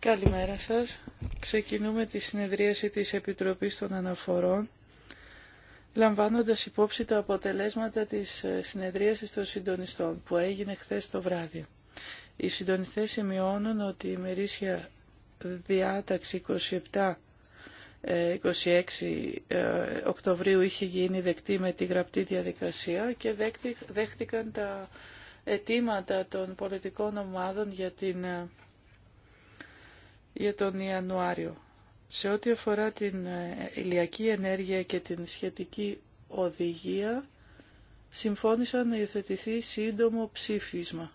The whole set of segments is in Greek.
Καλημέρα σας. Ξεκινούμε τη συνεδρίαση της Επιτροπής των Αναφορών, λαμβάνοντας υπόψη τα αποτελέσματα της ε, συνεδρίασης των συντονιστών που έγινε χθες το βράδυ. Οι συντονιστές σημειώνουν ότι η μερίσια διάταξη 27 26 ε, ε, Οκτωβρίου είχε γίνει δεκτή με τη γραπτή διαδικασία και δέχτηκαν τα αιτήματα των πολιτικών ομάδων για, την, ε, για τον Ιανουάριο. Σε ό,τι αφορά την ε, ηλιακή ενέργεια και την σχετική οδηγία, συμφώνησαν να υιοθετηθεί σύντομο ψήφισμα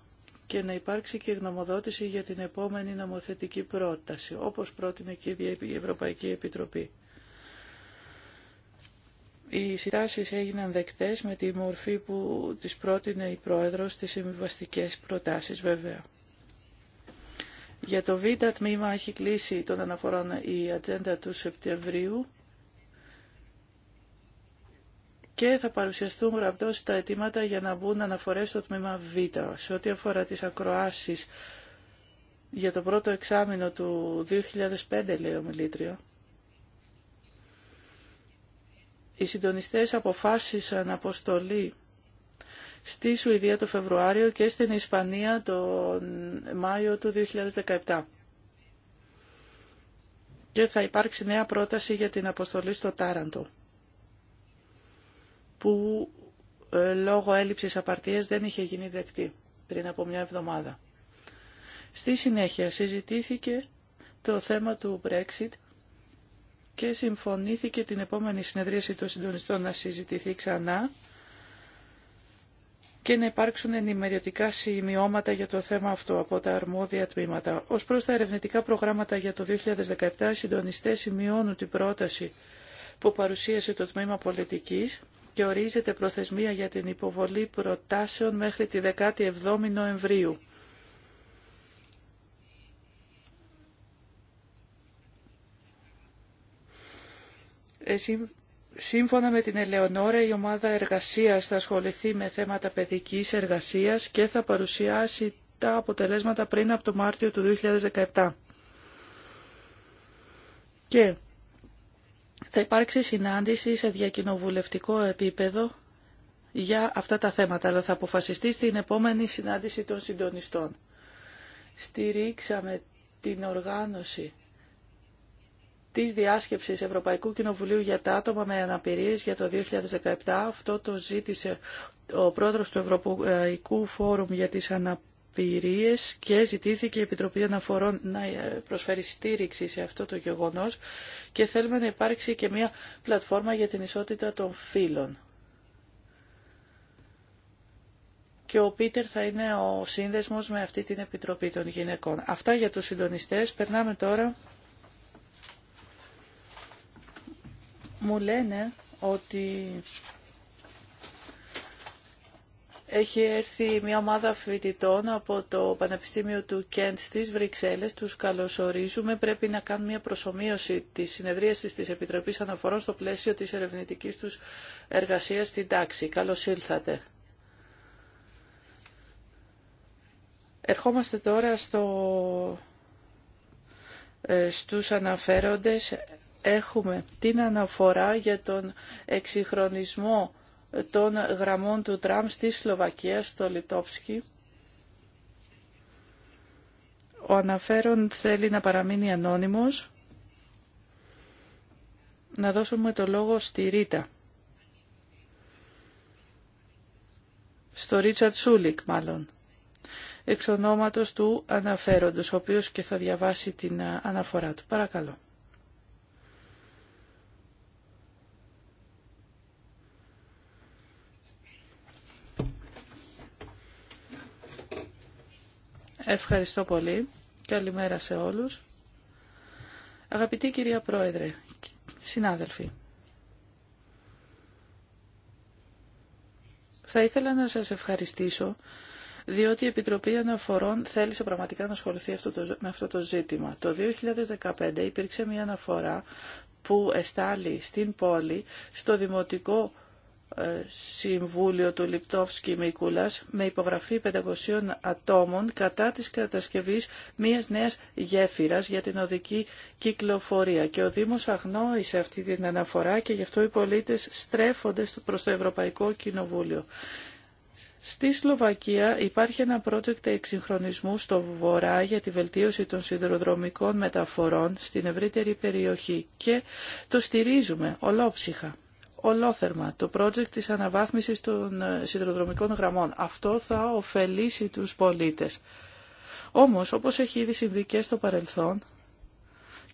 και να υπάρξει και γνωμοδότηση για την επόμενη νομοθετική πρόταση, όπως πρότεινε και η Ευρωπαϊκή Επιτροπή. Οι συντάσεις έγιναν δεκτές με τη μορφή που τις πρότεινε η Πρόεδρος στις συμβιβαστικέ προτάσεις βέβαια. Για το Β τμήμα έχει κλείσει τον αναφορών η ατζέντα του Σεπτεμβρίου και θα παρουσιαστούν γραπτώς τα αιτήματα για να μπουν αναφορές στο τμήμα Β. Σε ό,τι αφορά τις ακροάσεις για το πρώτο εξάμεινο του 2005, λέει ο Μιλήτριο, οι συντονιστές αποφάσισαν αποστολή στη Σουηδία το Φεβρουάριο και στην Ισπανία τον Μάιο του 2017. Και θα υπάρξει νέα πρόταση για την αποστολή στο Τάραντο, που ε, λόγω έλλειψης απαρτίας δεν είχε γίνει δεκτή πριν από μια εβδομάδα. Στη συνέχεια συζητήθηκε το θέμα του Brexit και συμφωνήθηκε την επόμενη συνεδρίαση των συντονιστών να συζητηθεί ξανά και να υπάρξουν ενημεριωτικά σημειώματα για το θέμα αυτό από τα αρμόδια τμήματα. Ω προ τα ερευνητικά προγράμματα για το 2017, οι συντονιστέ σημειώνουν την πρόταση που παρουσίασε το Τμήμα Πολιτικής και ορίζεται προθεσμία για την υποβολή προτάσεων μέχρι τη 17η Νοεμβρίου. Ε, σύμφωνα με την Ελεονόρα, η ομάδα εργασίας θα ασχοληθεί με θέματα παιδικής εργασίας και θα παρουσιάσει τα αποτελέσματα πριν από το Μάρτιο του 2017. Και θα υπάρξει συνάντηση σε διακοινοβουλευτικό επίπεδο για αυτά τα θέματα, αλλά θα αποφασιστεί στην επόμενη συνάντηση των συντονιστών. Στηρίξαμε την οργάνωση Τη διάσκεψης Ευρωπαϊκού Κοινοβουλίου για τα άτομα με αναπηρίες για το 2017. Αυτό το ζήτησε ο πρόεδρος του Ευρωπαϊκού Φόρουμ για τις αναπηρίες και ζητήθηκε η Επιτροπή Αναφορών να ε, προσφέρει στήριξη σε αυτό το γεγονός και θέλουμε να υπάρξει και μια πλατφόρμα για την ισότητα των φύλων. και ο Πίτερ θα είναι ο σύνδεσμος με αυτή την Επιτροπή των Γυναικών. Αυτά για τους συντονιστές. Περνάμε τώρα Μου λένε ότι έχει έρθει μια ομάδα φοιτητών από το Πανεπιστήμιο του Κέντ στις Βρυξέλλες. Τους καλωσορίζουμε. Πρέπει να κάνουν μια προσωμείωση της συνεδρίασης της Επιτροπής Αναφορών στο πλαίσιο της ερευνητικής τους εργασίας στην τάξη. Καλώς ήλθατε. Ερχόμαστε τώρα στο, ε, στους αναφέροντες έχουμε την αναφορά για τον εξυγχρονισμό των γραμμών του τραμ στη Σλοβακία, στο Λιτόψκι. Ο αναφέρον θέλει να παραμείνει ανώνυμος. Να δώσουμε το λόγο στη Ρίτα. Στο Ρίτσαρτ Σούλικ μάλλον. Εξ ονόματος του αναφέροντος, ο οποίος και θα διαβάσει την ε, αναφορά του. Παρακαλώ. Ευχαριστώ πολύ. Καλημέρα σε όλους. Αγαπητή κυρία Πρόεδρε, συνάδελφοι. Θα ήθελα να σας ευχαριστήσω διότι η Επιτροπή Αναφορών θέλησε πραγματικά να ασχοληθεί αυτό το, με αυτό το ζήτημα. Το 2015 υπήρξε μια αναφορά που εστάλει στην πόλη στο Δημοτικό ε, Συμβούλιο του Λιπτόφσκι Μικούλας με υπογραφή 500 ατόμων κατά της κατασκευής μιας νέας γέφυρας για την οδική κυκλοφορία και ο Δήμος αγνόησε αυτή την αναφορά και γι' αυτό οι πολίτες στρέφονται προς το Ευρωπαϊκό Κοινοβούλιο. Στη Σλοβακία υπάρχει ένα project εξυγχρονισμού στο βορρά για τη βελτίωση των σιδηροδρομικών μεταφορών στην ευρύτερη περιοχή και το στηρίζουμε ολόψυχα ολόθερμα το project της αναβάθμισης των ε, σιδηροδρομικών γραμμών. Αυτό θα ωφελήσει τους πολίτες. Όμως, όπως έχει ήδη συμβεί και στο παρελθόν,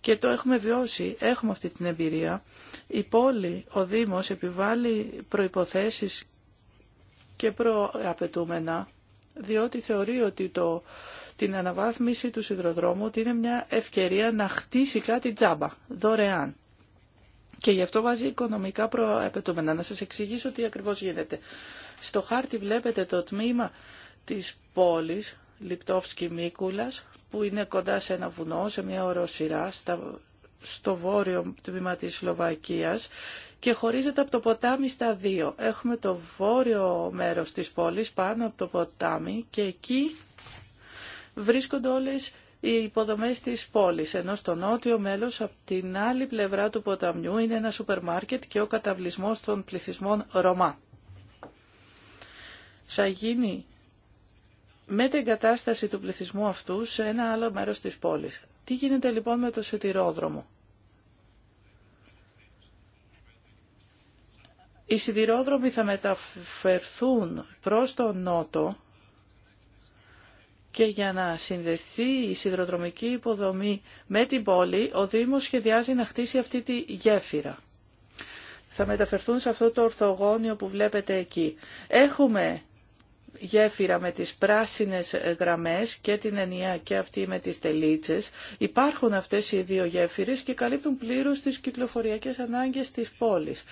και το έχουμε βιώσει, έχουμε αυτή την εμπειρία, η πόλη, ο Δήμος επιβάλλει προϋποθέσεις και προαπαιτούμενα, διότι θεωρεί ότι το, την αναβάθμιση του σιδηροδρόμου ότι είναι μια ευκαιρία να χτίσει κάτι τζάμπα, δωρεάν. Και γι' αυτό βάζει οικονομικά προεπαιτούμενα. Να σας εξηγήσω τι ακριβώς γίνεται. Στο χάρτη βλέπετε το τμήμα της πόλης, Λιπτόφσκι Μίκουλας, που είναι κοντά σε ένα βουνό, σε μια οροσυρά, στο βόρειο τμήμα της Σλοβακίας και χωρίζεται από το ποτάμι στα δύο. Έχουμε το βόρειο μέρος της πόλης πάνω από το ποτάμι και εκεί βρίσκονται όλες οι υποδομές της πόλης, ενώ στο νότιο μέλος από την άλλη πλευρά του ποταμιού είναι ένα σούπερ μάρκετ και ο καταβλισμός των πληθυσμών Ρωμά. Θα γίνει με την κατάσταση του πληθυσμού αυτού σε ένα άλλο μέρος της πόλης. Τι γίνεται λοιπόν με το σιδηρόδρομο. Οι σιδηρόδρομοι θα μεταφερθούν προς τον νότο και για να συνδεθεί η σιδηροδρομική υποδομή με την πόλη, ο Δήμος σχεδιάζει να χτίσει αυτή τη γέφυρα. Θα μεταφερθούν σε αυτό το ορθογώνιο που βλέπετε εκεί. Έχουμε γέφυρα με τις πράσινες γραμμές και την ενιαία και αυτή με τις τελίτσες. Υπάρχουν αυτές οι δύο γέφυρες και καλύπτουν πλήρως τις κυκλοφοριακές ανάγκες της πόλης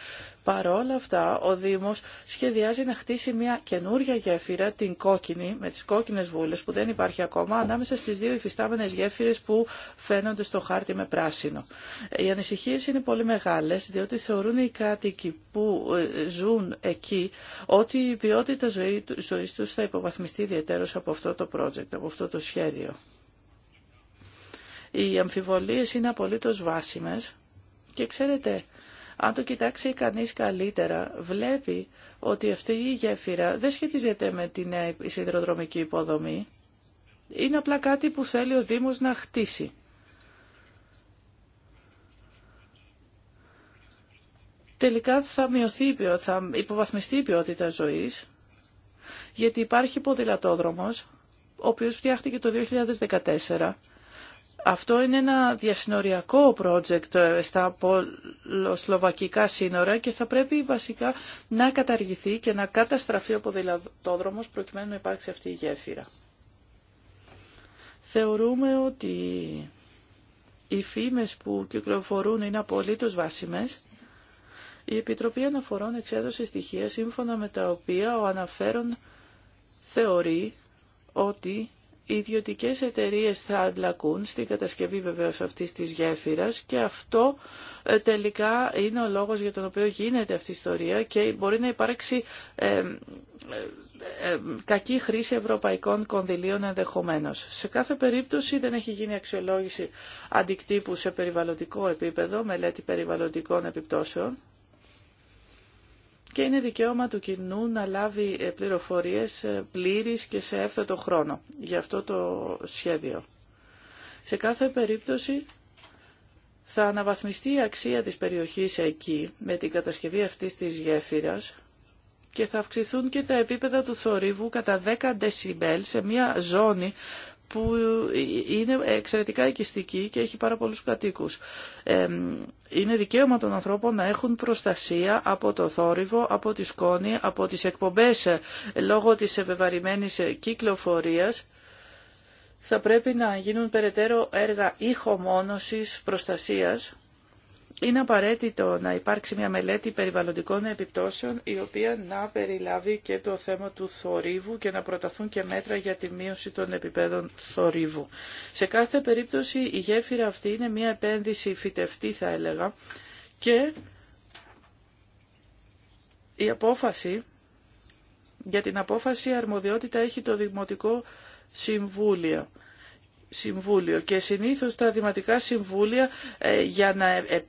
όλα αυτά, ο Δήμος σχεδιάζει να χτίσει μια καινούρια γέφυρα, την κόκκινη, με τις κόκκινες βούλες που δεν υπάρχει ακόμα, ανάμεσα στις δύο υφιστάμενες γέφυρες που φαίνονται στο χάρτη με πράσινο. Οι ανησυχίες είναι πολύ μεγάλες, διότι θεωρούν οι κάτοικοι που ε, ζουν εκεί ότι η ποιότητα ζωής τους θα υποβαθμιστεί ιδιαίτερως από αυτό το project, από αυτό το σχέδιο. Οι αμφιβολίες είναι απολύτως βάσιμες και ξέρετε, αν το κοιτάξει κανείς καλύτερα, βλέπει ότι αυτή η γέφυρα δεν σχετίζεται με την νέα σιδηροδρομική υποδομή. Είναι απλά κάτι που θέλει ο Δήμος να χτίσει. Τελικά θα μειωθεί, θα υποβαθμιστεί η ποιότητα ζωής, γιατί υπάρχει ποδηλατόδρομος, ο οποίος φτιάχτηκε το 2014 αυτό είναι ένα διασυνοριακό project ε, στα πολλοσλοβακικά σύνορα και θα πρέπει βασικά να καταργηθεί και να καταστραφεί ο ποδηλατόδρομος προκειμένου να υπάρξει αυτή η γέφυρα. Θεωρούμε ότι οι φήμες που κυκλοφορούν είναι απολύτως βάσιμες. Η Επιτροπή Αναφορών εξέδωσε στοιχεία σύμφωνα με τα οποία ο αναφέρον θεωρεί ότι οι ιδιωτικές εταιρείες θα εμπλακούν στην κατασκευή βεβαίως αυτής της γέφυρας και αυτό ε, τελικά είναι ο λόγος για τον οποίο γίνεται αυτή η ιστορία και μπορεί να υπάρξει ε, ε, κακή χρήση ευρωπαϊκών κονδυλίων ενδεχομένω. Σε κάθε περίπτωση δεν έχει γίνει αξιολόγηση αντικτύπου σε περιβαλλοντικό επίπεδο, μελέτη περιβαλλοντικών επιπτώσεων και είναι δικαίωμα του κοινού να λάβει ε, πληροφορίες ε, πλήρης και σε έφθετο χρόνο για αυτό το σχέδιο. Σε κάθε περίπτωση θα αναβαθμιστεί η αξία της περιοχής εκεί με την κατασκευή αυτής της γέφυρας και θα αυξηθούν και τα επίπεδα του θορύβου κατά 10 δεσιμπέλ σε μια ζώνη που είναι εξαιρετικά οικιστική και έχει πάρα πολλούς κατοίκους. είναι δικαίωμα των ανθρώπων να έχουν προστασία από το θόρυβο, από τη σκόνη, από τις εκπομπές ε, λόγω της ευεβαρημένης ε, κυκλοφορίας. Θα πρέπει να γίνουν περαιτέρω έργα ηχομόνωσης προστασίας είναι απαραίτητο να υπάρξει μια μελέτη περιβαλλοντικών επιπτώσεων η οποία να περιλάβει και το θέμα του θορύβου και να προταθούν και μέτρα για τη μείωση των επιπέδων θορύβου. Σε κάθε περίπτωση η γέφυρα αυτή είναι μια επένδυση φυτευτή θα έλεγα και η απόφαση για την απόφαση αρμοδιότητα έχει το Δημοτικό Συμβούλιο. Συμβούλιο και συνήθως τα δηματικά συμβούλια ε, για να ε,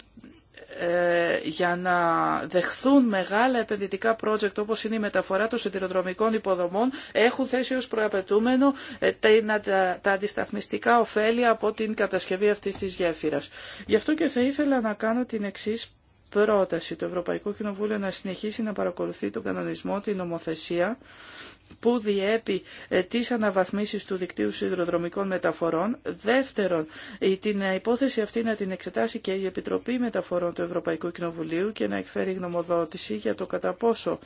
ε, για να δεχθούν μεγάλα επενδυτικά project όπως είναι η μεταφορά των συντηροδρομικών υποδομών έχουν θέσει ως προαπαιτούμενο τα, τα, τα αντισταθμιστικά ωφέλη από την κατασκευή αυτής της γέφυρας. Γι' αυτό και θα ήθελα να κάνω την εξής πρόταση. Το Ευρωπαϊκό Κοινοβούλιο να συνεχίσει να παρακολουθεί τον κανονισμό, την νομοθεσία που διέπει ε, τις αναβαθμίσεις του δικτύου σιδηροδρομικών μεταφορών. Δεύτερον, την ε, υπόθεση αυτή να την εξετάσει και η Επιτροπή Μεταφορών του Ευρωπαϊκού Κοινοβουλίου και να εκφέρει γνωμοδότηση για το κατά πόσο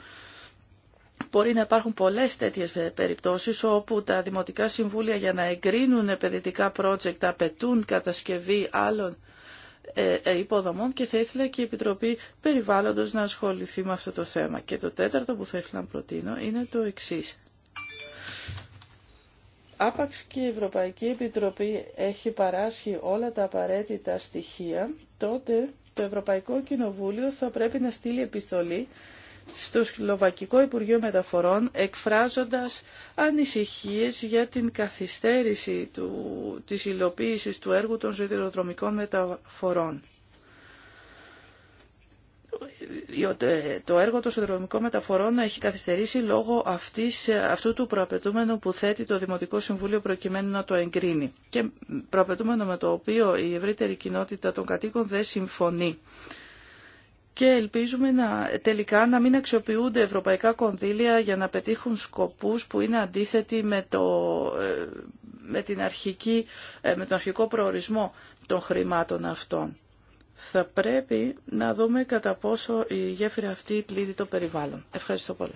Μπορεί να υπάρχουν πολλές τέτοιες ε, περιπτώσεις όπου τα δημοτικά συμβούλια για να εγκρίνουν επενδυτικά project απαιτούν κατασκευή άλλων ε, ε, υποδομών και θα ήθελα και η Επιτροπή Περιβάλλοντος να ασχοληθεί με αυτό το θέμα. Και το τέταρτο που θα ήθελα να προτείνω είναι το εξής. Άπαξ και η Ευρωπαϊκή Επιτροπή έχει παράσχει όλα τα απαραίτητα στοιχεία, τότε το Ευρωπαϊκό Κοινοβούλιο θα πρέπει να στείλει επιστολή στο Σλοβακικό Υπουργείο Μεταφορών εκφράζοντας ανησυχίες για την καθυστέρηση του, της υλοποίησης του έργου των σιδηροδρομικών μεταφορών. Ε, το έργο των σιδηροδρομικών μεταφορών έχει καθυστερήσει λόγω αυτής, ε, αυτού του προαπαιτούμενου που θέτει το Δημοτικό Συμβούλιο προκειμένου να το εγκρίνει και προαπαιτούμενο με το οποίο η ευρύτερη κοινότητα των κατοίκων δεν συμφωνεί και ελπίζουμε να, τελικά να μην αξιοποιούνται ευρωπαϊκά κονδύλια για να πετύχουν σκοπούς που είναι αντίθετοι ε, ε, με, τον αρχικό προορισμό των χρημάτων αυτών. Θα πρέπει να δούμε κατά πόσο η γέφυρα αυτή πλήττει το περιβάλλον. Ευχαριστώ πολύ.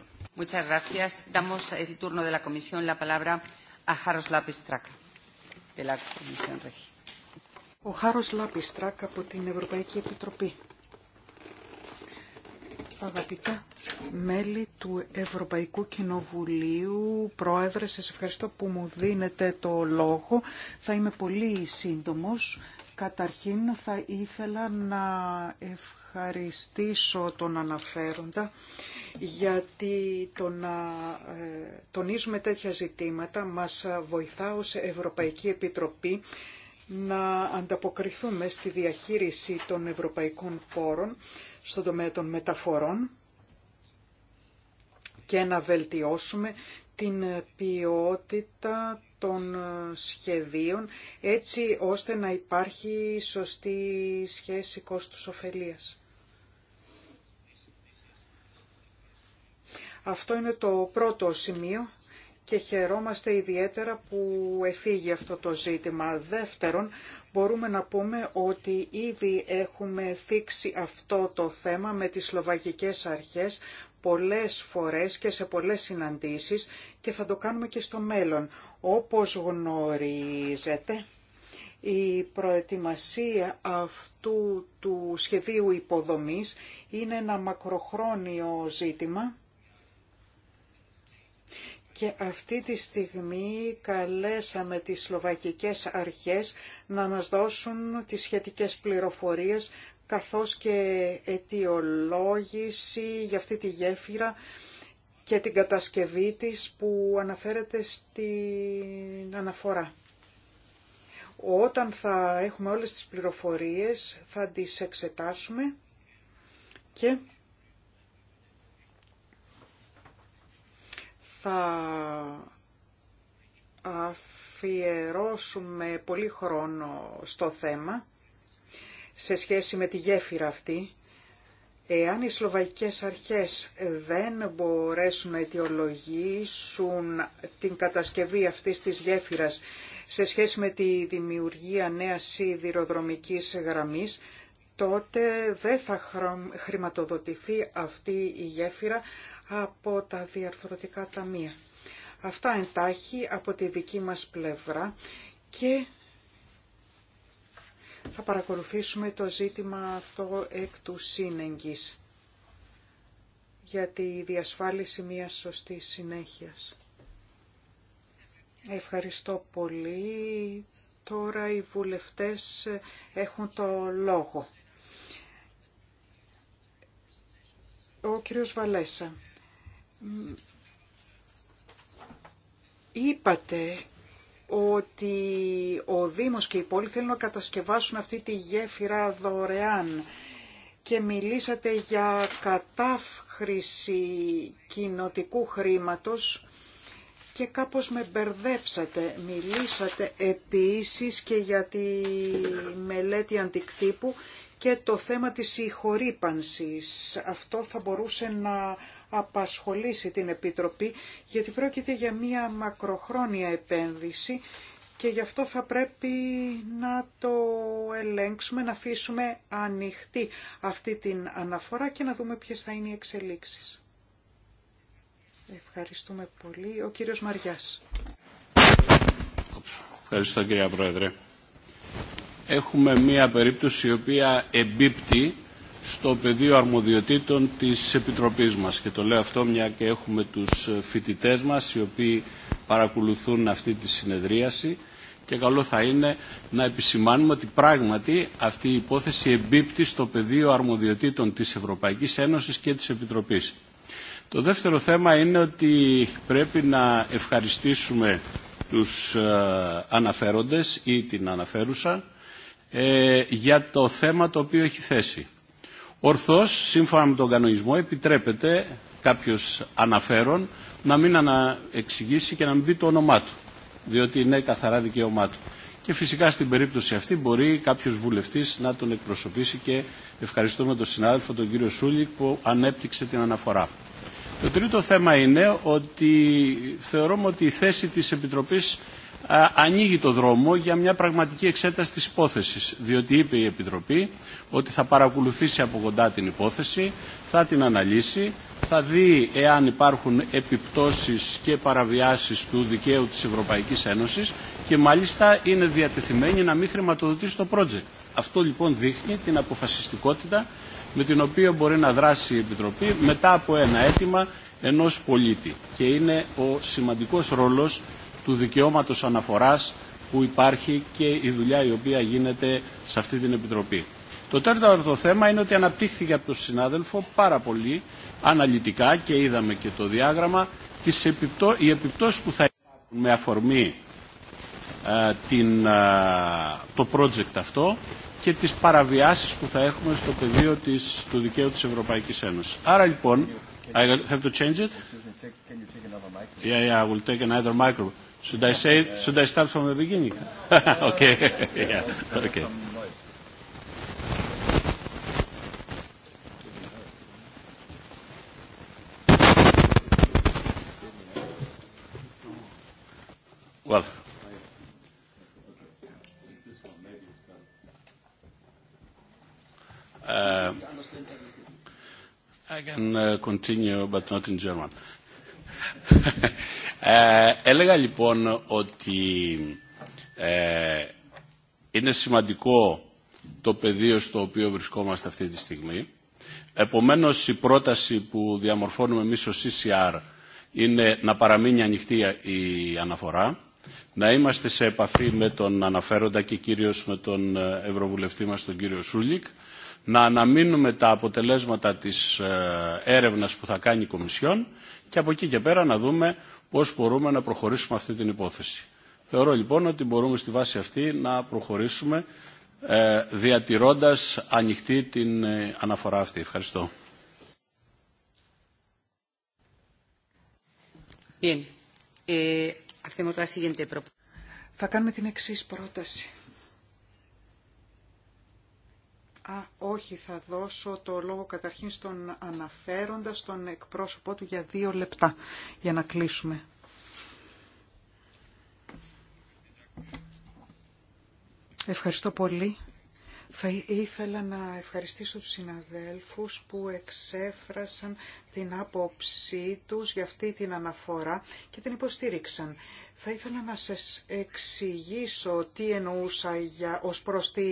Ο Χάρος Λάπιστρακ από την Ευρωπαϊκή Επιτροπή. Αγαπητά μέλη του Ευρωπαϊκού Κοινοβουλίου, Πρόεδρε, σας ευχαριστώ που μου δίνετε το λόγο. Θα είμαι πολύ σύντομος. Καταρχήν θα ήθελα να ευχαριστήσω τον αναφέροντα γιατί το να ε, τονίζουμε τέτοια ζητήματα μας βοηθά ως Ευρωπαϊκή Επιτροπή να ανταποκριθούμε στη διαχείριση των ευρωπαϊκών πόρων στον τομέα των μεταφορών και να βελτιώσουμε την ποιότητα των σχεδίων έτσι ώστε να υπάρχει σωστή σχέση κόστους οφέλιας. Αυτό είναι το πρώτο σημείο και χαιρόμαστε ιδιαίτερα που εφήγει αυτό το ζήτημα. Δεύτερον, μπορούμε να πούμε ότι ήδη έχουμε θίξει αυτό το θέμα με τις σλοβακικές αρχές πολλές φορές και σε πολλές συναντήσεις και θα το κάνουμε και στο μέλλον. Όπως γνωρίζετε, η προετοιμασία αυτού του σχεδίου υποδομής είναι ένα μακροχρόνιο ζήτημα και αυτή τη στιγμή καλέσαμε τις σλοβακικές αρχές να μας δώσουν τις σχετικές πληροφορίες καθώς και αιτιολόγηση για αυτή τη γέφυρα και την κατασκευή της που αναφέρεται στην αναφορά. Όταν θα έχουμε όλες τις πληροφορίες θα τις εξετάσουμε και θα αφιερώσουμε πολύ χρόνο στο θέμα σε σχέση με τη γέφυρα αυτή. Εάν οι σλοβαϊκές αρχές δεν μπορέσουν να αιτιολογήσουν την κατασκευή αυτής της γέφυρας σε σχέση με τη δημιουργία νέας σιδηροδρομικής γραμμής, τότε δεν θα χρηματοδοτηθεί αυτή η γέφυρα από τα διαρθρωτικά ταμεία. Αυτά εντάχει από τη δική μας πλευρά και θα παρακολουθήσουμε το ζήτημα αυτό εκ του σύνεγγης για τη διασφάλιση μιας σωστής συνέχειας. Ευχαριστώ πολύ. Τώρα οι βουλευτές έχουν το λόγο. Ο κύριος Βαλέσα. Είπατε ότι ο Δήμος και η πόλη θέλουν να κατασκευάσουν αυτή τη γέφυρα δωρεάν και μιλήσατε για κατάφχρηση κοινοτικού χρήματος και κάπως με μπερδέψατε. Μιλήσατε επίσης και για τη μελέτη αντικτύπου και το θέμα της συγχωρήπανσης. Αυτό θα μπορούσε να απασχολήσει την Επιτροπή, γιατί πρόκειται για μία μακροχρόνια επένδυση και γι' αυτό θα πρέπει να το ελέγξουμε, να αφήσουμε ανοιχτή αυτή την αναφορά και να δούμε ποιες θα είναι οι εξελίξεις. Ευχαριστούμε πολύ. Ο κύριος Μαριάς. Ευχαριστώ κύρια Πρόεδρε. Έχουμε μία περίπτωση η οποία εμπίπτει στο πεδίο αρμοδιοτήτων της Επιτροπής μας. Και το λέω αυτό μια και έχουμε τους φοιτητές μας οι οποίοι παρακολουθούν αυτή τη συνεδρίαση και καλό θα είναι να επισημάνουμε ότι πράγματι αυτή η υπόθεση εμπίπτει στο πεδίο αρμοδιοτήτων της Ευρωπαϊκής Ένωσης και της Επιτροπής. Το δεύτερο θέμα είναι ότι πρέπει να ευχαριστήσουμε τους ε, αναφέροντες ή την αναφέρουσα ε, για το θέμα το οποίο έχει θέσει. Ορθώς, σύμφωνα με τον κανονισμό, επιτρέπεται κάποιος αναφέρον να μην αναεξηγήσει και να μην πει το όνομά του, διότι είναι καθαρά δικαίωμά του. Και φυσικά στην περίπτωση αυτή μπορεί κάποιος βουλευτής να τον εκπροσωπήσει και ευχαριστούμε τον συνάδελφο τον κύριο Σούλικ που ανέπτυξε την αναφορά. Το τρίτο θέμα είναι ότι θεωρούμε ότι η θέση της Επιτροπής ανοίγει το δρόμο για μια πραγματική εξέταση της υπόθεσης, διότι είπε η Επιτροπή ότι θα παρακολουθήσει από κοντά την υπόθεση, θα την αναλύσει, θα δει εάν υπάρχουν επιπτώσεις και παραβιάσεις του δικαίου της Ευρωπαϊκής Ένωσης και μάλιστα είναι διατεθειμένη να μην χρηματοδοτήσει το project. Αυτό λοιπόν δείχνει την αποφασιστικότητα με την οποία μπορεί να δράσει η Επιτροπή μετά από ένα αίτημα ενός πολίτη. Και είναι ο σημαντικός ρόλος του δικαιώματος αναφοράς που υπάρχει και η δουλειά η οποία γίνεται σε αυτή την Επιτροπή. Το τέταρτο θέμα είναι ότι αναπτύχθηκε από τον συνάδελφο πάρα πολύ αναλυτικά και είδαμε και το διάγραμμα τις επιπτώ... οι επιπτώσεις που θα υπάρχουν με αφορμή ε, την, ε, το project αυτό και τις παραβιάσεις που θα έχουμε στο πεδίο του δικαίου της Ευρωπαϊκής Ένωσης. Άρα λοιπόν, Should I say? Should I start from the beginning? okay. yeah. Okay. Well. Uh, I can uh, continue, but not in German. Ε, έλεγα λοιπόν ότι ε, είναι σημαντικό το πεδίο στο οποίο βρισκόμαστε αυτή τη στιγμή. Επομένως η πρόταση που διαμορφώνουμε εμείς ως CCR είναι να παραμείνει ανοιχτή η αναφορά, να είμαστε σε επαφή με τον αναφέροντα και κυρίως με τον ε, Ευρωβουλευτή μας τον κύριο Σούλικ, να αναμείνουμε τα αποτελέσματα της ε, έρευνας που θα κάνει η Κομισιόν και από εκεί και πέρα να δούμε πώς μπορούμε να προχωρήσουμε αυτή την υπόθεση. Θεωρώ λοιπόν ότι μπορούμε στη βάση αυτή να προχωρήσουμε ε, διατηρώντας ανοιχτή την ε, αναφορά αυτή. Ευχαριστώ. Ε, Θα κάνουμε την εξής πρόταση. Α, όχι, θα δώσω το λόγο καταρχήν στον αναφέροντα, στον εκπρόσωπό του για δύο λεπτά, για να κλείσουμε. Ευχαριστώ πολύ. Θα ήθελα να ευχαριστήσω τους συναδέλφους που εξέφρασαν την άποψή τους για αυτή την αναφορά και την υποστήριξαν. Θα ήθελα να σας εξηγήσω τι εννοούσα για, ως προς τη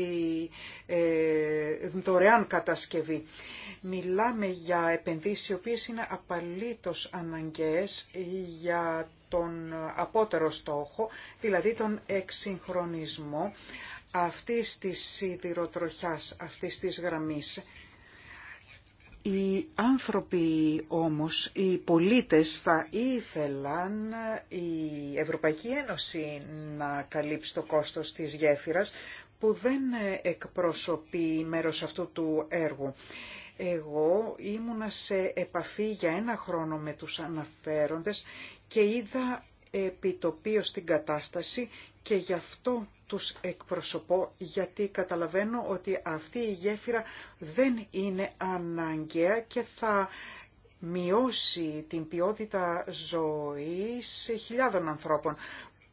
ε, δωρεάν κατασκευή. Μιλάμε για επενδύσεις οι οποίες είναι απαλήτως αναγκαίες για τον απότερο στόχο, δηλαδή τον εξυγχρονισμό αυτής της σιδηροτροχιάς, αυτής της γραμμής. Οι άνθρωποι όμως, οι πολίτες θα ήθελαν η Ευρωπαϊκή Ένωση να καλύψει το κόστος της γέφυρας που δεν εκπροσωπεί μέρος αυτού του έργου. Εγώ ήμουνα σε επαφή για ένα χρόνο με τους αναφέροντες και είδα επιτοπίως την κατάσταση και γι' αυτό τους εκπροσωπώ γιατί καταλαβαίνω ότι αυτή η γέφυρα δεν είναι αναγκαία και θα μειώσει την ποιότητα ζωής χιλιάδων ανθρώπων.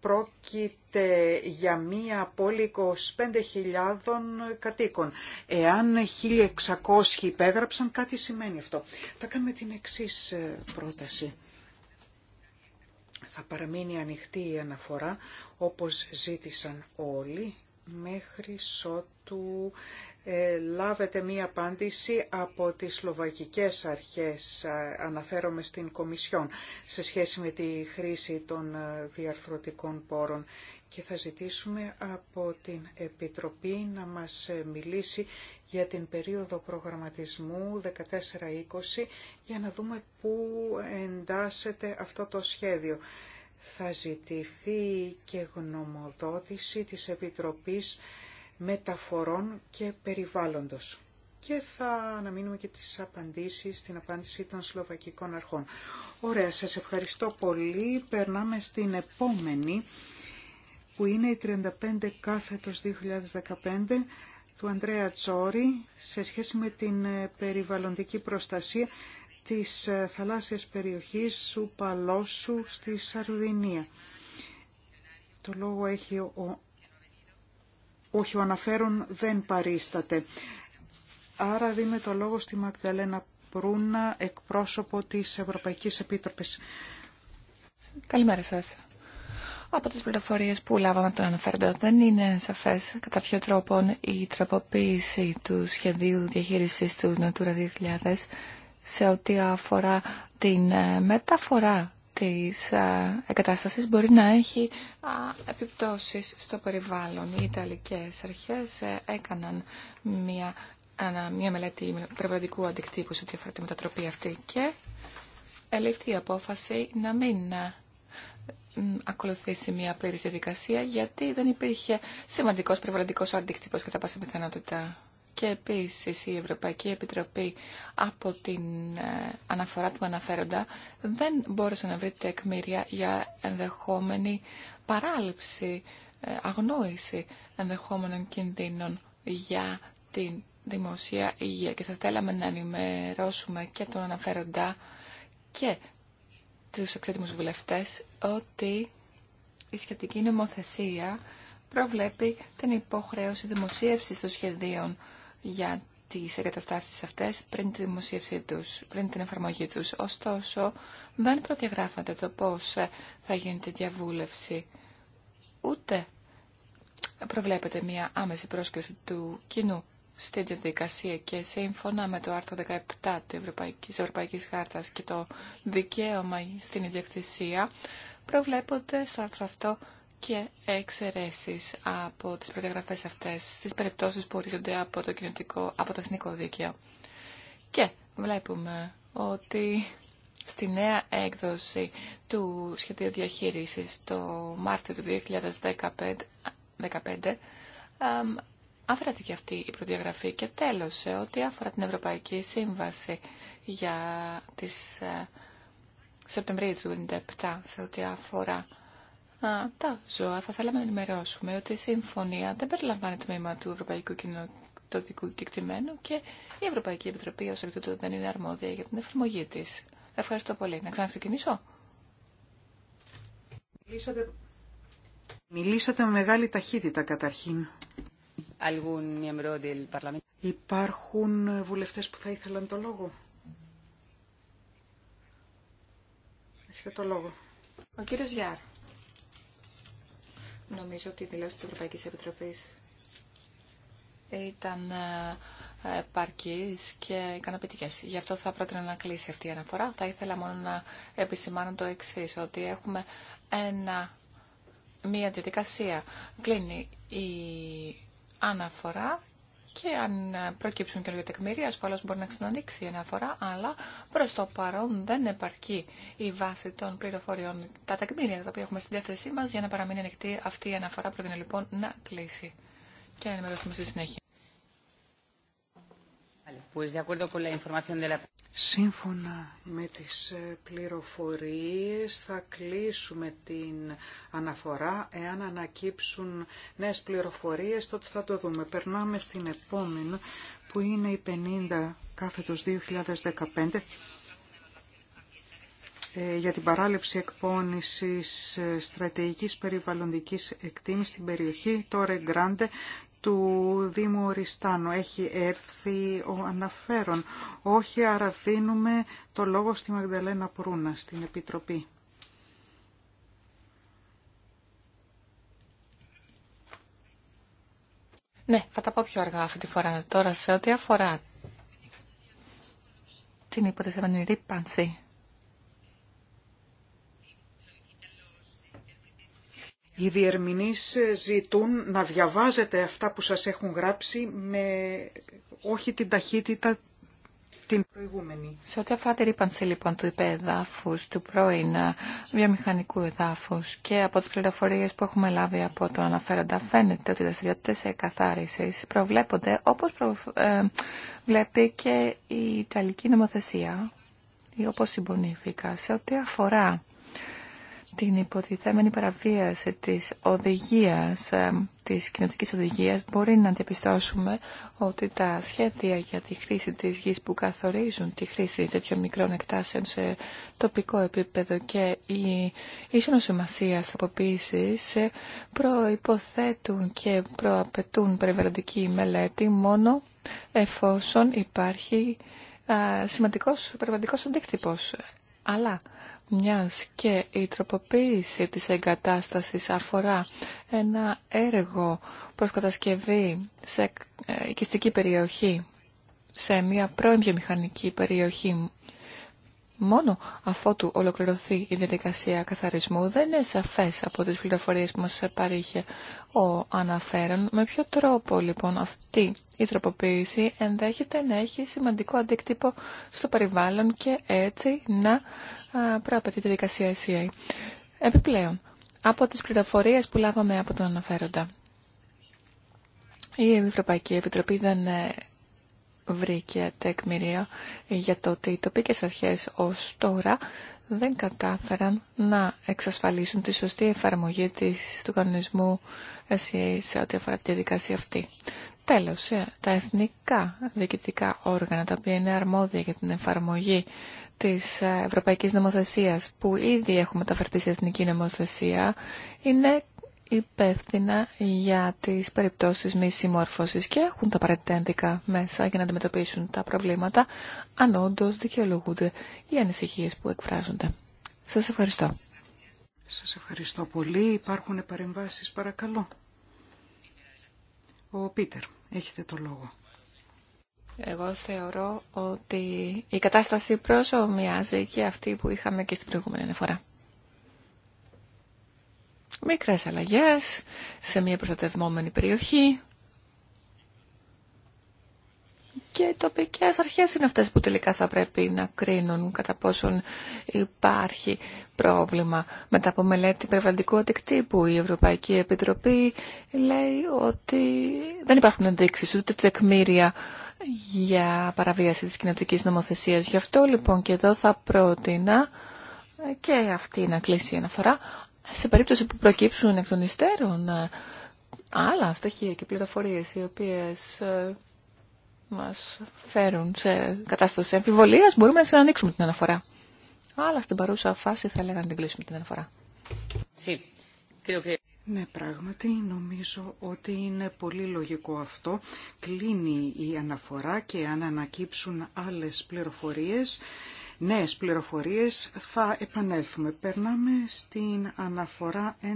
Πρόκειται για μία πόλη 25.000 κατοίκων. Εάν 1.600 υπέγραψαν, κάτι σημαίνει αυτό. Θα κάνουμε την εξής ε, πρόταση. Θα παραμείνει ανοιχτή η αναφορά όπως ζήτησαν όλοι μέχρι ότου ε, λάβετε μία απάντηση από τις σλοβακικές αρχές, αναφέρομαι στην Κομισιόν, σε σχέση με τη χρήση των ε, διαρθρωτικών πόρων και θα ζητήσουμε από την Επιτροπή να μας μιλήσει για την περίοδο προγραμματισμού 14-20 για να δούμε πού εντάσσεται αυτό το σχέδιο. Θα ζητηθεί και γνωμοδότηση της Επιτροπής Μεταφορών και Περιβάλλοντος και θα αναμείνουμε και τις απαντήσεις στην απάντηση των Σλοβακικών Αρχών. Ωραία, σας ευχαριστώ πολύ. Περνάμε στην επόμενη που είναι η 35 κάθετος 2015 του Ανδρέα Τσόρι σε σχέση με την ε, περιβαλλοντική προστασία της ε, θαλάσσιας περιοχής σου Παλώσου στη Σαρδινία. Το λόγο έχει ο... Όχι, ο αναφέρον δεν παρίσταται. Άρα δίνουμε το λόγο στη Μαγδαλένα Προύνα, εκπρόσωπο της Ευρωπαϊκής Επίτροπης. Καλημέρα σας. Από τις πληροφορίες που λάβαμε από τον αναφέροντα δεν είναι σαφές κατά ποιο τρόπο η τροποποίηση του σχεδίου διαχείρισης του Natura 2000 σε ό,τι αφορά την ε, μεταφορά της ε, εγκατάστασης μπορεί να έχει επιπτώσεις στο περιβάλλον. Οι Ιταλικές αρχές ε, έκαναν μια, μια μελέτη περιβαλλοντικού αντικτύπου σε ό,τι αφορά τη μετατροπή αυτή και ελήφθη η απόφαση να μην ακολουθήσει μια πλήρη διαδικασία γιατί δεν υπήρχε σημαντικός περιβαλλοντικό αντίκτυπος κατά πάσα πιθανότητα. Και επίσης η Ευρωπαϊκή Επιτροπή από την ε, αναφορά του αναφέροντα δεν μπόρεσε να βρει τεκμήρια για ενδεχόμενη παράληψη, ε, αγνόηση ενδεχόμενων κινδύνων για την δημοσία υγεία. Και θα θέλαμε να ενημερώσουμε και τον αναφέροντα και τους εξέτοιμους βουλευτές ότι η σχετική νομοθεσία προβλέπει την υποχρέωση δημοσίευσης των σχεδίων για τις εγκαταστάσεις αυτές πριν τη δημοσίευσή τους, πριν την εφαρμογή τους. Ωστόσο, δεν προδιαγράφεται το πώς θα γίνεται η διαβούλευση, ούτε προβλέπεται μια άμεση πρόσκληση του κοινού στη διαδικασία και σύμφωνα με το άρθρο 17 της Ευρωπαϊκής, Ευρωπαϊκής Χάρτας και το δικαίωμα στην ιδιοκτησία προβλέπονται στο άρθρο αυτό και εξαιρέσει από τις περιγραφές αυτές στις περιπτώσεις που ορίζονται από το, κοινωτικό, από το εθνικό δίκαιο. Και βλέπουμε ότι στη νέα έκδοση του σχεδίου διαχείρισης το Μάρτιο του 2015, 2015 αφαιρέθηκε αυτή η προδιαγραφή και τέλος σε ό,τι αφορά την Ευρωπαϊκή Σύμβαση για τις ε, Σεπτεμβρίου του 1997 σε ό,τι αφορά Α, τα ζώα, θα θέλαμε να ενημερώσουμε ότι η συμφωνία δεν περιλαμβάνει τμήμα του Ευρωπαϊκού Κοινοτικού Κεκτημένου και η Ευρωπαϊκή Επιτροπή ως εκ τούτου δεν είναι αρμόδια για την εφαρμογή τη Ευχαριστώ πολύ. Να ξαναξεκινήσω. Μιλήσατε με μεγάλη ταχύτητα καταρχήν. Υπάρχουν βουλευτές που θα ήθελαν το λόγο. Έχετε το λόγο. Ο κύριος Γιάρ. Νομίζω ότι η δηλώση της Ευρωπαϊκής Επιτροπής ήταν ε, επαρκής και ικανοποιητικές. Γι' αυτό θα πρότεινα να κλείσει αυτή η αναφορά. Θα ήθελα μόνο να επισημάνω το εξή ότι έχουμε ένα, μια διαδικασία. Κλείνει η αναφορά και αν προκύψουν καινούργια τεκμήρια, ασφαλώ μπορεί να ξανανοίξει η αναφορά, αλλά προ το παρόν δεν επαρκεί η βάση των πληροφοριών, τα τεκμήρια τα οποία έχουμε στη διάθεσή μα για να παραμείνει ανοιχτή αυτή η αναφορά. Προτείνω λοιπόν να κλείσει και να ενημερωθούμε στη συνέχεια. Σύμφωνα με τις ε, πληροφορίες θα κλείσουμε την αναφορά. Εάν ανακύψουν νέες πληροφορίες τότε θα το δούμε. Περνάμε στην επόμενη που είναι η 50 κάθετος 2015 ε, για την παράληψη εκπόνησης ε, στρατηγικής περιβαλλοντικής εκτίμησης στην περιοχή Τόρε Γκράντε του Δήμου Οριστάνου. Έχει έρθει ο αναφέρον. Όχι, άρα δίνουμε το λόγο στη Μαγδαλένα Προύνα, στην Επιτροπή. Ναι, θα τα πω πιο αργά αυτή τη φορά. Τώρα, σε ό,τι αφορά την υποτιθέμενη ρήπανση Οι διερμηνείς ζητούν να διαβάζετε αυτά που σας έχουν γράψει με όχι την ταχύτητα την προηγούμενη. Σε ό,τι αφορά τη ρήπανση λοιπόν του υπεδάφου, του πρώην βιομηχανικού εδάφου και από τι πληροφορίε που έχουμε λάβει από τον αναφέροντα, φαίνεται ότι οι δραστηριότητε εκαθάριση προβλέπονται όπω ε, βλέπει και η Ιταλική νομοθεσία, ή όπω συμπονήθηκα, σε ό,τι αφορά την υποτιθέμενη παραβίαση της οδηγίας, ε, της κοινωτικής οδηγίας, μπορεί να διαπιστώσουμε ότι τα σχέδια για τη χρήση της γης που καθορίζουν τη χρήση τέτοιων μικρών εκτάσεων σε τοπικό επίπεδο και η ίσονο σημασία τροποποίησης ε, προϋποθέτουν και προαπαιτούν περιβαλλοντική μελέτη μόνο εφόσον υπάρχει ε, σημαντικός περιβαλλοντικός αντίκτυπος. Αλλά μιας και η τροποποίηση της εγκατάστασης αφορά ένα έργο προς κατασκευή σε ε, οικιστική περιοχή, σε μια πρώην βιομηχανική περιοχή μόνο αφότου ολοκληρωθεί η διαδικασία καθαρισμού. Δεν είναι σαφές από τις πληροφορίες που μας παρήχε ο αναφέρον. Με ποιο τρόπο λοιπόν αυτή η τροποποίηση ενδέχεται να έχει σημαντικό αντίκτυπο στο περιβάλλον και έτσι να προαπαιτεί τη διαδικασία SEA. Επιπλέον, από τις πληροφορίες που λάβαμε από τον αναφέροντα, η Ευρωπαϊκή Επιτροπή δεν ε, βρήκε τεκμηρία για το ότι οι τοπικές αρχές ως τώρα δεν κατάφεραν να εξασφαλίσουν τη σωστή εφαρμογή της, του κανονισμού σε ό,τι αφορά τη διαδικασία αυτή. Τέλος, ε, τα εθνικά διοικητικά όργανα τα οποία είναι αρμόδια για την εφαρμογή της ε, Ευρωπαϊκής Νομοθεσίας που ήδη έχουν μεταφερθεί σε εθνική νομοθεσία είναι υπεύθυνα για τις περιπτώσεις μη συμμόρφωσης και έχουν τα παρετέντικα μέσα για να αντιμετωπίσουν τα προβλήματα, αν όντω δικαιολογούνται οι ανησυχίες που εκφράζονται. Σας ευχαριστώ. Σας ευχαριστώ πολύ. Υπάρχουν παρεμβάσεις, παρακαλώ. Ο Πίτερ, έχετε το λόγο. Εγώ θεωρώ ότι η κατάσταση προσωμιάζει και αυτή που είχαμε και στην προηγούμενη φορά μικρές αλλαγές σε μια προστατευμόμενη περιοχή. Και οι τοπικές αρχές είναι αυτές που τελικά θα πρέπει να κρίνουν κατά πόσον υπάρχει πρόβλημα. Μετά από μελέτη περιβαλλοντικού αντικτύπου η Ευρωπαϊκή Επιτροπή λέει ότι δεν υπάρχουν ενδείξεις ούτε τεκμήρια για παραβίαση της κοινωτικής νομοθεσίας. Γι' αυτό λοιπόν και εδώ θα πρότεινα και αυτή να κλείσει η αναφορά, σε περίπτωση που προκύψουν εκ των υστέρων ε, άλλα στοιχεία και πληροφορίες οι οποίες ε, μας φέρουν σε κατάσταση αμφιβολίας, μπορούμε να ανοίξουμε την αναφορά. Αλλά στην παρούσα φάση θα έλεγα να την κλείσουμε την αναφορά. Ναι, πράγματι, νομίζω ότι είναι πολύ λογικό αυτό. Κλείνει η αναφορά και αν ανακύψουν άλλες πληροφορίες, νέες πληροφορίες θα επανέλθουμε. Περνάμε στην αναφορά 1199-2011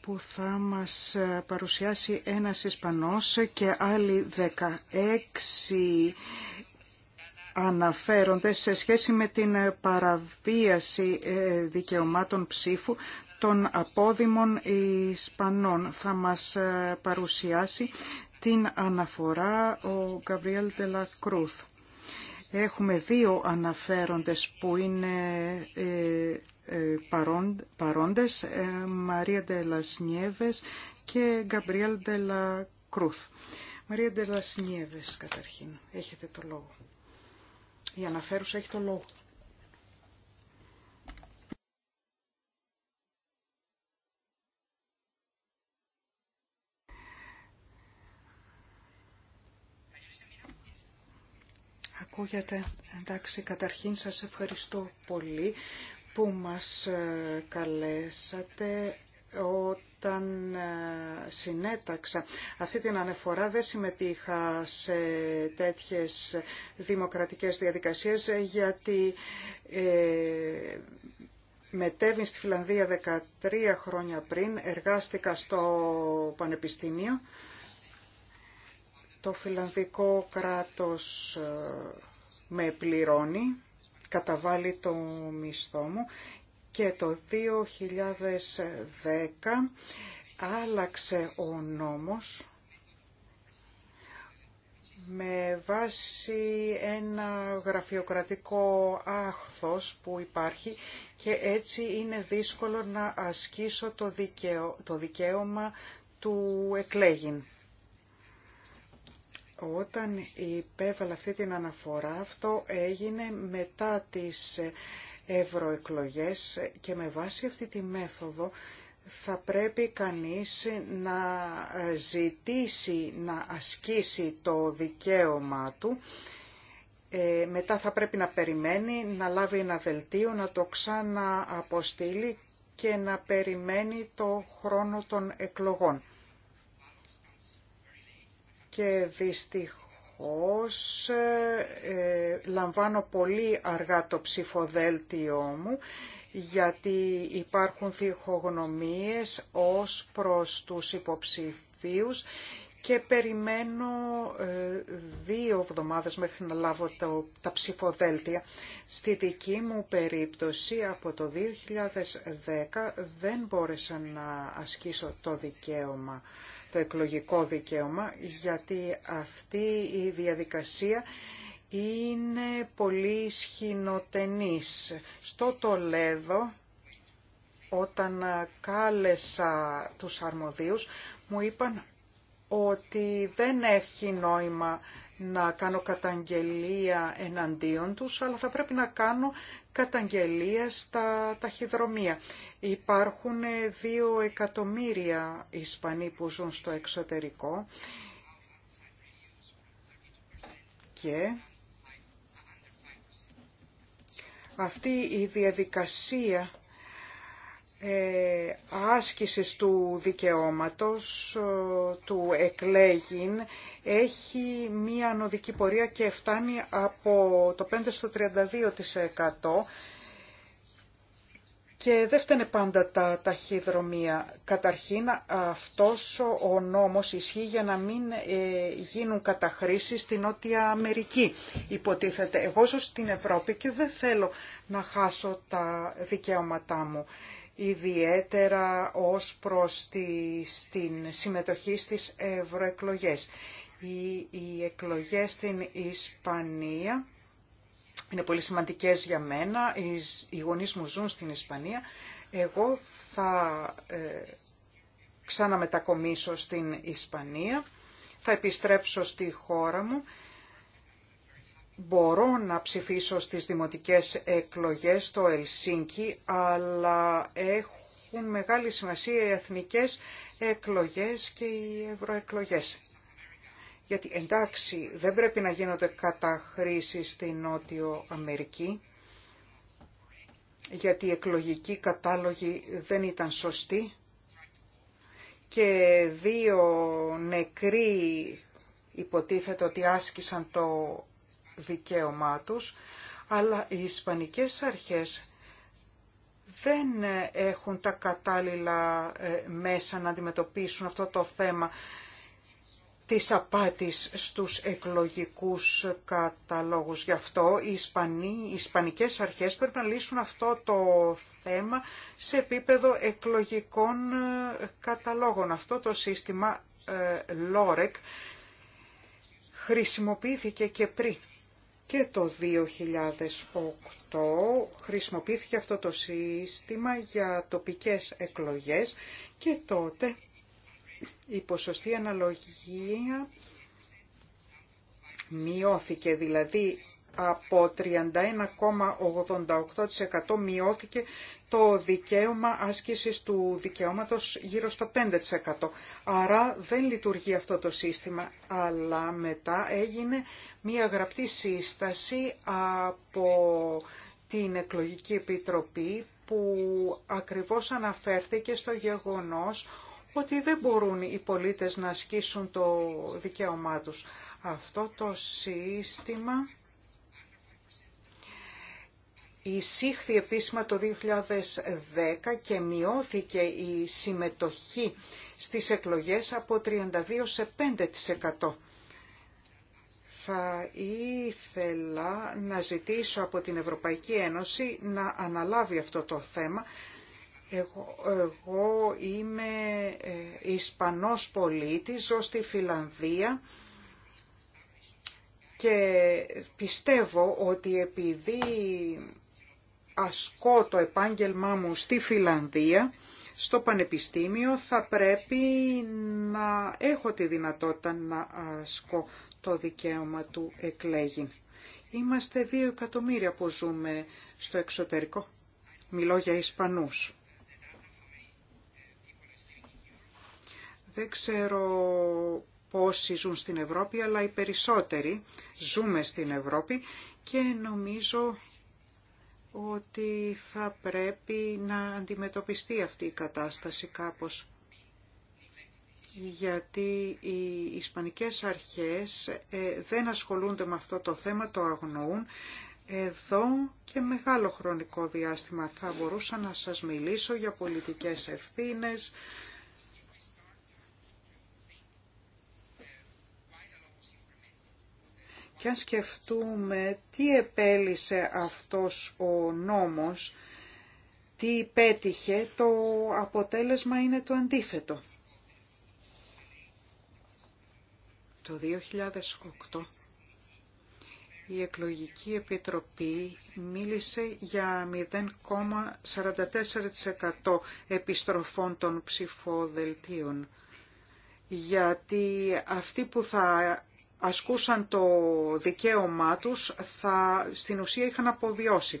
που θα μας ε, παρουσιάσει ένας Ισπανός και άλλοι 16 αναφέρονται σε σχέση με την ε, παραβίαση ε, δικαιωμάτων ψήφου των απόδημων Ισπανών. Θα μας παρουσιάσει την αναφορά ο Γκαμπριέλ Τελακρούθ. Έχουμε δύο αναφέροντες που είναι ε, ε, παρόντες, ε, Μαρία Τελασνιέβες και Γκαμπριέλ Τελακρούθ. Μαρία Τελασνιέβες καταρχήν, έχετε το λόγο. Η αναφέρουσα έχει το λόγο. Ακούγεται. Εντάξει, καταρχήν σας ευχαριστώ πολύ που μας ε, καλέσατε όταν ε, συνέταξα αυτή την αναφορά δεν συμμετείχα σε τέτοιες δημοκρατικές διαδικασίες γιατί ε, μετέβη στη Φιλανδία 13 χρόνια πριν, εργάστηκα στο Πανεπιστήμιο το φιλανδικό κράτος ε, με πληρώνει, καταβάλει το μισθό μου και το 2010 άλλαξε ο νόμος με βάση ένα γραφειοκρατικό άχθος που υπάρχει και έτσι είναι δύσκολο να ασκήσω το, το δικαίωμα του εκλέγην. Όταν υπέβαλα αυτή την αναφορά, αυτό έγινε μετά τις ευρωεκλογές και με βάση αυτή τη μέθοδο θα πρέπει κανείς να ζητήσει να ασκήσει το δικαίωμά του. Ε, μετά θα πρέπει να περιμένει, να λάβει ένα δελτίο, να το ξανααποστείλει και να περιμένει το χρόνο των εκλογών και δυστυχώς ε, λαμβάνω πολύ αργά το ψηφοδέλτιό μου γιατί υπάρχουν διχογνωμίες ως προς τους υποψηφίους και περιμένω ε, δύο εβδομάδες μέχρι να λάβω τα ψηφοδέλτια. Στη δική μου περίπτωση από το 2010 δεν μπόρεσα να ασκήσω το δικαίωμα το εκλογικό δικαίωμα, γιατί αυτή η διαδικασία είναι πολύ σχηνοτενής. Στο Τολέδο, όταν κάλεσα τους αρμοδίους, μου είπαν ότι δεν έχει νόημα να κάνω καταγγελία εναντίον τους, αλλά θα πρέπει να κάνω καταγγελία στα ταχυδρομεία. Υπάρχουν δύο εκατομμύρια Ισπανοί που ζουν στο εξωτερικό και αυτή η διαδικασία ε, άσκησης του δικαιώματος ε, του εκλέγην έχει μία ανωδική πορεία και φτάνει από το 5% στο 32% και δεν φταίνε πάντα τα ταχυδρομεία. Καταρχήν αυτός ο νόμος ισχύει για να μην ε, γίνουν καταχρήσεις στην Νότια Αμερική. Υποτίθεται, εγώ ζω στην Ευρώπη και δεν θέλω να χάσω τα δικαιώματά μου ιδιαίτερα ως προς τη, συμμετοχή στις ευρωεκλογές. Οι, οι εκλογές στην Ισπανία είναι πολύ σημαντικές για μένα, οι, μου ζουν στην Ισπανία. Εγώ θα ε, ξαναμετακομίσω στην Ισπανία, θα επιστρέψω στη χώρα μου μπορώ να ψηφίσω στις δημοτικές εκλογές στο Ελσίνκι, αλλά έχουν μεγάλη σημασία οι εθνικές εκλογές και οι ευρωεκλογές. Γιατί εντάξει, δεν πρέπει να γίνονται καταχρήσει στη Νότιο Αμερική, γιατί οι εκλογικοί κατάλογοι δεν ήταν σωστοί και δύο νεκροί υποτίθεται ότι άσκησαν το δικαίωμά τους, αλλά οι Ισπανικές αρχές δεν ε, έχουν τα κατάλληλα ε, μέσα να αντιμετωπίσουν αυτό το θέμα της απάτης στους εκλογικούς καταλόγους. Γι' αυτό οι, Ισπανοί, οι Ισπανικές αρχές πρέπει να λύσουν αυτό το θέμα σε επίπεδο εκλογικών ε, καταλόγων. Αυτό το σύστημα ε, χρησιμοποιήθηκε και πριν και το 2008 χρησιμοποιήθηκε αυτό το σύστημα για τοπικές εκλογές και τότε η ποσοστή αναλογία μειώθηκε, δηλαδή από 31,88% μειώθηκε το δικαίωμα άσκησης του δικαιώματος γύρω στο 5%. Άρα δεν λειτουργεί αυτό το σύστημα, αλλά μετά έγινε μία γραπτή σύσταση από την Εκλογική Επιτροπή που ακριβώς αναφέρθηκε στο γεγονός ότι δεν μπορούν οι πολίτες να ασκήσουν το δικαίωμά τους. Αυτό το σύστημα εισήχθη επίσημα το 2010 και μειώθηκε η συμμετοχή στις εκλογές από 32% σε 5%. Θα ήθελα να ζητήσω από την Ευρωπαϊκή Ένωση να αναλάβει αυτό το θέμα. Εγώ, εγώ είμαι ε, Ισπανός πολίτης, ζω στη Φιλανδία και πιστεύω ότι επειδή ασκώ το επάγγελμά μου στη Φιλανδία, στο Πανεπιστήμιο θα πρέπει να έχω τη δυνατότητα να ασκώ το δικαίωμα του εκλέγην. Είμαστε δύο εκατομμύρια που ζούμε στο εξωτερικό. Μιλώ για Ισπανούς. Δεν ξέρω πόσοι ζουν στην Ευρώπη, αλλά οι περισσότεροι ζούμε στην Ευρώπη και νομίζω ότι θα πρέπει να αντιμετωπιστεί αυτή η κατάσταση κάπως. Γιατί οι Ισπανικές αρχές ε, δεν ασχολούνται με αυτό το θέμα, το αγνοούν. Εδώ και μεγάλο χρονικό διάστημα θα μπορούσα να σας μιλήσω για πολιτικές ευθύνες, Και αν σκεφτούμε τι επέλυσε αυτός ο νόμος, τι πέτυχε, το αποτέλεσμα είναι το αντίθετο. Το 2008 η εκλογική επιτροπή μίλησε για 0,44% επιστροφών των ψηφοδελτίων. Γιατί αυτοί που θα ασκούσαν το δικαίωμά τους θα στην ουσία είχαν αποβιώσει.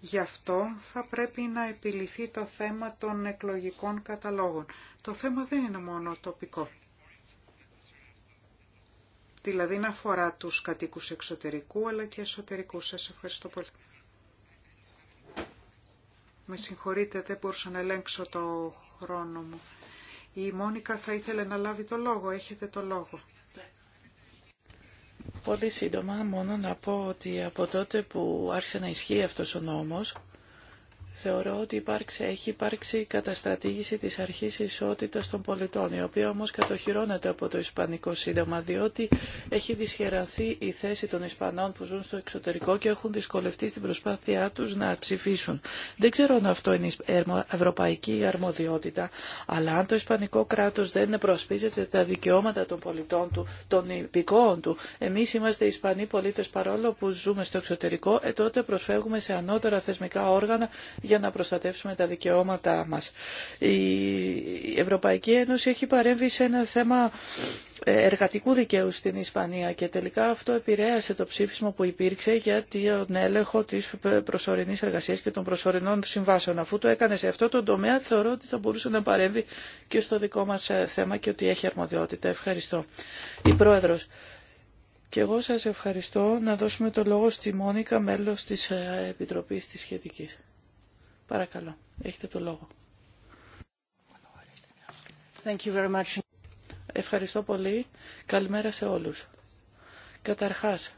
Γι' αυτό θα πρέπει να επιληθεί το θέμα των εκλογικών καταλόγων. Το θέμα δεν είναι μόνο τοπικό. Δηλαδή να αφορά τους κατοίκους εξωτερικού αλλά και εσωτερικού. Σας ευχαριστώ πολύ. Με συγχωρείτε, δεν μπορούσα να ελέγξω το χρόνο μου. Η Μόνικα θα ήθελε να λάβει το λόγο. Έχετε το λόγο. Πολύ σύντομα μόνο να πω ότι από τότε που άρχισε να ισχύει αυτός ο νόμος Θεωρώ ότι έχει υπάρξει καταστρατήγηση της αρχής ισότητας των πολιτών, η οποία όμως κατοχυρώνεται από το Ισπανικό Σύνταγμα, διότι έχει δυσχερανθεί η θέση των Ισπανών που ζουν στο εξωτερικό και έχουν δυσκολευτεί στην προσπάθειά τους να ψηφίσουν. Δεν ξέρω αν αυτό είναι ευρωπαϊκή αρμοδιότητα, αλλά αν το Ισπανικό κράτος δεν προσπίζεται τα δικαιώματα των πολιτών του, των υπηκόων του, εμείς είμαστε Ισπανοί πολίτες παρόλο που ζούμε στο εξωτερικό, ε, τότε προσφεύγουμε σε ανώτερα θεσμικά όργανα για να προστατεύσουμε τα δικαιώματά μας. Η Ευρωπαϊκή Ένωση έχει παρέμβει σε ένα θέμα εργατικού δικαίου στην Ισπανία και τελικά αυτό επηρέασε το ψήφισμα που υπήρξε για τον έλεγχο της προσωρινής εργασίας και των προσωρινών συμβάσεων. Αφού το έκανε σε αυτό το τομέα θεωρώ ότι θα μπορούσε να παρέμβει και στο δικό μας ε, θέμα και ότι έχει αρμοδιότητα. Ευχαριστώ. Η Πρόεδρος. Και εγώ σας ευχαριστώ να δώσουμε το λόγο στη Μόνικα, μέλος της ε, Επιτροπής της Σχετικής. Παρακαλώ, έχετε το λόγο. Ευχαριστώ πολύ. Καλημέρα σε όλους. Καταρχάς,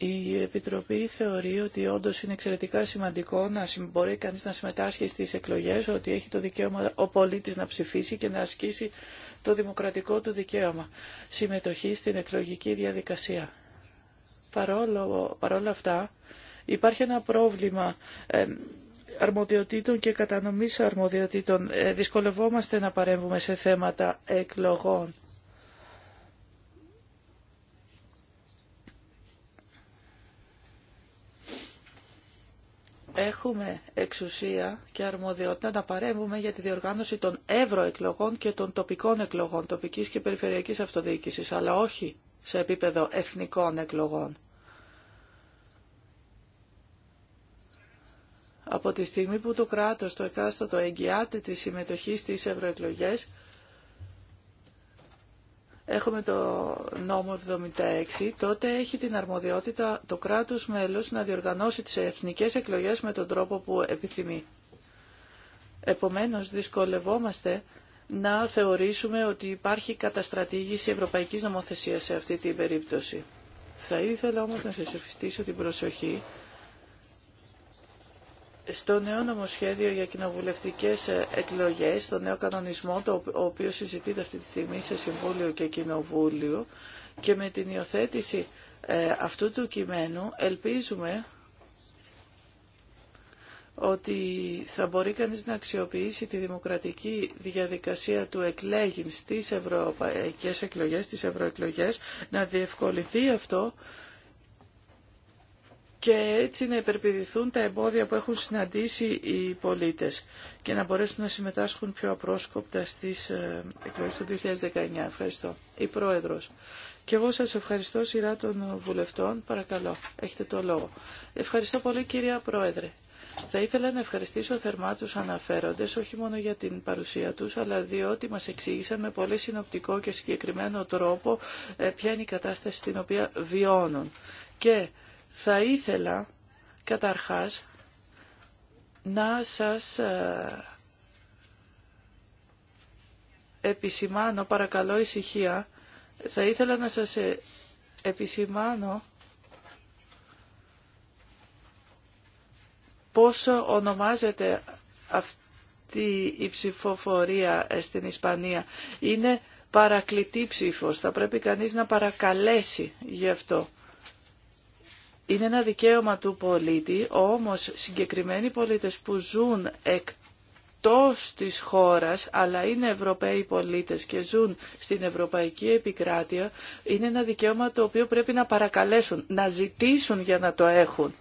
Η Επιτροπή θεωρεί ότι όντω είναι εξαιρετικά σημαντικό να μπορεί κανείς να συμμετάσχει στις εκλογές, ότι έχει το δικαίωμα ο πολίτης να ψηφίσει και να ασκήσει το δημοκρατικό του δικαίωμα συμμετοχή στην εκλογική διαδικασία παρόλο, παρόλα αυτά υπάρχει ένα πρόβλημα ε, αρμοδιοτήτων και κατανομής αρμοδιοτήτων. Ε, δυσκολευόμαστε να παρέμβουμε σε θέματα εκλογών. Έχουμε εξουσία και αρμοδιότητα να παρέμβουμε για τη διοργάνωση των ευρωεκλογών και των τοπικών εκλογών, τοπικής και περιφερειακής αυτοδιοίκησης, αλλά όχι σε επίπεδο εθνικών εκλογών. Από τη στιγμή που το κράτος το εκάστοτο εγγυάται τη συμμετοχή στις ευρωεκλογές, έχουμε το νόμο 76, τότε έχει την αρμοδιότητα το κράτος μέλος να διοργανώσει τις εθνικές εκλογές με τον τρόπο που επιθυμεί. Επομένως δυσκολευόμαστε να θεωρήσουμε ότι υπάρχει καταστρατήγηση ευρωπαϊκής νομοθεσίας σε αυτή την περίπτωση. Θα ήθελα όμως να σας ευχαριστήσω την προσοχή στο νέο νομοσχέδιο για κοινοβουλευτικές εκλογές, στο νέο κανονισμό, το οποίο συζητείται αυτή τη στιγμή σε Συμβούλιο και Κοινοβούλιο και με την υιοθέτηση ε, αυτού του κειμένου ελπίζουμε ότι θα μπορεί κανείς να αξιοποιήσει τη δημοκρατική διαδικασία του εκλέγην στις ευρωπαϊκές εκλογές, στις ευρωεκλογές, να διευκολυνθεί αυτό και έτσι να υπερπηδηθούν τα εμπόδια που έχουν συναντήσει οι πολίτες και να μπορέσουν να συμμετάσχουν πιο απρόσκοπτα στις ε, εκλογές του 2019. Ευχαριστώ. Η Πρόεδρος. Και εγώ σας ευχαριστώ σειρά των βουλευτών. Παρακαλώ, έχετε το λόγο. Ευχαριστώ πολύ κυρία Πρόεδρε. Θα ήθελα να ευχαριστήσω θερμά τους αναφέροντες, όχι μόνο για την παρουσία τους, αλλά διότι μας εξήγησαν με πολύ συνοπτικό και συγκεκριμένο τρόπο ε, ποια είναι η κατάσταση στην οποία βιώνουν. Και θα ήθελα καταρχάς να σας ε, επισημάνω, παρακαλώ ησυχία, θα ήθελα να σας ε, επισημάνω πόσο ονομάζεται αυτή η ψηφοφορία στην Ισπανία. Είναι παρακλητή ψήφος, θα πρέπει κανείς να παρακαλέσει γι' αυτό. Είναι ένα δικαίωμα του πολίτη, όμως συγκεκριμένοι πολίτες που ζουν εκτός της χώρας, αλλά είναι Ευρωπαίοι πολίτες και ζουν στην Ευρωπαϊκή Επικράτεια, είναι ένα δικαίωμα το οποίο πρέπει να παρακαλέσουν, να ζητήσουν για να το έχουν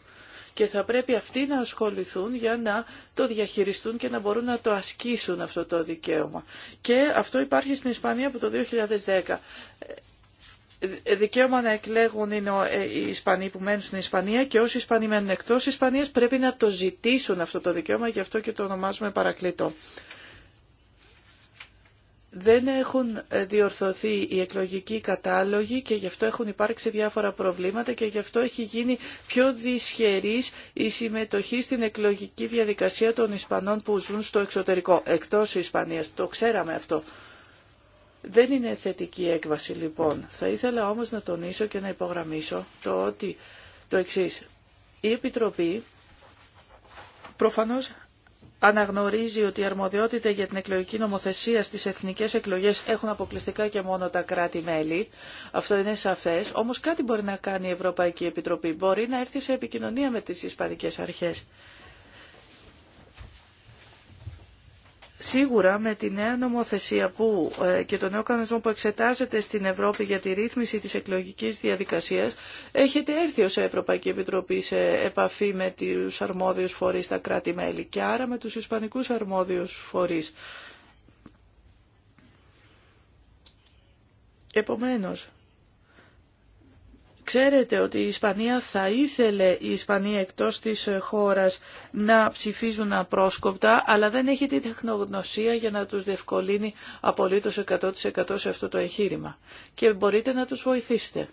και θα πρέπει αυτοί να ασχοληθούν για να το διαχειριστούν και να μπορούν να το ασκήσουν αυτό το δικαίωμα. Και αυτό υπάρχει στην Ισπανία από το 2010 ε, δικαίωμα να εκλέγουν είναι ε, οι Ισπανοί που μένουν στην Ισπανία και όσοι Ισπανοί μένουν εκτός Ισπανίας πρέπει να το ζητήσουν αυτό το δικαίωμα, γι' αυτό και το ονομάζουμε παρακλήτο δεν έχουν ε, διορθωθεί οι εκλογικοί κατάλογοι και γι' αυτό έχουν υπάρξει διάφορα προβλήματα και γι' αυτό έχει γίνει πιο δυσχερής η συμμετοχή στην εκλογική διαδικασία των Ισπανών που ζουν στο εξωτερικό, εκτός Ισπανίας. Το ξέραμε αυτό. Δεν είναι θετική έκβαση λοιπόν. Θα ήθελα όμως να τονίσω και να υπογραμμίσω το ότι το εξής. Η Επιτροπή προφανώς αναγνωρίζει ότι η αρμοδιότητα για την εκλογική νομοθεσία στις εθνικές εκλογές έχουν αποκλειστικά και μόνο τα κράτη-μέλη. Αυτό είναι σαφές. Όμως κάτι μπορεί να κάνει η Ευρωπαϊκή Επιτροπή. Μπορεί να έρθει σε επικοινωνία με τις Ισπανικές Αρχές. Σίγουρα με τη νέα νομοθεσία που ε, και τον νέο κανονισμό που εξετάζεται στην Ευρώπη για τη ρύθμιση της εκλογικής διαδικασίας έχετε έρθει ως Ευρωπαϊκή Επιτροπή σε επαφή με τους αρμόδιους φορείς στα κράτη-μέλη και άρα με τους Ισπανικούς αρμόδιους φορείς. Επομένως, Ξέρετε ότι η Ισπανία θα ήθελε η Ισπανία εκτός της χώρας να ψηφίζουν απρόσκοπτα, αλλά δεν έχει τη τεχνογνωσία για να τους διευκολύνει απολύτως 100% σε αυτό το εγχείρημα. Και μπορείτε να τους βοηθήσετε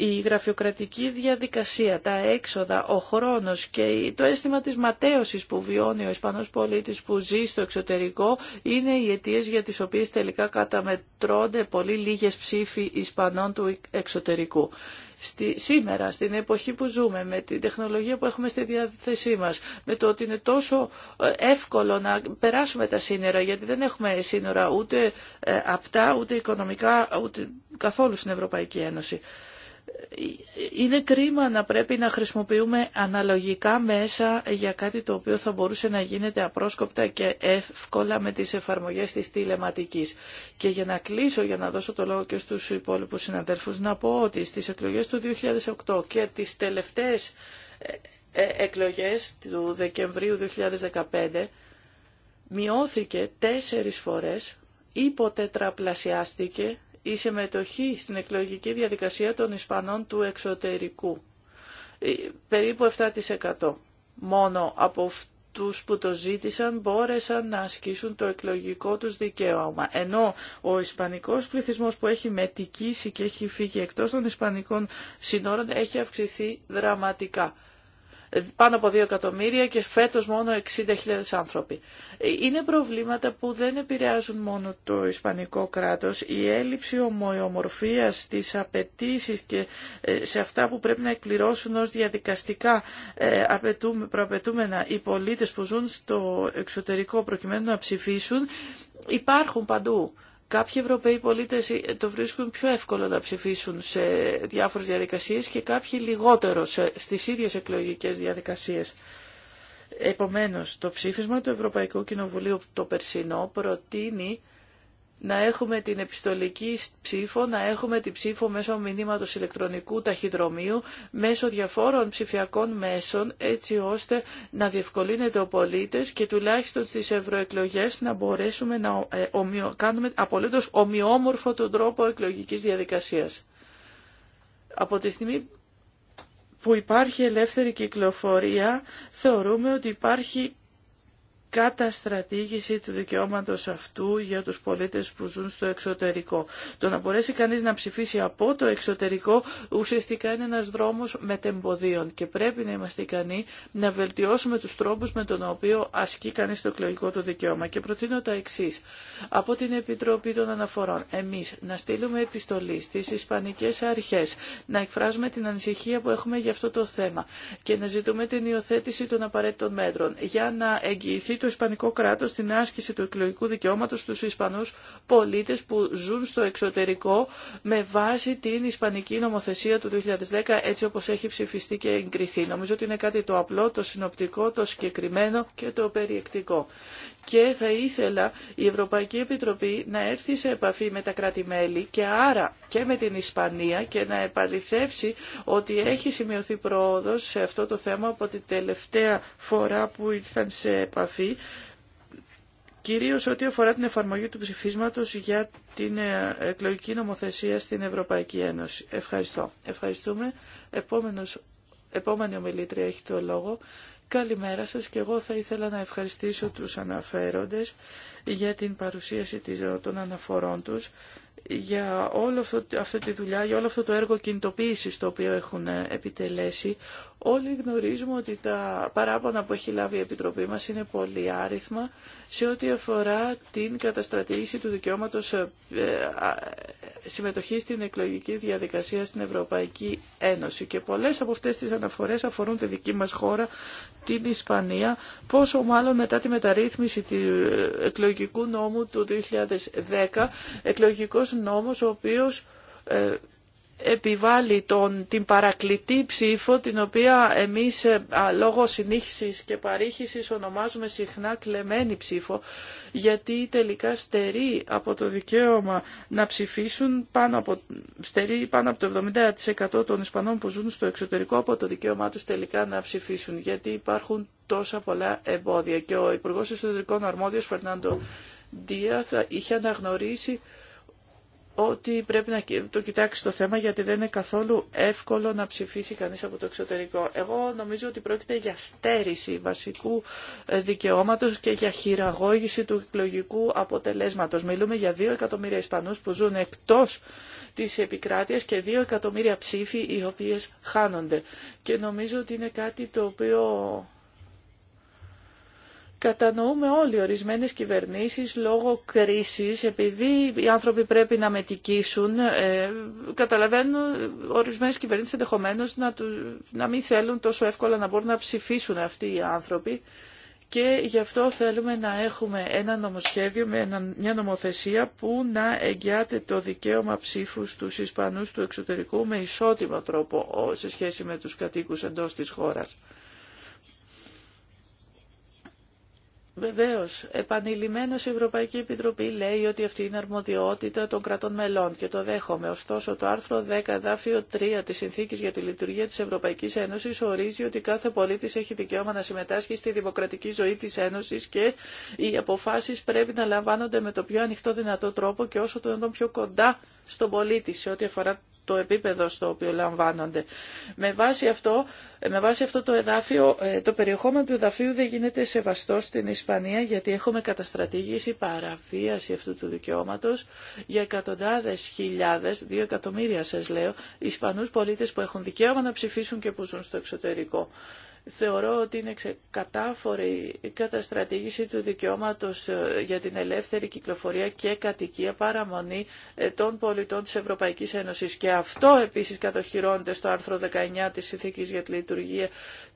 η γραφειοκρατική διαδικασία, τα έξοδα, ο χρόνος και το αίσθημα της ματέωσης που βιώνει ο Ισπανός πολίτης που ζει στο εξωτερικό είναι οι αιτίες για τις οποίες τελικά καταμετρώνται πολύ λίγες ψήφοι Ισπανών του εξωτερικού. Στη, σήμερα, στην εποχή που ζούμε, με την τεχνολογία που έχουμε στη διάθεσή μας, με το ότι είναι τόσο ε, εύκολο να περάσουμε τα σύνορα, γιατί δεν έχουμε σύνορα ούτε ε, απτά, ούτε οικονομικά, ούτε καθόλου στην Ευρωπαϊκή Ένωση είναι κρίμα να πρέπει να χρησιμοποιούμε αναλογικά μέσα για κάτι το οποίο θα μπορούσε να γίνεται απρόσκοπτα και εύκολα με τις εφαρμογές της τηλεματικής. Και για να κλείσω, για να δώσω το λόγο και στους υπόλοιπους συναδέλφους, να πω ότι στις εκλογές του 2008 και τις τελευταίες ε, ε, εκλογές του Δεκεμβρίου 2015 μειώθηκε τέσσερις φορές, υποτετραπλασιάστηκε η συμμετοχή στην εκλογική διαδικασία των Ισπανών του εξωτερικού. Ε, περίπου 7% μόνο από αυτούς που το ζήτησαν μπόρεσαν να ασκήσουν το εκλογικό τους δικαίωμα. Ενώ ο ισπανικός πληθυσμός που έχει μετικήσει και έχει φύγει εκτός των ισπανικών συνόρων έχει αυξηθεί δραματικά πάνω από 2 εκατομμύρια και φέτος μόνο 60.000 άνθρωποι. Είναι προβλήματα που δεν επηρεάζουν μόνο το Ισπανικό κράτος. Η έλλειψη ομοιομορφίας στις απαιτήσει και ε, σε αυτά που πρέπει να εκπληρώσουν ως διαδικαστικά ε, προαπαιτούμενα οι πολίτες που ζουν στο εξωτερικό προκειμένου να ψηφίσουν υπάρχουν παντού. Κάποιοι Ευρωπαίοι πολίτες το βρίσκουν πιο εύκολο να ψηφίσουν σε διάφορες διαδικασίες και κάποιοι λιγότερο στις ίδιες εκλογικές διαδικασίες. Επομένως, το ψήφισμα του Ευρωπαϊκού Κοινοβουλίου το περσινό προτείνει να έχουμε την επιστολική ψήφο, να έχουμε την ψήφο μέσω μηνύματος ηλεκτρονικού ταχυδρομείου, μέσω διαφόρων ψηφιακών μέσων, έτσι ώστε να διευκολύνεται ο πολίτης και τουλάχιστον στις ευρωεκλογές να μπορέσουμε να ε, κάνουμε απολύτως ομοιόμορφο τον τρόπο εκλογικής διαδικασίας. Από τη στιγμή που υπάρχει ελεύθερη κυκλοφορία, θεωρούμε ότι υπάρχει καταστρατήγηση του δικαιώματος αυτού για τους πολίτες που ζουν στο εξωτερικό. Το να μπορέσει κανείς να ψηφίσει από το εξωτερικό ουσιαστικά είναι ένας δρόμος μετεμποδίων και πρέπει να είμαστε ικανοί να βελτιώσουμε τους τρόπους με τον οποίο ασκεί κανείς το εκλογικό του δικαίωμα. Και προτείνω τα εξή. Από την Επιτροπή των Αναφορών, εμείς να στείλουμε επιστολή στις Ισπανικές Αρχές, να εκφράζουμε την ανησυχία που έχουμε για αυτό το θέμα και να ζητούμε την υιοθέτηση των απαραίτητων μέτρων για να εγγυηθεί το Ισπανικό κράτο, στην άσκηση του εκλογικού δικαιώματος στους Ισπανούς πολίτες που ζουν στο εξωτερικό με βάση την Ισπανική νομοθεσία του 2010 έτσι όπως έχει ψηφιστεί και εγκριθεί. Νομίζω ότι είναι κάτι το απλό, το συνοπτικό, το συγκεκριμένο και το περιεκτικό και θα ήθελα η Ευρωπαϊκή Επιτροπή να έρθει σε επαφή με τα κράτη-μέλη και άρα και με την Ισπανία και να επαληθεύσει ότι έχει σημειωθεί πρόοδος σε αυτό το θέμα από την τελευταία φορά που ήρθαν σε επαφή κυρίως ό,τι αφορά την εφαρμογή του ψηφίσματος για την ε, εκλογική νομοθεσία στην Ευρωπαϊκή Ένωση. Ευχαριστώ. Ευχαριστούμε. Επόμενος, επόμενη ομιλήτρια έχει το λόγο. Καλημέρα σας και εγώ θα ήθελα να ευχαριστήσω τους αναφέροντες για την παρουσίαση ε, των αναφορών τους, για όλη αυτή τη δουλειά, για όλο αυτό το έργο κινητοποίησης το οποίο έχουν ε, επιτελέσει. Όλοι γνωρίζουμε ότι τα παράπονα που έχει λάβει η Επιτροπή μας είναι πολύ άριθμα σε ό,τι αφορά την καταστρατήγηση του δικαιώματος ε, συμμετοχής στην εκλογική διαδικασία στην Ευρωπαϊκή Ένωση. Και πολλές από αυτές τις αναφορές αφορούν τη δική μας χώρα, την Ισπανία, πόσο μάλλον μετά τη μεταρρύθμιση του ε, εκλογικού νόμου του 2010, εκλογικός νόμος ο οποίος ε, επιβάλλει τον, την παρακλητή ψήφο την οποία εμείς ε, λόγω συνήχησης και παρήχησης ονομάζουμε συχνά κλεμμένη ψήφο γιατί τελικά στερεί από το δικαίωμα να ψηφίσουν πάνω από, στερεί πάνω από το 70% των Ισπανών που ζουν στο εξωτερικό από το δικαίωμά τους τελικά να ψηφίσουν γιατί υπάρχουν τόσα πολλά εμπόδια και ο Υπουργός Εσωτερικών Αρμόδιος Φερνάντο Δία είχε αναγνωρίσει ότι πρέπει να το κοιτάξει το θέμα γιατί δεν είναι καθόλου εύκολο να ψηφίσει κανείς από το εξωτερικό. Εγώ νομίζω ότι πρόκειται για στέρηση βασικού ε, δικαιώματος και για χειραγώγηση του εκλογικού αποτελέσματος. Μιλούμε για 2 εκατομμύρια Ισπανούς που ζουν εκτός της επικράτειας και 2 εκατομμύρια ψήφοι οι οποίες χάνονται. Και νομίζω ότι είναι κάτι το οποίο Κατανοούμε όλοι ορισμένες κυβερνήσεις λόγω κρίσης, επειδή οι άνθρωποι πρέπει να μετικήσουν, ε, καταλαβαίνουν ορισμένες κυβερνήσεις ενδεχομένω να, να μην θέλουν τόσο εύκολα να μπορούν να ψηφίσουν αυτοί οι άνθρωποι και γι' αυτό θέλουμε να έχουμε ένα νομοσχέδιο με μια νομοθεσία που να εγγυάται το δικαίωμα ψήφου στους Ισπανούς του εξωτερικού με ισότιμο τρόπο σε σχέση με τους κατοίκους εντός της χώρας. Βεβαίως, επανειλημμένως η Ευρωπαϊκή Επιτροπή λέει ότι αυτή είναι αρμοδιότητα των κρατών μελών και το δέχομαι. Ωστόσο, το άρθρο 10, δάφιο 3 της Συνθήκης για τη Λειτουργία της Ευρωπαϊκής Ένωσης ορίζει ότι κάθε πολίτης έχει δικαίωμα να συμμετάσχει στη δημοκρατική ζωή της Ένωσης και οι αποφάσεις πρέπει να λαμβάνονται με το πιο ανοιχτό δυνατό τρόπο και όσο το δυνατόν πιο κοντά στον πολίτη σε ό,τι αφορά το επίπεδο στο οποίο λαμβάνονται. Με βάση αυτό, με βάση αυτό το εδάφιο, ε, το περιεχόμενο του εδαφίου δεν γίνεται σεβαστό στην Ισπανία γιατί έχουμε καταστρατηγήσει παραβίαση αυτού του δικαιώματο για εκατοντάδε. χιλιάδες, δύο εκατομμύρια σα λέω, Ισπανούς πολίτες που έχουν δικαίωμα να ψηφίσουν και που ζουν στο εξωτερικό. Θεωρώ ότι είναι ξεκατάφορη η καταστρατήγηση του δικαιώματος ε, για την ελεύθερη κυκλοφορία και κατοικία παραμονή ε, των πολιτών της Ευρωπαϊκής Ένωσης. Και αυτό επίσης κατοχυρώνεται στο άρθρο 19 της Συνθήκης για τη Λειτουργία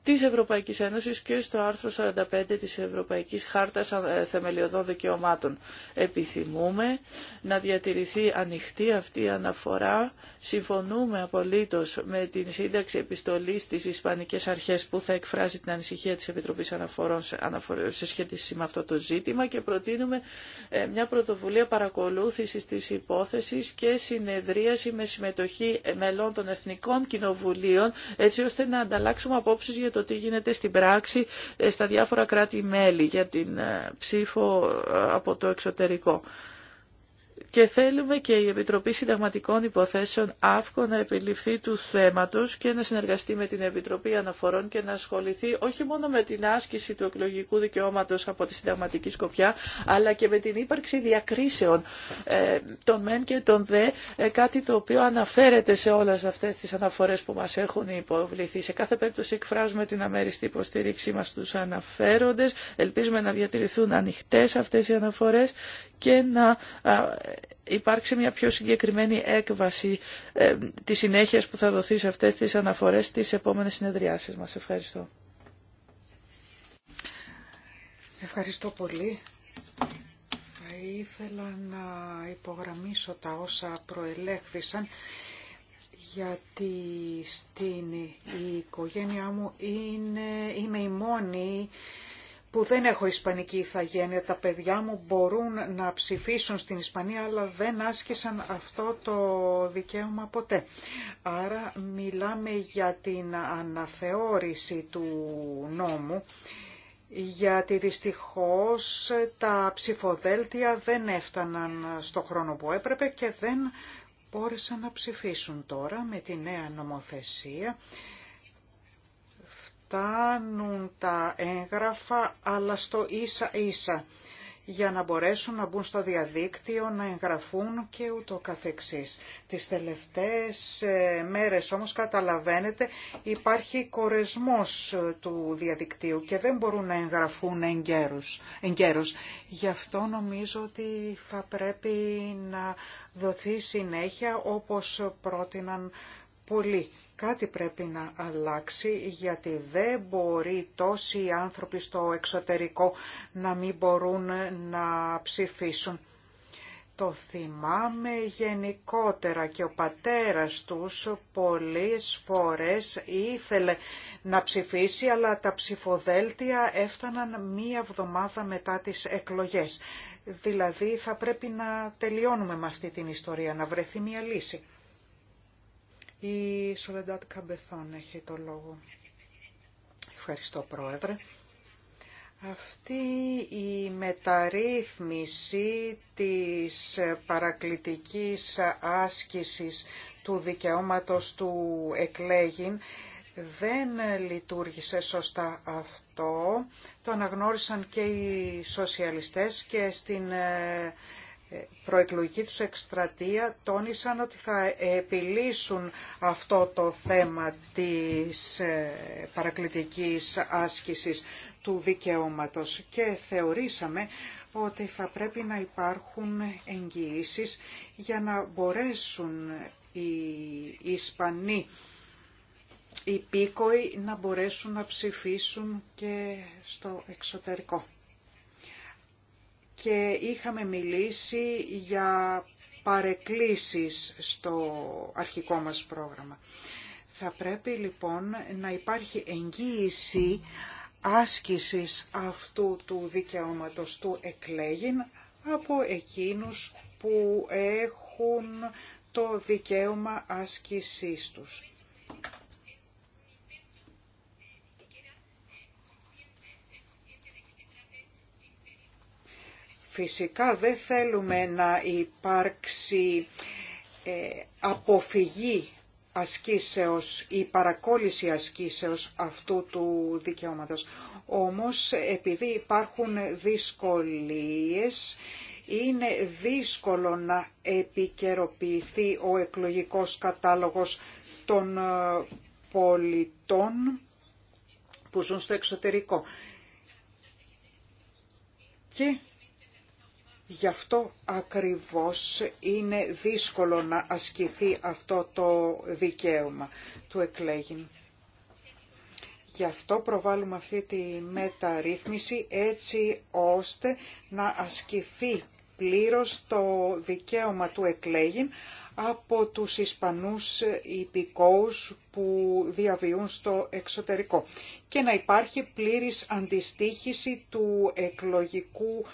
της Ευρωπαϊκής Ένωσης και στο άρθρο 45 της Ευρωπαϊκής Χάρτας ε, Θεμελιωδών Δικαιωμάτων. Επιθυμούμε να διατηρηθεί ανοιχτή αυτή η αναφορά. Συμφωνούμε απολύτως με την σύνταξη επιστολής στις Ισπανικές Αρχές που θα εκφράσει την ανησυχία της Επιτροπής Αναφορών σε σχέση με αυτό το ζήτημα και προτείνουμε ε, μια πρωτοβουλία παρακολούθησης της υπόθεσης και συνεδρίαση με συμμετοχή μελών των Εθνικών Κοινοβουλίων έτσι ώστε να ανταλλάξουμε απόψεις για το τι γίνεται στην πράξη ε, στα διάφορα κράτη-μέλη για την ε, ψήφο ε, από το εξωτερικό και θέλουμε και η Επιτροπή Συνταγματικών Υποθέσεων ΑΦΚΟ να επιληφθεί του θέματος και να συνεργαστεί με την Επιτροπή Αναφορών και να ασχοληθεί όχι μόνο με την άσκηση του εκλογικού δικαιώματος από τη συνταγματική σκοπιά, αλλά και με την ύπαρξη διακρίσεων ε, των μεν και των δε, ε, κάτι το οποίο αναφέρεται σε όλες αυτές τις αναφορές που μας έχουν υποβληθεί. Σε κάθε περίπτωση εκφράζουμε την αμέριστη υποστήριξή μας στους αναφέροντες, ελπίζουμε να διατηρηθούν ανοιχτέ αυτές οι αναφορές και να υπάρξει μια πιο συγκεκριμένη έκβαση ε, της συνέχειας που θα δοθεί σε αυτές τις αναφορές στις επόμενες συνεδριάσεις μας. Ευχαριστώ. Ευχαριστώ πολύ. Θα ήθελα να υπογραμμίσω τα όσα προελέχθησαν γιατί στην η οικογένειά μου είναι, είμαι η μόνη που δεν έχω ισπανική ηθαγένεια. Τα παιδιά μου μπορούν να ψηφίσουν στην Ισπανία, αλλά δεν άσκησαν αυτό το δικαίωμα ποτέ. Άρα μιλάμε για την αναθεώρηση του νόμου, γιατί δυστυχώς τα ψηφοδέλτια δεν έφταναν στο χρόνο που έπρεπε και δεν μπόρεσαν να ψηφίσουν τώρα με τη νέα νομοθεσία φτάνουν τα έγγραφα αλλά στο ίσα ίσα για να μπορέσουν να μπουν στο διαδίκτυο, να εγγραφούν και ούτω καθεξής. Τις τελευταίες ε, μέρες όμως καταλαβαίνετε υπάρχει κορεσμός ε, του διαδικτύου και δεν μπορούν να εγγραφούν εγκαίρους. Γι' αυτό νομίζω ότι θα πρέπει να δοθεί συνέχεια όπως πρότειναν πολύ. Κάτι πρέπει να αλλάξει γιατί δεν μπορεί τόσοι άνθρωποι στο εξωτερικό να μην μπορούν να ψηφίσουν. Το θυμάμαι γενικότερα και ο πατέρας τους πολλές φορές ήθελε να ψηφίσει αλλά τα ψηφοδέλτια έφταναν μία εβδομάδα μετά τις εκλογές. Δηλαδή θα πρέπει να τελειώνουμε με αυτή την ιστορία, να βρεθεί μία λύση. Η Σολεντάτ Καμπεθόν έχει το λόγο. Ευχαριστώ Πρόεδρε. Αυτή η μεταρρύθμιση της παρακλητικής άσκησης του δικαιώματος του εκλέγην δεν λειτουργήσε σωστά αυτό. Το αναγνώρισαν και οι σοσιαλιστές και στην ε, προεκλογική τους εκστρατεία τόνισαν ότι θα επιλύσουν αυτό το θέμα της ε, παρακλητικής άσκησης του δικαιώματος και θεωρήσαμε ότι θα πρέπει να υπάρχουν εγγυήσει για να μπορέσουν οι Ισπανοί οι να μπορέσουν να ψηφίσουν και στο εξωτερικό και είχαμε μιλήσει για παρεκκλήσεις στο αρχικό μας πρόγραμμα. Θα πρέπει λοιπόν να υπάρχει εγγύηση άσκησης αυτού του δικαιώματος του εκλέγην από εκείνους που έχουν το δικαίωμα άσκησής τους. Φυσικά δεν θέλουμε να υπάρξει ε, αποφυγή ασκήσεως ή παρακόλληση ασκήσεως αυτού του δικαιώματος. Όμως επειδή υπάρχουν δυσκολίες είναι δύσκολο να επικαιροποιηθεί ο εκλογικός κατάλογος των ε, πολιτών που ζουν στο εξωτερικό. Και Γι' αυτό ακριβώς είναι δύσκολο να ασκηθεί αυτό το δικαίωμα του εκλέγην. Γι' αυτό προβάλλουμε αυτή τη μεταρρύθμιση έτσι ώστε να ασκηθεί πλήρως το δικαίωμα του εκλέγην από τους Ισπανούς υπηκόους που διαβιούν στο εξωτερικό και να υπάρχει πλήρης αντιστήχηση του εκλογικού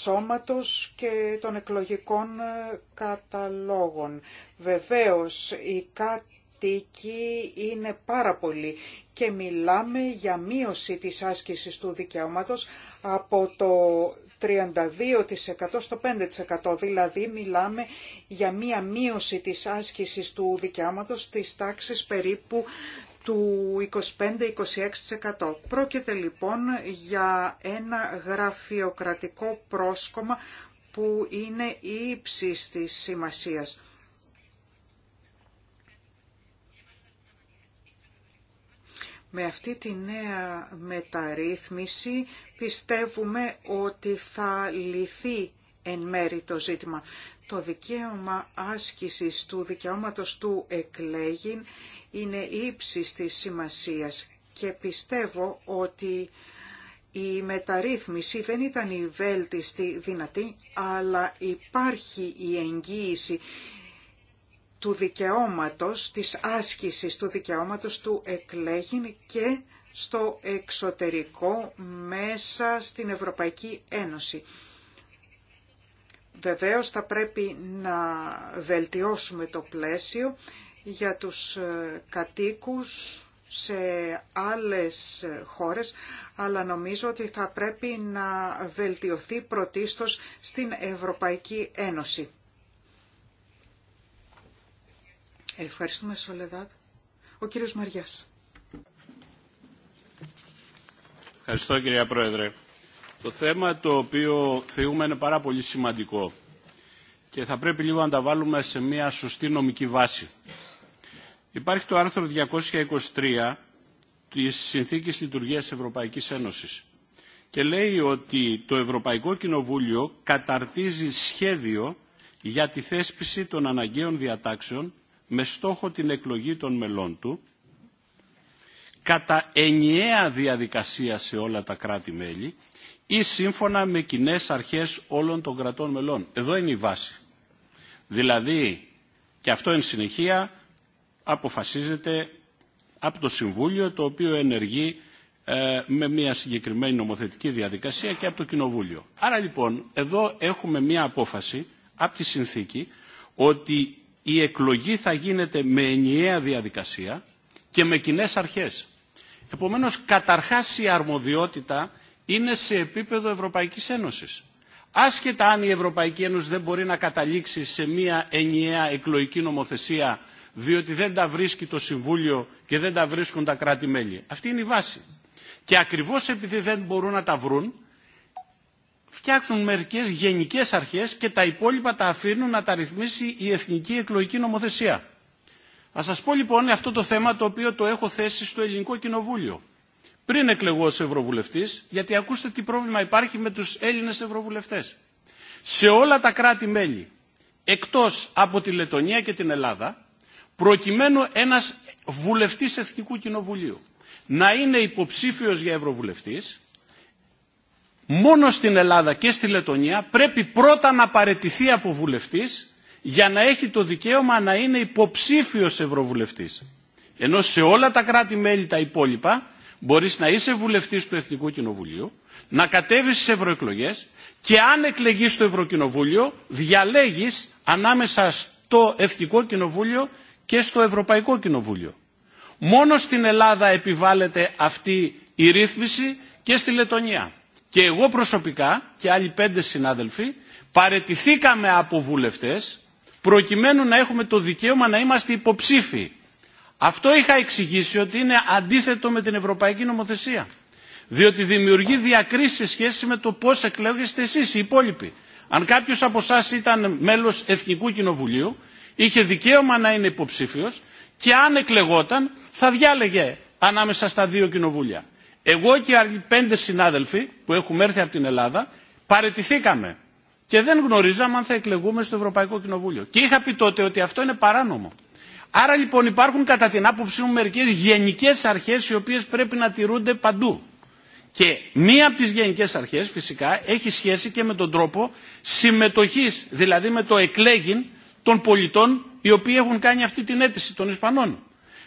σώματος και των εκλογικών ε, καταλόγων. Βεβαίως, η κάτοικοι είναι πάρα πολύ και μιλάμε για μείωση της άσκησης του δικαιώματος από το 32% στο 5%. Δηλαδή μιλάμε για μία μείωση της άσκησης του δικαιώματος της τάξης περίπου του 25-26%. Πρόκειται λοιπόν για ένα γραφειοκρατικό πρόσκομα που είναι ύψη της σημασίας. Με αυτή τη νέα μεταρρύθμιση πιστεύουμε ότι θα λυθεί εν μέρη το ζήτημα. Το δικαίωμα άσκησης του δικαιώματος του εκλέγην είναι ύψης της σημασίας και πιστεύω ότι η μεταρρύθμιση δεν ήταν η βέλτιστη δυνατή, αλλά υπάρχει η εγγύηση του δικαιώματος, της άσκησης του δικαιώματος του εκλέγην και στο εξωτερικό μέσα στην Ευρωπαϊκή Ένωση. Βεβαίως θα πρέπει να βελτιώσουμε το πλαίσιο για τους ε, κατοίκους σε άλλες χώρες, αλλά νομίζω ότι θα πρέπει να βελτιωθεί πρωτίστως στην Ευρωπαϊκή Ένωση. Ευχαριστούμε, Σολεδάδ. Ο κύριος Μαριάς. Ευχαριστώ, κυρία Πρόεδρε. Το θέμα το οποίο θεωρούμε είναι πάρα πολύ σημαντικό και θα πρέπει λίγο να τα βάλουμε σε μια σωστή νομική βάση. Υπάρχει το άρθρο 223 της Συνθήκης Λειτουργίας Ευρωπαϊκής Ένωσης και λέει ότι το Ευρωπαϊκό Κοινοβούλιο καταρτίζει σχέδιο για τη θέσπιση των αναγκαίων διατάξεων με στόχο την εκλογή των μελών του κατά ενιαία διαδικασία σε όλα τα κράτη-μέλη ή σύμφωνα με κοινέ αρχές όλων των κρατών μελών. Εδώ είναι η βάση. Δηλαδή, και αυτό εν συνεχεία αποφασίζεται από το Συμβούλιο, το οποίο ενεργεί ε, με μια συγκεκριμένη νομοθετική διαδικασία και από το Κοινοβούλιο. Άρα λοιπόν, εδώ έχουμε μια απόφαση από τη συνθήκη ότι η εκλογή θα γίνεται με ενιαία διαδικασία και με κοινέ αρχές. Επομένως, καταρχάς η αρμοδιότητα είναι σε επίπεδο Ευρωπαϊκής Ένωσης. Άσχετα αν η Ευρωπαϊκή Ένωση δεν μπορεί να καταλήξει σε μια ενιαία εκλογική νομοθεσία διότι δεν τα βρίσκει το Συμβούλιο και δεν τα βρίσκουν τα κράτη-μέλη. Αυτή είναι η βάση. Και ακριβώς επειδή δεν μπορούν να τα βρουν, φτιάχνουν μερικές γενικές αρχές και τα υπόλοιπα τα αφήνουν να τα ρυθμίσει η Εθνική Εκλογική Νομοθεσία. Θα σας πω λοιπόν αυτό το θέμα το οποίο το έχω θέσει στο Ελληνικό Κοινοβούλιο πριν εκλεγώ ως Ευρωβουλευτής, γιατί ακούστε τι πρόβλημα υπάρχει με τους Έλληνες Ευρωβουλευτές. Σε όλα τα κράτη-μέλη, εκτός από τη Λετωνία και την Ελλάδα, προκειμένου ένας βουλευτής Εθνικού Κοινοβουλίου να είναι υποψήφιος για Ευρωβουλευτής, μόνο στην Ελλάδα και στη Λετωνία πρέπει πρώτα να παρετηθεί από βουλευτής για να έχει το δικαίωμα να είναι υποψήφιος Ευρωβουλευτής. Ενώ σε όλα τα κράτη-μέλη τα υπόλοιπα μπορείς να είσαι βουλευτής του Εθνικού Κοινοβουλίου, να κατέβεις στις ευρωεκλογέ και αν εκλεγείς στο Ευρωκοινοβούλιο διαλέγεις ανάμεσα στο Εθνικό Κοινοβούλιο και στο Ευρωπαϊκό Κοινοβούλιο. Μόνο στην Ελλάδα επιβάλλεται αυτή η ρύθμιση και στη Λετωνία. Και εγώ προσωπικά και άλλοι πέντε συνάδελφοι παρετηθήκαμε από βουλευτές προκειμένου να έχουμε το δικαίωμα να είμαστε υποψήφοι αυτό είχα εξηγήσει ότι είναι αντίθετο με την Ευρωπαϊκή Νομοθεσία. Διότι δημιουργεί διακρίσει σε σχέση με το πώ εκλέγεστε εσεί οι υπόλοιποι. Αν κάποιο από εσά ήταν μέλο Εθνικού Κοινοβουλίου, είχε δικαίωμα να είναι υποψήφιο και αν εκλεγόταν θα διάλεγε ανάμεσα στα δύο κοινοβούλια. Εγώ και άλλοι πέντε συνάδελφοι που έχουμε έρθει από την Ελλάδα παρετηθήκαμε και δεν γνωρίζαμε αν θα εκλεγούμε στο Ευρωπαϊκό Κοινοβούλιο. Και είχα πει τότε ότι αυτό είναι παράνομο. Άρα λοιπόν υπάρχουν κατά την άποψή μου μερικές γενικές αρχές οι οποίες πρέπει να τηρούνται παντού. Και μία από τις γενικές αρχές φυσικά έχει σχέση και με τον τρόπο συμμετοχής, δηλαδή με το εκλέγην των πολιτών οι οποίοι έχουν κάνει αυτή την αίτηση των Ισπανών.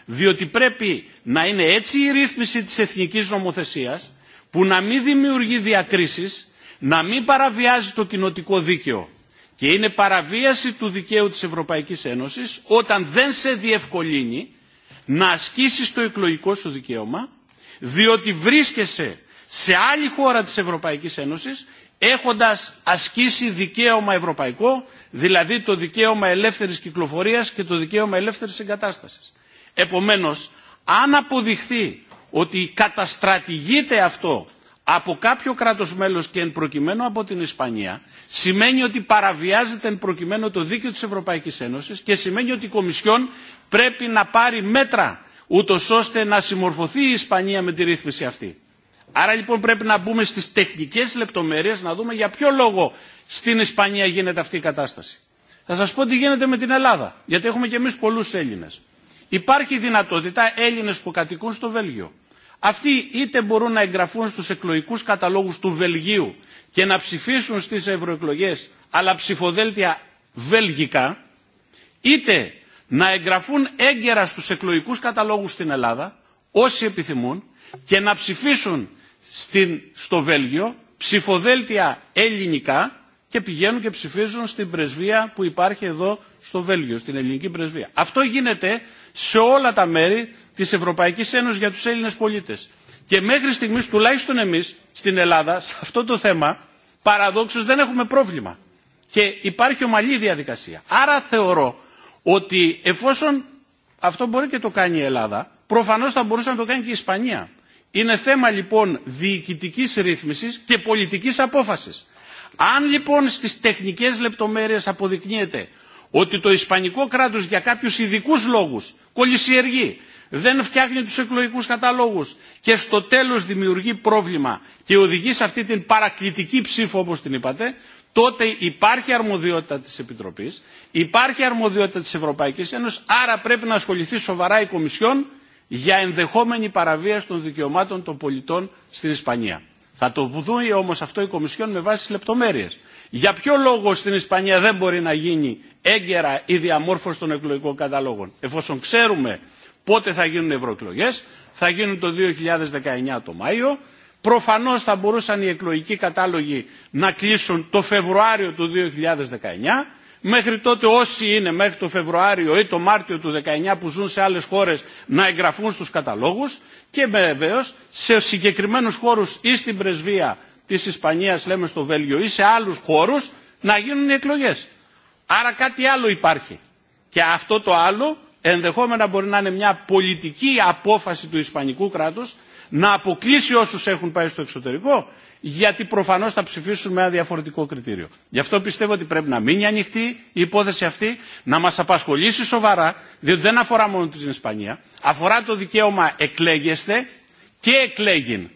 Διότι πρέπει να είναι έτσι η ρύθμιση της εθνικής νομοθεσίας που να μην δημιουργεί διακρίσεις, να μην παραβιάζει το κοινοτικό δίκαιο και είναι παραβίαση του δικαίου της Ευρωπαϊκής Ένωσης όταν δεν σε διευκολύνει να ασκήσεις το εκλογικό σου δικαίωμα διότι βρίσκεσαι σε άλλη χώρα της Ευρωπαϊκής Ένωσης έχοντας ασκήσει δικαίωμα ευρωπαϊκό, δηλαδή το δικαίωμα ελεύθερης κυκλοφορίας και το δικαίωμα ελεύθερης εγκατάστασης. Επομένως, αν αποδειχθεί ότι καταστρατηγείται αυτό από κάποιο κράτος μέλος και εν προκειμένου από την Ισπανία σημαίνει ότι παραβιάζεται εν προκειμένου το δίκαιο της Ευρωπαϊκής Ένωσης και σημαίνει ότι η Κομισιόν πρέπει να πάρει μέτρα ούτως ώστε να συμμορφωθεί η Ισπανία με τη ρύθμιση αυτή. Άρα λοιπόν πρέπει να μπούμε στις τεχνικές λεπτομέρειες να δούμε για ποιο λόγο στην Ισπανία γίνεται αυτή η κατάσταση. Θα σας πω τι γίνεται με την Ελλάδα, γιατί έχουμε και εμείς πολλού Έλληνες. Υπάρχει δυνατότητα Έλληνες που κατοικούν στο Βέλγιο αυτοί είτε μπορούν να εγγραφούν στους εκλογικούς καταλόγους του Βελγίου και να ψηφίσουν στις ευρωεκλογέ, αλλά ψηφοδέλτια βέλγικα, είτε να εγγραφούν έγκαιρα στους εκλογικούς καταλόγους στην Ελλάδα, όσοι επιθυμούν, και να ψηφίσουν στην, στο Βέλγιο ψηφοδέλτια ελληνικά και πηγαίνουν και ψηφίζουν στην πρεσβεία που υπάρχει εδώ στο Βέλγιο, στην ελληνική πρεσβεία. Αυτό γίνεται σε όλα τα μέρη Τη Ευρωπαϊκή Ένωση για του Έλληνε πολίτε. Και μέχρι στιγμή, τουλάχιστον εμεί στην Ελλάδα σε αυτό το θέμα παραδόξω δεν έχουμε πρόβλημα. Και υπάρχει ομαλή διαδικασία. Άρα θεωρώ ότι εφόσον αυτό μπορεί και το κάνει η Ελλάδα, προφανώ θα μπορούσε να το κάνει και η Ισπανία. Είναι θέμα λοιπόν διοικητική ρύθμιση και πολιτική απόφαση. Αν λοιπόν στι τεχνικέ λεπτομέρειε αποδεικνύεται ότι το Ισπανικό κράτο για κάποιου ειδικού λόγου κολλησιεργεί δεν φτιάχνει τους εκλογικούς καταλόγους και στο τέλος δημιουργεί πρόβλημα και οδηγεί σε αυτή την παρακλητική ψήφο όπως την είπατε, τότε υπάρχει αρμοδιότητα της Επιτροπής, υπάρχει αρμοδιότητα της Ευρωπαϊκής Ένωσης, άρα πρέπει να ασχοληθεί σοβαρά η Κομισιόν για ενδεχόμενη παραβίαση των δικαιωμάτων των πολιτών στην Ισπανία. Θα το δούει όμως αυτό η Κομισιόν με βάση τις λεπτομέρειες. Για ποιο λόγο στην Ισπανία δεν μπορεί να γίνει έγκαιρα η διαμόρφωση των εκλογικών καταλόγων, εφόσον ξέρουμε πότε θα γίνουν ευρωεκλογέ, θα γίνουν το 2019 το Μάιο. Προφανώς θα μπορούσαν οι εκλογικοί κατάλογοι να κλείσουν το Φεβρουάριο του 2019. Μέχρι τότε όσοι είναι μέχρι το Φεβρουάριο ή το Μάρτιο του 19 που ζουν σε άλλες χώρες να εγγραφούν στους καταλόγους και βεβαίω σε συγκεκριμένους χώρους ή στην πρεσβεία της Ισπανίας λέμε στο Βέλγιο ή σε άλλους χώρους να γίνουν οι εκλογές. Άρα κάτι άλλο υπάρχει. Και αυτό το άλλο ενδεχόμενα μπορεί να είναι μια πολιτική απόφαση του Ισπανικού κράτους να αποκλείσει όσους έχουν πάει στο εξωτερικό γιατί προφανώς θα ψηφίσουν με ένα διαφορετικό κριτήριο. Γι' αυτό πιστεύω ότι πρέπει να μείνει ανοιχτή η υπόθεση αυτή, να μας απασχολήσει σοβαρά, διότι δεν αφορά μόνο την Ισπανία, αφορά το δικαίωμα εκλέγεστε και εκλέγειν.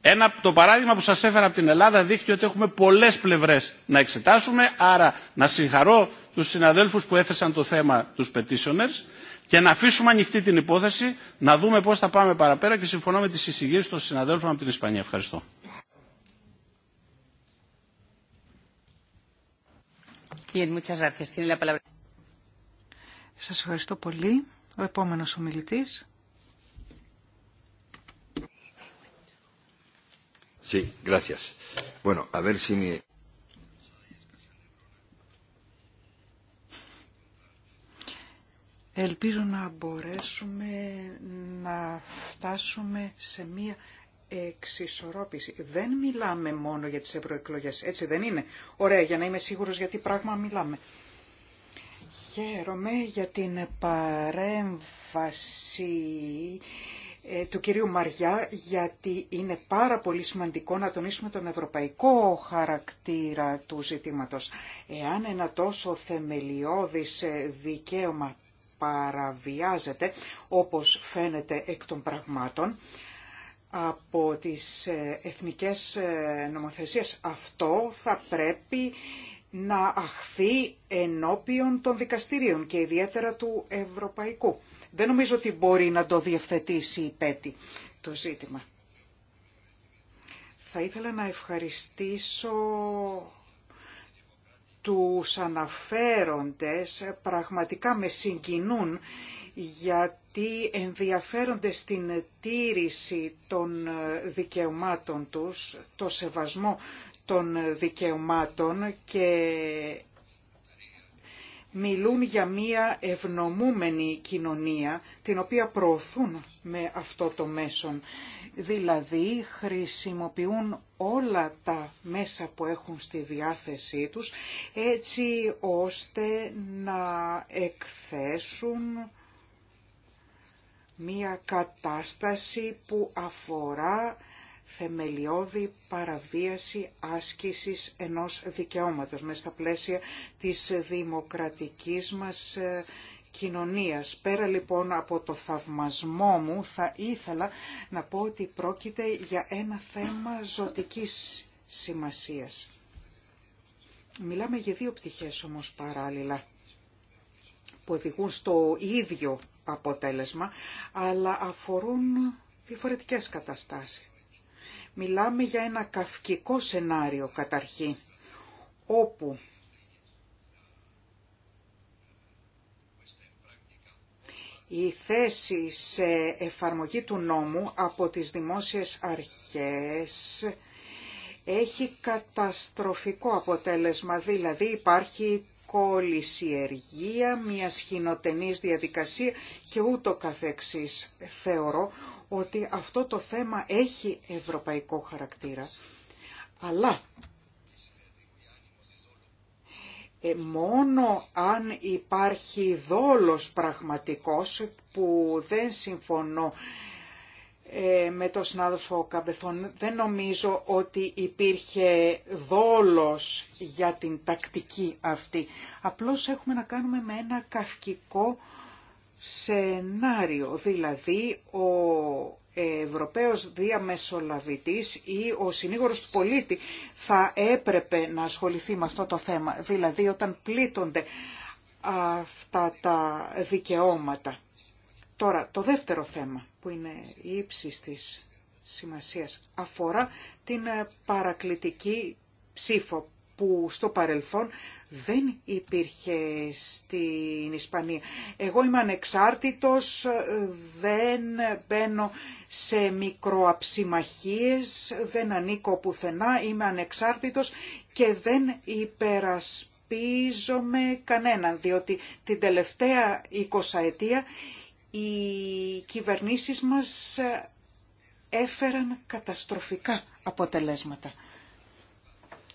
Ένα, το παράδειγμα που σας έφερα από την Ελλάδα δείχνει ότι έχουμε πολλές πλευρές να εξετάσουμε, άρα να συγχαρώ τους συναδέλφους που έθεσαν το θέμα τους petitioners και να αφήσουμε ανοιχτή την υπόθεση, να δούμε πώς θα πάμε παραπέρα και συμφωνώ με τις εισηγήσεις των συναδέλφων από την Ισπανία. Ευχαριστώ. Σας ευχαριστώ πολύ. Ο επόμενος ομιλητής. Sí, gracias. Bueno, a ver si... Ελπίζω να μπορέσουμε να φτάσουμε σε μία εξισορρόπηση. Δεν μιλάμε μόνο για τις ευρωεκλογέ. έτσι δεν είναι. Ωραία, για να είμαι σίγουρος για τι πράγμα μιλάμε. Χαίρομαι για την παρέμβαση ε, του κυρίου Μαριά, γιατί είναι πάρα πολύ σημαντικό να τονίσουμε τον ευρωπαϊκό χαρακτήρα του ζητήματος. Εάν ένα τόσο θεμελιώδης ε, δικαίωμα παραβιάζεται, όπως φαίνεται εκ των πραγμάτων, από τις ε, εθνικές ε, νομοθεσίες. Αυτό θα πρέπει να αχθεί ενώπιον των δικαστηρίων και ιδιαίτερα του ευρωπαϊκού. Δεν νομίζω ότι μπορεί να το διευθετήσει η ΠΕΤΗ το ζήτημα. Θα ήθελα να ευχαριστήσω τους αναφέροντες πραγματικά με συγκινούν γιατί ενδιαφέρονται στην τήρηση των δικαιωμάτων τους, το σεβασμό των δικαιωμάτων και μιλούν για μία ευνομούμενη κοινωνία την οποία προωθούν με αυτό το μέσον. Δηλαδή χρησιμοποιούν όλα τα μέσα που έχουν στη διάθεσή τους έτσι ώστε να εκθέσουν μία κατάσταση που αφορά θεμελιώδη παραβίαση άσκησης ενός δικαιώματος μέσα στα πλαίσια της δημοκρατικής μας ε, κοινωνίας. Πέρα λοιπόν από το θαυμασμό μου θα ήθελα να πω ότι πρόκειται για ένα θέμα ζωτικής σημασίας. Μιλάμε για δύο πτυχές όμως παράλληλα που οδηγούν στο ίδιο αποτέλεσμα, αλλά αφορούν διαφορετικές καταστάσεις. Μιλάμε για ένα καυκικό σενάριο καταρχήν, όπου η θέση σε εφαρμογή του νόμου από τις δημόσιες αρχές έχει καταστροφικό αποτέλεσμα, δηλαδή υπάρχει κόλληση μια σχηνοτενής διαδικασία και ούτω καθεξής. Θεωρώ ότι αυτό το θέμα έχει ευρωπαϊκό χαρακτήρα, αλλά ε, μόνο αν υπάρχει δόλος πραγματικός που δεν συμφωνώ ε, με το συνάδελφο Καμπεθόν, δεν νομίζω ότι υπήρχε δόλος για την τακτική αυτή. Απλώς έχουμε να κάνουμε με ένα καυκικό σενάριο, δηλαδή ο Ευρωπαίος διαμεσολαβητής ή ο συνήγορος του πολίτη θα έπρεπε να ασχοληθεί με αυτό το θέμα, δηλαδή όταν πλήττονται αυτά τα δικαιώματα. Τώρα, το δεύτερο θέμα που είναι η ο συνηγορος του πολιτη θα επρεπε να ασχοληθει με αυτο το θεμα δηλαδη οταν πληττονται αυτα τα δικαιωματα τωρα το δευτερο θεμα που ειναι η της σημασίας αφορά την παρακλητική ψήφο, που στο παρελθόν δεν υπήρχε στην Ισπανία. Εγώ είμαι ανεξάρτητος, δεν μπαίνω σε μικροαψιμαχίες, δεν ανήκω πουθενά, είμαι ανεξάρτητος και δεν υπερασπίζομαι κανέναν, διότι την τελευταία 20 ετία οι κυβερνήσεις μας έφεραν καταστροφικά αποτελέσματα.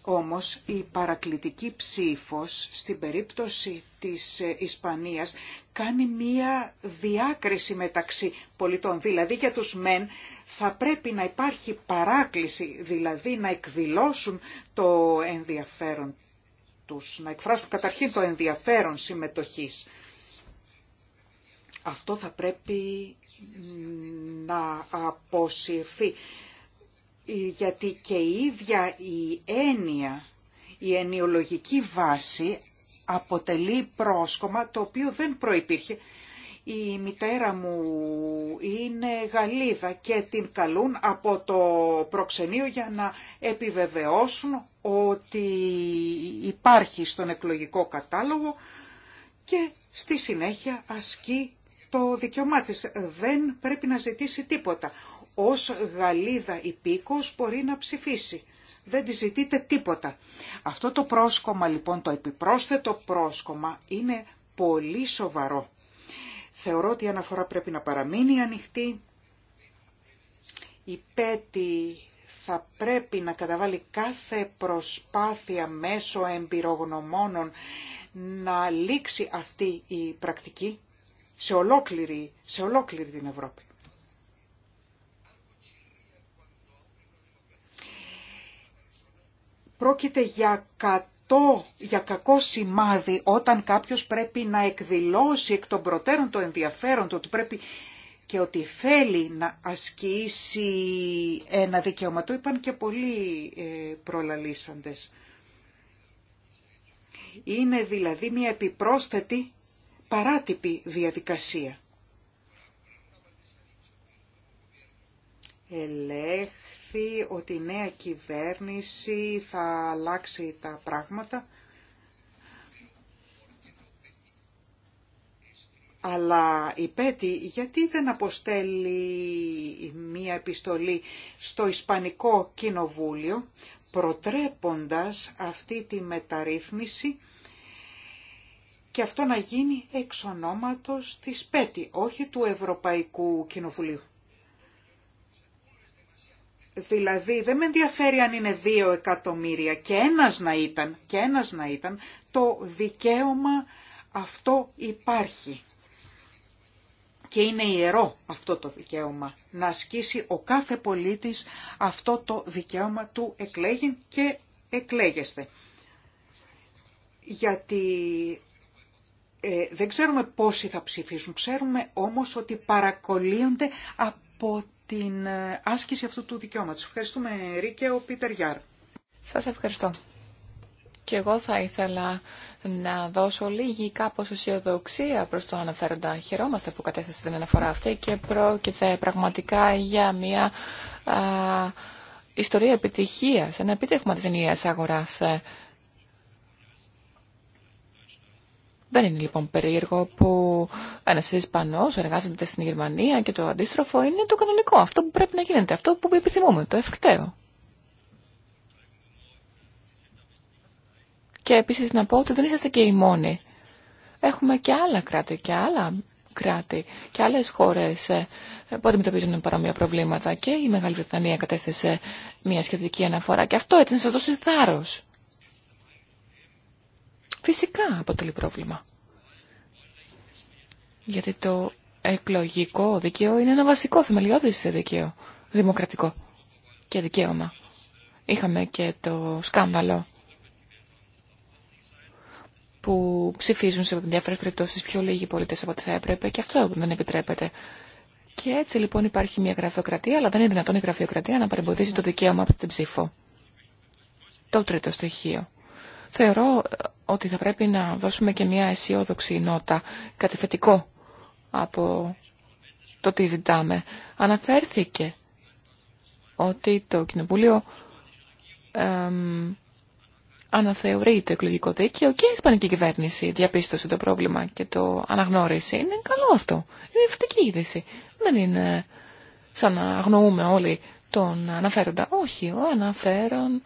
Όμως η παρακλητική ψήφος στην περίπτωση της ε, Ισπανίας κάνει μία διάκριση μεταξύ πολιτών. Δηλαδή για τους μεν θα πρέπει να υπάρχει παράκληση, δηλαδή να εκδηλώσουν το ενδιαφέρον τους, να εκφράσουν καταρχήν το ενδιαφέρον συμμετοχής. Αυτό θα πρέπει να αποσυρθεί γιατί και η ίδια η έννοια, η ενιολογική βάση αποτελεί πρόσκομα το οποίο δεν προϋπήρχε. Η μητέρα μου είναι Γαλλίδα και την καλούν από το προξενείο για να επιβεβαιώσουν ότι υπάρχει στον εκλογικό κατάλογο και στη συνέχεια ασκεί το δικαιωμά Δεν πρέπει να ζητήσει τίποτα ως γαλίδα υπήκος μπορεί να ψηφίσει. Δεν τη ζητείτε τίποτα. Αυτό το πρόσκομα λοιπόν, το επιπρόσθετο πρόσκομα είναι πολύ σοβαρό. Θεωρώ ότι η αναφορά πρέπει να παραμείνει ανοιχτή. Η Πέτη θα πρέπει να καταβάλει κάθε προσπάθεια μέσω εμπειρογνωμόνων να λήξει αυτή η πρακτική σε ολόκληρη, σε ολόκληρη την Ευρώπη. Πρόκειται για κατό, για κακό σημάδι όταν κάποιος πρέπει να εκδηλώσει εκ των προτέρων το ενδιαφέρον του, ότι πρέπει και ότι θέλει να ασκήσει ένα δικαίωμα. Το είπαν και πολλοί ε, προλαλήσαντες. Είναι δηλαδή μια επιπρόσθετη παράτυπη διαδικασία. Ελέγχ ότι η νέα κυβέρνηση θα αλλάξει τα πράγματα. Αλλά η Πέτη γιατί δεν αποστέλει μία επιστολή στο Ισπανικό Κοινοβούλιο προτρέποντας αυτή τη μεταρρύθμιση και αυτό να γίνει εξ ονόματος της Πέτη, όχι του Ευρωπαϊκού Κοινοβουλίου. Δηλαδή δεν με ενδιαφέρει αν είναι δύο εκατομμύρια και ένας να ήταν, και ένας να ήταν, το δικαίωμα αυτό υπάρχει. Και είναι ιερό αυτό το δικαίωμα, να ασκήσει ο κάθε πολίτης αυτό το δικαίωμα του εκλέγει και εκλέγεστε. Γιατί ε, δεν ξέρουμε πόσοι θα ψηφίσουν, ξέρουμε όμως ότι παρακολύονται από την ε, άσκηση αυτού του δικαιώματος. Ευχαριστούμε Ρίκε, ο Πίτερ Γιάρ. Σας ευχαριστώ. Και εγώ θα ήθελα να δώσω λίγη κάπως αισιοδοξία προς το αναφέροντα. Χαιρόμαστε που κατέθεσε την αναφορά αυτή και πρόκειται πραγματικά για μια α, ιστορία επιτυχίας, ένα επίτευγμα της ενιαίας αγοράς Δεν είναι λοιπόν περίεργο που ένα Ισπανό εργάζεται στην Γερμανία και το αντίστροφο είναι το κανονικό, αυτό που πρέπει να γίνεται, αυτό που επιθυμούμε, το ευκταίο. Και επίσης να πω ότι δεν είσαστε και οι μόνοι. Έχουμε και άλλα κράτη και άλλα κράτη και άλλες χώρες ε, που αντιμετωπίζουν παρόμοια προβλήματα και η Μεγάλη Βρετανία κατέθεσε μια σχετική αναφορά και αυτό έτσι να σα δώσει θάρρος φυσικά αποτελεί πρόβλημα. Γιατί το εκλογικό δικαίωμα είναι ένα βασικό θεμελιώδης δικαίωμα δημοκρατικό και δικαίωμα. Είχαμε και το σκάνδαλο που ψηφίζουν σε διάφορες περιπτώσεις πιο λίγοι πολίτες από ό,τι θα έπρεπε και αυτό δεν επιτρέπεται. Και έτσι λοιπόν υπάρχει μια γραφειοκρατία, αλλά δεν είναι δυνατόν η γραφειοκρατία να παρεμποδίζει το δικαίωμα από την ψήφο. Το τρίτο στοιχείο. Θεωρώ ε, ότι θα πρέπει να δώσουμε και μια αισιόδοξη νότα, κατεφετικό, από το τι ζητάμε. Αναφέρθηκε ότι το Κοινοβούλιο αναθεωρεί το εκλογικό δίκαιο και η Ισπανική κυβέρνηση διαπίστωσε το πρόβλημα και το αναγνώρισε. Είναι καλό αυτό. Είναι φετική είδηση. Δεν είναι σαν να αγνοούμε όλοι τον αναφέροντα. Όχι, ο αναφέρον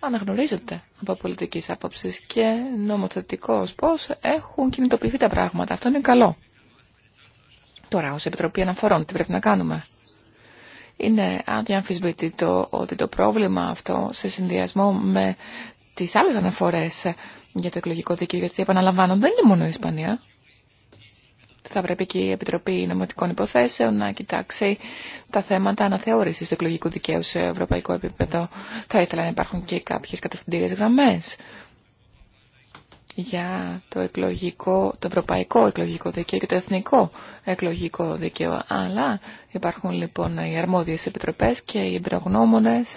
αναγνωρίζεται από πολιτικής άποψης και νομοθετικός πώς έχουν κινητοποιηθεί τα πράγματα. Αυτό είναι καλό. Τώρα, ως Επιτροπή Αναφορών, τι πρέπει να κάνουμε. Είναι αδιαμφισβητητό ότι το πρόβλημα αυτό σε συνδυασμό με τις άλλες αναφορές για το εκλογικό δίκαιο, γιατί επαναλαμβάνω, δεν είναι μόνο η Ισπανία θα πρέπει και η Επιτροπή Νομοτικών Υποθέσεων να κοιτάξει τα θέματα αναθεώρηση του εκλογικού δικαίου σε ευρωπαϊκό επίπεδο. Θα ήθελα να υπάρχουν και κάποιε κατευθυντήριε γραμμέ για το, εκλογικό, το ευρωπαϊκό εκλογικό δίκαιο και το εθνικό εκλογικό δίκαιο. Αλλά υπάρχουν λοιπόν οι αρμόδιες επιτροπές και οι εμπειρογνώμονες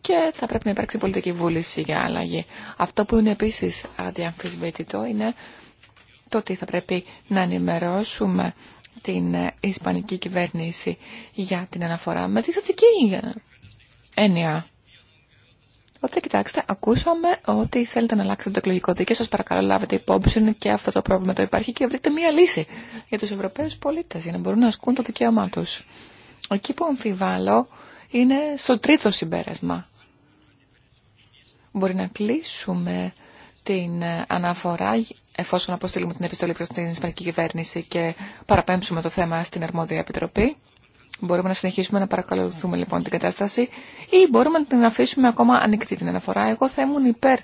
και θα πρέπει να υπάρξει πολιτική βούληση για αλλαγή. Αυτό που είναι επίσης αντιαμφισβήτητο είναι το ότι θα πρέπει να ενημερώσουμε την ε, Ισπανική κυβέρνηση για την αναφορά με τη θετική έννοια. Ότι κοιτάξτε, ακούσαμε ότι θέλετε να αλλάξετε το εκλογικό δίκαιο. Σα παρακαλώ, λάβετε υπόψη και αυτό το πρόβλημα το υπάρχει και βρείτε μία λύση για του Ευρωπαίου πολίτε για να μπορούν να ασκούν το δικαίωμά του. Εκεί που αμφιβάλλω είναι στο τρίτο συμπέρασμα. Μπορεί να κλείσουμε την ε, αναφορά εφόσον αποστείλουμε την επιστολή προς την Ισπανική κυβέρνηση και παραπέμψουμε το θέμα στην αρμόδια επιτροπή. Μπορούμε να συνεχίσουμε να παρακολουθούμε λοιπόν την κατάσταση ή μπορούμε να την αφήσουμε ακόμα ανοιχτή την αναφορά. Εγώ θα ήμουν υπέρ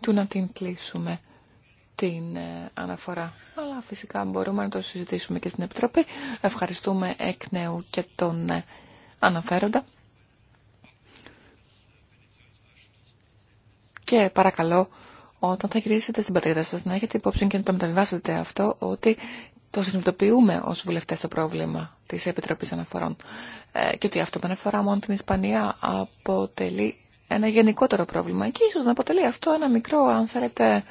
του να την κλείσουμε την ε, αναφορά. Αλλά φυσικά μπορούμε να το συζητήσουμε και στην Επιτροπή. Ευχαριστούμε εκ νέου και τον ε, αναφέροντα. Και παρακαλώ όταν θα γυρίσετε στην πατρίδα σας να έχετε υπόψη και να το μεταβιβάσετε αυτό ότι το συνειδητοποιούμε ως βουλευτές το πρόβλημα της Επιτροπής Αναφορών ε, και ότι αυτό που αναφορά μόνο την Ισπανία αποτελεί ένα γενικότερο πρόβλημα και ίσως να αποτελεί αυτό ένα μικρό αν θέλετε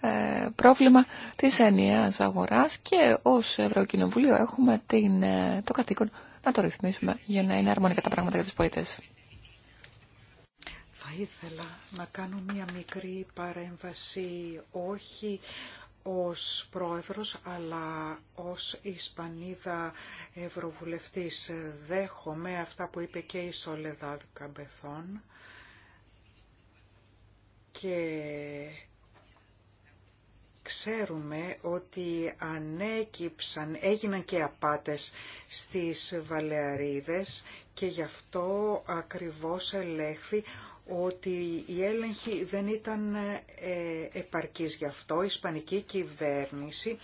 ε, πρόβλημα της ενιαίας αγοράς και ως Ευρωκοινοβουλίο έχουμε την, ε, το καθήκον να το ρυθμίσουμε για να είναι αρμονικά τα πράγματα για τους πολίτες ήθελα να κάνω μία μικρή παρέμβαση όχι ως πρόεδρος αλλά ως Ισπανίδα Ευρωβουλευτής. Δέχομαι αυτά που είπε και η Σολεδά και ξέρουμε ότι ανέκυψαν, έγιναν και απάτες στις Βαλεαρίδες και γι' αυτό ακριβώς ελέγχθη ότι η έλεγχη δεν ήταν ε, επαρκείς γι' αυτό. Η Ισπανική κυβέρνηση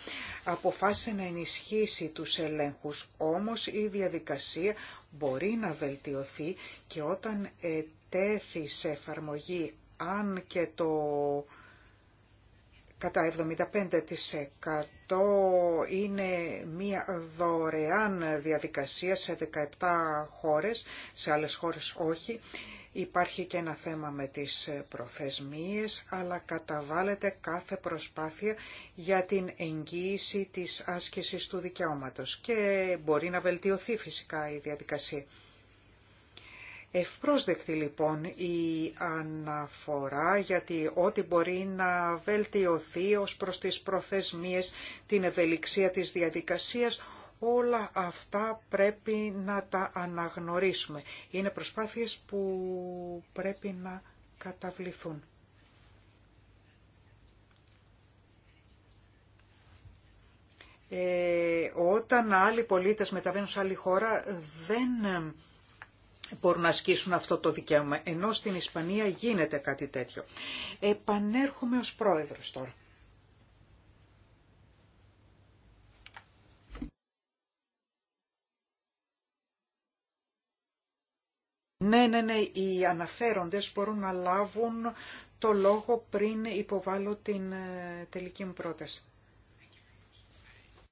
αποφάσισε να ενισχύσει τους ελέγχους, όμως η διαδικασία μπορεί να βελτιωθεί και όταν ε, τέθη σε εφαρμογή αν και το κατά 75% είναι μία δωρεάν διαδικασία σε 17 χώρες, σε άλλες χώρες όχι, Υπάρχει και ένα θέμα με τις προθεσμίες, αλλά καταβάλλεται κάθε προσπάθεια για την εγγύηση της άσκησης του δικαιώματος και μπορεί να βελτιωθεί φυσικά η διαδικασία. Ευπρόσδεκτη λοιπόν η αναφορά γιατί ό,τι μπορεί να βελτιωθεί ως προς τις προθεσμίες, την ευελιξία της διαδικασίας, Όλα αυτά πρέπει να τα αναγνωρίσουμε. Είναι προσπάθειες που πρέπει να καταβληθούν. Ε, όταν άλλοι πολίτες μεταβαίνουν σε άλλη χώρα δεν μπορούν να ασκήσουν αυτό το δικαίωμα, ενώ στην Ισπανία γίνεται κάτι τέτοιο. Επανέρχομαι ως πρόεδρος τώρα. Ναι, ναι, ναι, οι αναφέροντες μπορούν να λάβουν το λόγο πριν υποβάλω την ε, τελική μου πρόταση.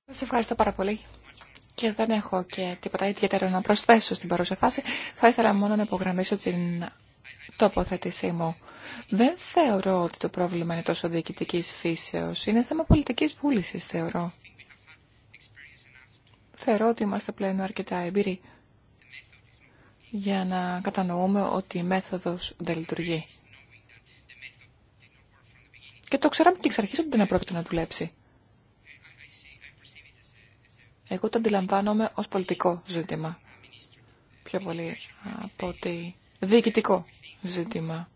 Σας ευχαριστώ πάρα πολύ και δεν έχω και τίποτα ιδιαίτερο να προσθέσω στην παρούσα φάση. Θα ήθελα μόνο να υπογραμμίσω την τοποθέτησή μου. Δεν θεωρώ ότι το πρόβλημα είναι τόσο διοικητική φύσεως. Είναι θέμα πολιτικής βούλησης, θεωρώ. Θεωρώ ότι είμαστε πλέον αρκετά εμπειροί για να κατανοούμε ότι η μέθοδος δεν λειτουργεί. Και το ξέραμε και εξ αρχής ότι δεν πρόκειται να δουλέψει. Εγώ το αντιλαμβάνομαι ως πολιτικό ζήτημα. Πιο πολύ από ότι διοικητικό ζήτημα.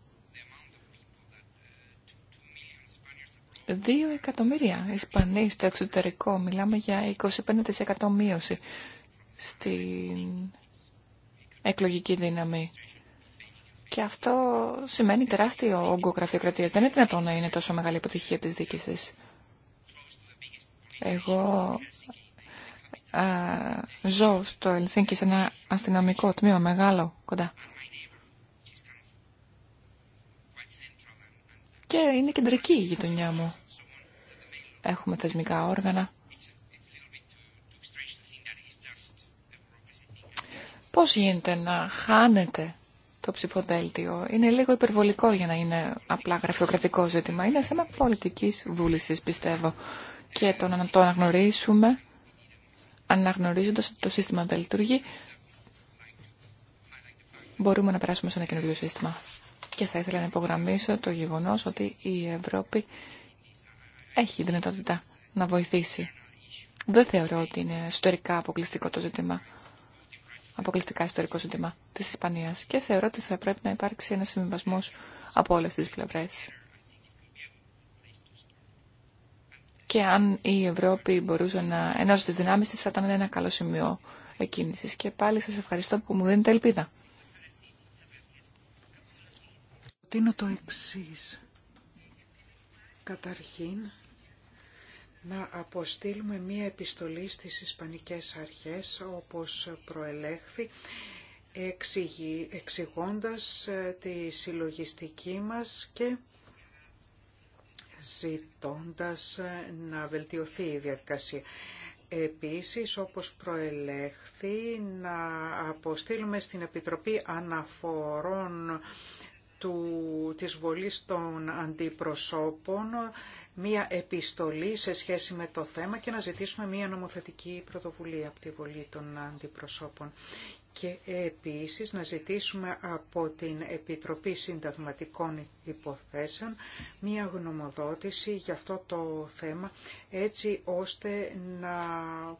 Δύο εκατομμύρια Ισπανοί στο εξωτερικό. Μιλάμε για 25% μείωση στην εκλογική δύναμη. Και αυτό σημαίνει τεράστιο όγκο γραφειοκρατία. Δεν είναι δυνατόν να είναι τόσο μεγάλη αποτυχία τη διοίκηση. Εγώ α, ζω στο Ελσίνκι σε ένα αστυνομικό τμήμα μεγάλο κοντά. Και είναι κεντρική η γειτονιά μου. Έχουμε θεσμικά όργανα. Πώς γίνεται να χάνεται το ψηφοδέλτιο. Είναι λίγο υπερβολικό για να είναι απλά γραφειοκρατικό ζήτημα. Είναι θέμα πολιτικής βούλησης, πιστεύω. Και το να το αναγνωρίσουμε, αναγνωρίζοντας ότι το σύστημα δεν λειτουργεί, μπορούμε να περάσουμε σε ένα καινούριο σύστημα. Και θα ήθελα να υπογραμμίσω το γεγονός ότι η Ευρώπη έχει δυνατότητα να βοηθήσει. Δεν θεωρώ ότι είναι εσωτερικά αποκλειστικό το ζήτημα αποκλειστικά ιστορικό ζήτημα της Ισπανίας και θεωρώ ότι θα πρέπει να υπάρξει ένας συμβιβασμός από όλες τις πλευρές. Και αν η Ευρώπη μπορούσε να ενώσει τις δυνάμεις της θα ήταν ένα καλό σημείο εκκίνησης. Και πάλι σας ευχαριστώ που μου δίνετε ελπίδα. είναι το Καταρχήν, να αποστείλουμε μία επιστολή στις Ισπανικές Αρχές, όπως προελέχθη, εξηγώντας ε, τη συλλογιστική μας και ζητώντας ε, να βελτιωθεί η διαδικασία. Επίσης, όπως προελέχθη, να αποστείλουμε στην Επιτροπή Αναφορών του, της βολής των αντιπροσώπων μία επιστολή σε σχέση με το θέμα και να ζητήσουμε μία νομοθετική πρωτοβουλία από τη βολή των αντιπροσώπων. Και επίσης να ζητήσουμε από την Επιτροπή Συνταγματικών Υποθέσεων μία γνωμοδότηση για αυτό το θέμα έτσι ώστε να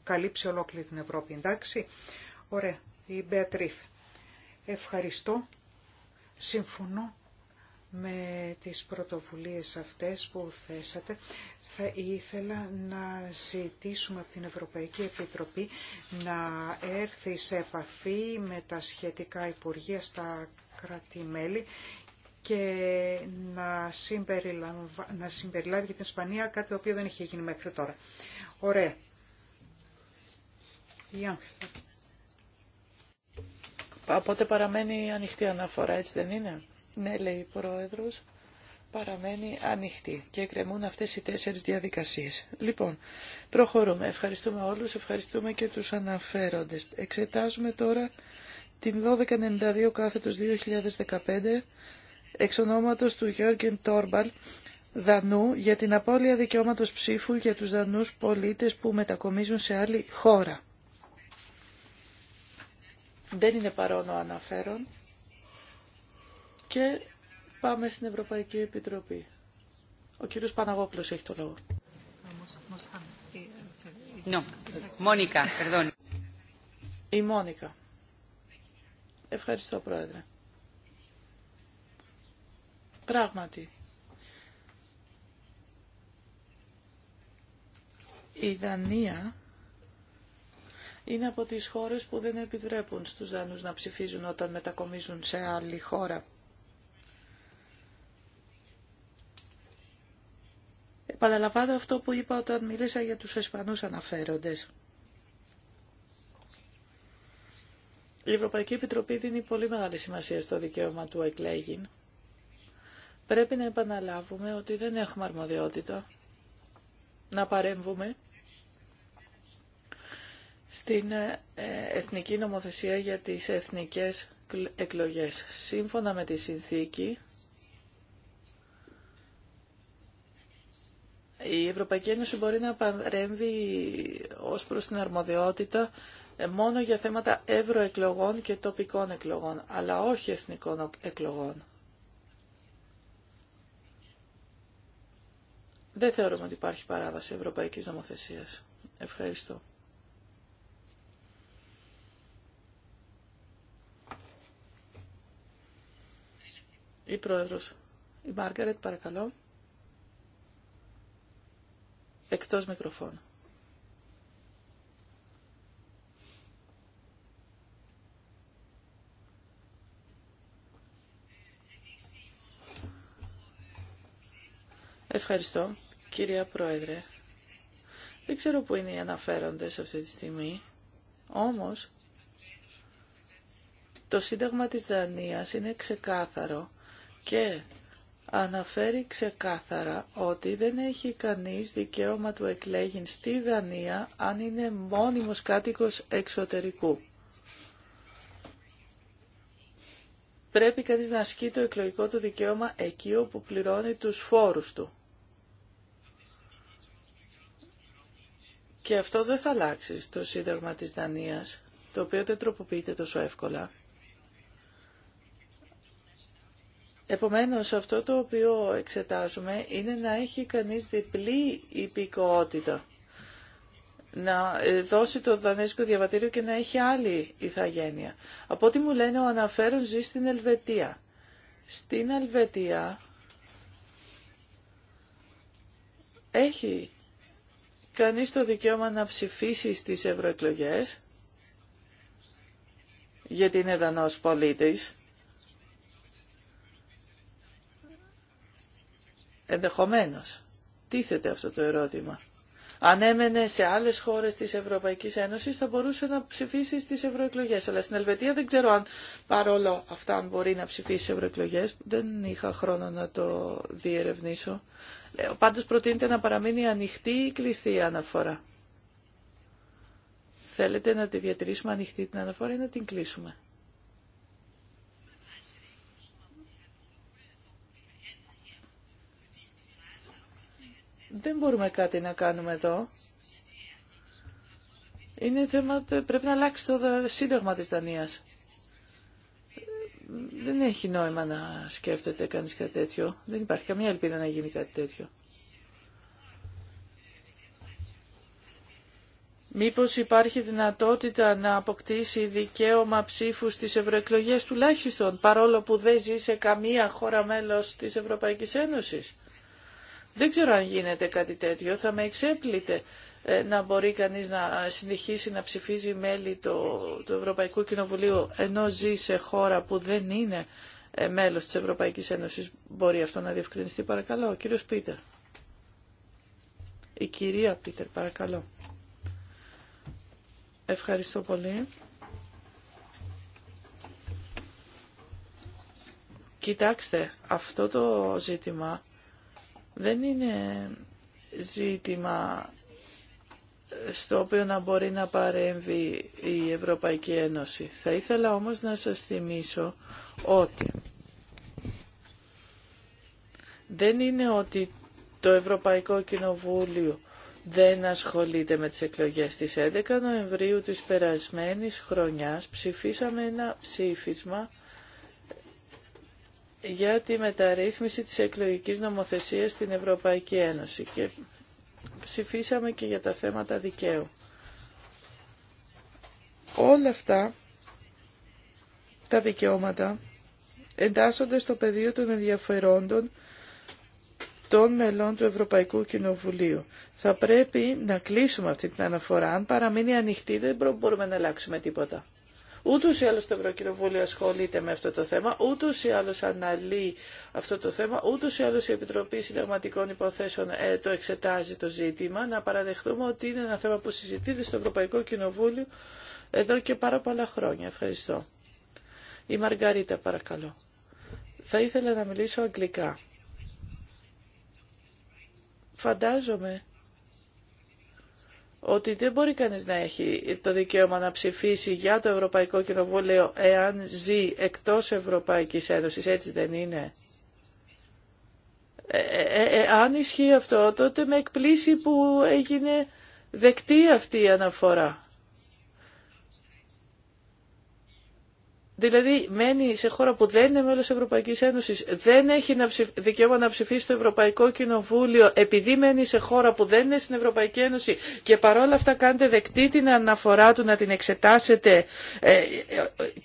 καλύψει ολόκληρη την Ευρώπη. Εντάξει, ωραία, η Μπεατρίθ. Ευχαριστώ. Συμφωνώ με τις πρωτοβουλίες αυτές που θέσατε. Θα ήθελα να ζητήσουμε από την Ευρωπαϊκή Επιτροπή να έρθει σε επαφή με τα σχετικά Υπουργεία στα κρατημέλη και να, συμπεριλάβει και την Ισπανία κάτι το οποίο δεν είχε γίνει μέχρι τώρα. Ωραία. Οπότε παραμένει ανοιχτή αναφορά, έτσι δεν είναι. Ναι, λέει η Πρόεδρος, παραμένει ανοιχτή και εκκρεμούν αυτές οι τέσσερις διαδικασίες. Λοιπόν, προχωρούμε. Ευχαριστούμε όλους, ευχαριστούμε και τους αναφέροντες. Εξετάζουμε τώρα την 1292 κάθετος 2015 εξ ονόματος του Γιώργεν Τόρμπαλ, Δανού για την απώλεια δικαιώματος ψήφου για τους Δανούς πολίτες που μετακομίζουν σε άλλη χώρα. Δεν είναι παρόν ο αναφέρον. Και πάμε στην Ευρωπαϊκή Επιτροπή. Ο κύριος Παναγόπλος έχει το λόγο. Ναι. Μόνικα, perdón. Η Μόνικα. Ευχαριστώ, Πρόεδρε. Πράγματι. Η Δανία είναι από τις χώρες που δεν επιτρέπουν στους Δανούς να ψηφίζουν όταν μετακομίζουν σε άλλη χώρα. Επαναλαμβάνω αυτό που είπα όταν μίλησα για τους Ισπανούς αναφέροντες. Η Ευρωπαϊκή Επιτροπή δίνει πολύ μεγάλη σημασία στο δικαίωμα του εκλέγην. Πρέπει να επαναλάβουμε ότι δεν έχουμε αρμοδιότητα να παρέμβουμε στην ε, ε, εθνική νομοθεσία για τις εθνικές εκλογές. Σύμφωνα με τη συνθήκη, η Ευρωπαϊκή Ένωση μπορεί να παρέμβει ως προς την αρμοδιότητα ε, μόνο για θέματα ευρωεκλογών και τοπικών εκλογών, αλλά όχι εθνικών εκλογών. Δεν θεωρούμε ότι υπάρχει παράβαση ευρωπαϊκής νομοθεσίας. Ευχαριστώ. Η πρόεδρος. Η Μάργαρετ, παρακαλώ. Εκτός μικροφώνου. Ευχαριστώ, κυρία Πρόεδρε. Δεν ξέρω που είναι οι αναφέροντες αυτή τη στιγμή, όμως το Σύνταγμα της Δανίας είναι ξεκάθαρο και αναφέρει ξεκάθαρα ότι δεν έχει κανείς δικαίωμα του εκλέγην στη Δανία αν είναι μόνιμος κάτοικος εξωτερικού. Πρέπει κανείς να ασκεί το εκλογικό του δικαίωμα εκεί όπου πληρώνει τους φόρους του. Και αυτό δεν θα αλλάξει στο Σύνταγμα της Δανίας, το οποίο δεν τροποποιείται τόσο εύκολα. Επομένως αυτό το οποίο εξετάζουμε είναι να έχει κανείς διπλή υπηκότητα. Να ε, δώσει το δανέζικο διαβατήριο και να έχει άλλη ηθαγένεια. Από ό,τι μου λένε ο αναφέρον ζει στην Ελβετία. Στην Ελβετία έχει κανείς το δικαίωμα να ψηφίσει στις ευρωεκλογές γιατί είναι δανός πολίτης Ενδεχομένως. Τίθεται αυτό το ερώτημα. Αν έμενε σε άλλες χώρες της Ευρωπαϊκής Ένωσης θα μπορούσε να ψηφίσει στις ευρωεκλογέ. Αλλά στην Ελβετία δεν ξέρω αν παρόλο αυτά αν μπορεί να ψηφίσει στις ευρωεκλογέ. Δεν είχα χρόνο να το διερευνήσω. Ε, πάντως προτείνεται να παραμείνει ανοιχτή ή κλειστή η αναφορά. Θέλετε να τη διατηρήσουμε ανοιχτή την αναφορά ή να την κλείσουμε. Δεν μπορούμε κάτι να κάνουμε εδώ. Είναι θέμα, πρέπει να αλλάξει το σύνταγμα της Δανίας. Δεν έχει νόημα να σκέφτεται κανείς κάτι τέτοιο. Δεν υπάρχει καμία ελπίδα να γίνει κάτι τέτοιο. Μήπως υπάρχει δυνατότητα να αποκτήσει δικαίωμα ψήφου στις ευρωεκλογές τουλάχιστον, παρόλο που δεν ζει σε καμία χώρα μέλος της Ευρωπαϊκής Ένωσης. Δεν ξέρω αν γίνεται κάτι τέτοιο. Θα με εξέπλητε ε, να μπορεί κανείς να συνεχίσει να ψηφίζει μέλη του το Ευρωπαϊκού Κοινοβουλίου ενώ ζει σε χώρα που δεν είναι ε, μέλος της Ευρωπαϊκής Ένωσης. Μπορεί αυτό να διευκρινιστεί παρακαλώ. Ο κύριος Πίτερ. Η κυρία Πίτερ παρακαλώ. Ευχαριστώ πολύ. Κοιτάξτε, αυτό το ζήτημα δεν είναι ζήτημα στο οποίο να μπορεί να παρέμβει η Ευρωπαϊκή Ένωση. Θα ήθελα όμως να σας θυμίσω ότι δεν είναι ότι το Ευρωπαϊκό Κοινοβούλιο δεν ασχολείται με τις εκλογές της 11 Νοεμβρίου της περασμένης χρονιάς. Ψηφίσαμε ένα ψήφισμα για τη μεταρρύθμιση της εκλογικής νομοθεσίας στην Ευρωπαϊκή Ένωση και ψηφίσαμε και για τα θέματα δικαίου. Όλα αυτά τα δικαιώματα εντάσσονται στο πεδίο των ενδιαφερόντων των μελών του Ευρωπαϊκού Κοινοβουλίου. Θα πρέπει να κλείσουμε αυτή την αναφορά. Αν παραμείνει ανοιχτή δεν μπορούμε να αλλάξουμε τίποτα. Ούτως ή άλλως το Ευρωκοινοβούλιο ασχολείται με αυτό το θέμα, ούτως ή άλλως αναλύει αυτό το θέμα, ούτως ή άλλως η Επιτροπή Συνταγματικών Υποθέσεων ε, το εξετάζει το ζήτημα. Να παραδεχτούμε ότι είναι ένα θέμα που συζητείται στο Ευρωπαϊκό Κοινοβούλιο εδώ και πάρα πολλά χρόνια. Ευχαριστώ. Η Μαργαρίτα παρακαλώ. Θα ήθελα να μιλήσω αγγλικά. Φαντάζομαι ότι δεν μπορεί κανείς να έχει το δικαίωμα να ψηφίσει για το Ευρωπαϊκό Κοινοβούλιο εάν ζει εκτός Ευρωπαϊκής Ένωσης, έτσι δεν είναι. Ε, ε, ε αν ισχύει αυτό, τότε με εκπλήσει που έγινε δεκτή αυτή η αναφορά. Δηλαδή μένει σε χώρα που δεν είναι μέλος Ευρωπαϊκής Ένωσης, δεν έχει δικαίωμα να ψηφίσει στο Ευρωπαϊκό Κοινοβούλιο, επειδή μένει σε χώρα που δεν είναι στην Ευρωπαϊκή Ένωση και παρόλα αυτά κάνετε δεκτή την αναφορά του να την εξετάσετε, ε,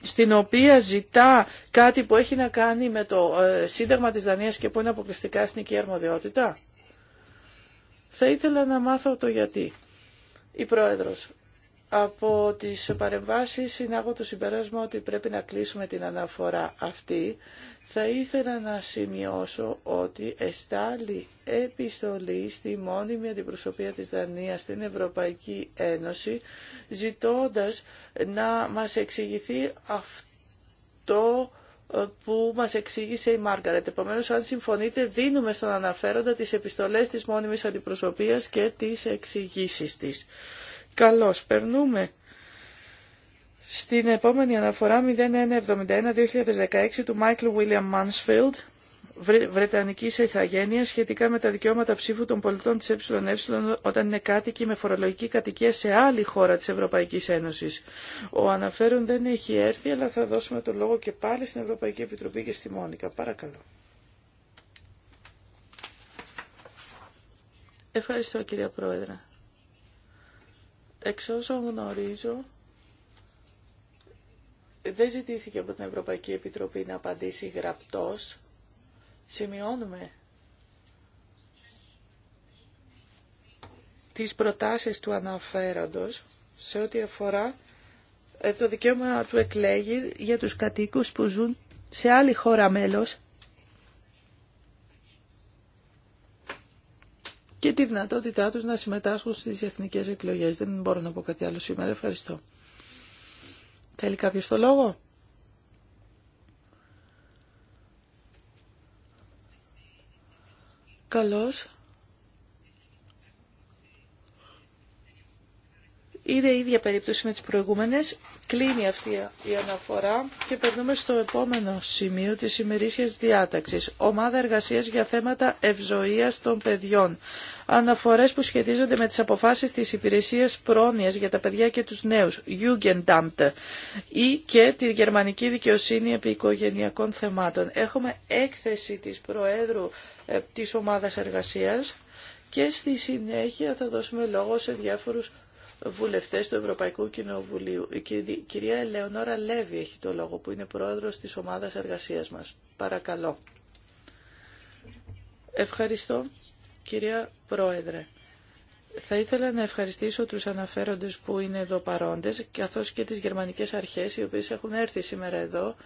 στην οποία ζητά κάτι που έχει να κάνει με το ε, Σύνταγμα της Δανίας και που είναι αποκλειστικά εθνική αρμοδιότητα. Θα ήθελα να μάθω το γιατί. Η Πρόεδρος, από τις παρεμβάσεις συνάγω το συμπεράσμα ότι πρέπει να κλείσουμε την αναφορά αυτή. Θα ήθελα να σημειώσω ότι εστάλει επιστολή στη μόνιμη αντιπροσωπεία της Δανίας στην Ευρωπαϊκή Ένωση ζητώντας να μας εξηγηθεί αυτό που μας εξήγησε η Μάργαρετ. Επομένως, αν συμφωνείτε, δίνουμε στον αναφέροντα τις επιστολές της μόνιμης αντιπροσωπείας και τις εξηγήσεις της. Καλώς, περνούμε. Στην επόμενη αναφορά 0171-2016 του Michael Βίλιαμ Mansfield, Βρετανική Ιθαγένεια, σχετικά με τα δικαιώματα ψήφου των πολιτών της ΕΕ όταν είναι κάτοικοι με φορολογική κατοικία σε άλλη χώρα της Ευρωπαϊκής Ένωσης. Ο αναφέρον δεν έχει έρθει, αλλά θα δώσουμε το λόγο και πάλι στην Ευρωπαϊκή Επιτροπή και στη Μόνικα. Παρακαλώ. Ευχαριστώ, κυρία Πρόεδρε. Εξ όσων γνωρίζω, δεν ζητήθηκε από την Ευρωπαϊκή Επιτροπή να απαντήσει γραπτός. Σημειώνουμε τις προτάσεις του αναφέροντος σε ό,τι αφορά ε, το δικαίωμα του εκλέγει για τους κατοίκους που ζουν σε άλλη χώρα μέλος και τη δυνατότητά τους να συμμετάσχουν στις εθνικές εκλογές. Δεν μπορώ να πω κάτι άλλο σήμερα. Ευχαριστώ. Θέλει κάποιο το λόγο? Καλώς. Είναι η ίδια περίπτωση με τις προηγούμενες. Κλείνει αυτή η αναφορά και περνούμε στο επόμενο σημείο της ημερήσιας διάταξης. Ομάδα εργασίας για θέματα ευζοίας των παιδιών. Αναφορές που σχετίζονται με τις αποφάσεις της υπηρεσίας πρόνοιας για τα παιδιά και τους νέους, Jugendamt, ή και τη γερμανική δικαιοσύνη επί οικογενειακών θεμάτων. Έχουμε έκθεση της Προέδρου ε, της Ομάδας Εργασίας και στη συνέχεια θα δώσουμε λόγο σε διάφορους βουλευτές του Ευρωπαϊκού Κοινοβουλίου. Η κυρία Ελεονόρα Λέβη έχει το λόγο που είναι πρόεδρος της ομάδας εργασίας μας. Παρακαλώ. Ευχαριστώ κυρία Πρόεδρε. Θα ήθελα να ευχαριστήσω τους αναφέροντες που είναι εδώ παρόντες, καθώς και τις γερμανικές αρχές οι οποίες έχουν έρθει σήμερα εδώ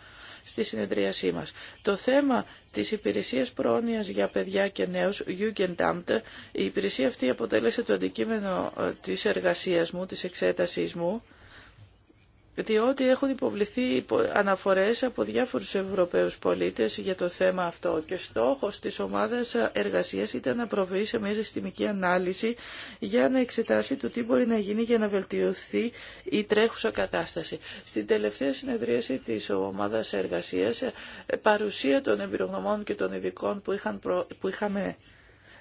στη συνεδρίασή μας. Το θέμα της υπηρεσίας πρόνοιας για παιδιά και νέους, Jugendamt, η υπηρεσία αυτή αποτέλεσε το αντικείμενο ε, της εργασίας μου, της εξέτασής μου διότι έχουν υποβληθεί αναφορές από διάφορους Ευρωπαίους πολίτες για το θέμα αυτό και στόχος της ομάδας εργασίας ήταν να προβεί σε μια συστημική ανάλυση για να εξετάσει το τι μπορεί να γίνει για να βελτιωθεί η τρέχουσα κατάσταση. Στην τελευταία συνεδρίαση της ομάδας εργασίας παρουσία των εμπειρογνωμών και των ειδικών που, είχαν που είχαμε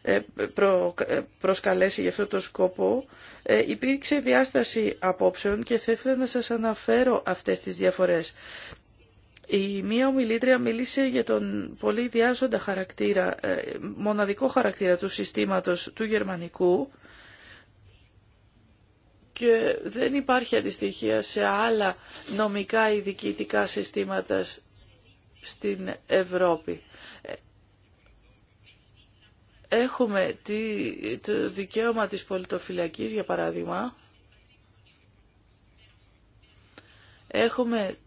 ε, ε, προσκαλέσει για αυτό το σκοπό, ε, υπήρξε διάσταση απόψεων και θα ήθελα να σας αναφέρω αυτές τις διαφορές. Η μία ομιλήτρια μίλησε για τον πολύ διάζοντα χαρακτήρα, μοναδικό χαρακτήρα του συστήματος του γερμανικού και δεν υπάρχει αντιστοιχεία σε άλλα νομικά ειδικητικά συστήματα στην Ευρώπη. Έχουμε το δικαίωμα της πολιτοφυλακής, για παράδειγμα. Έχουμε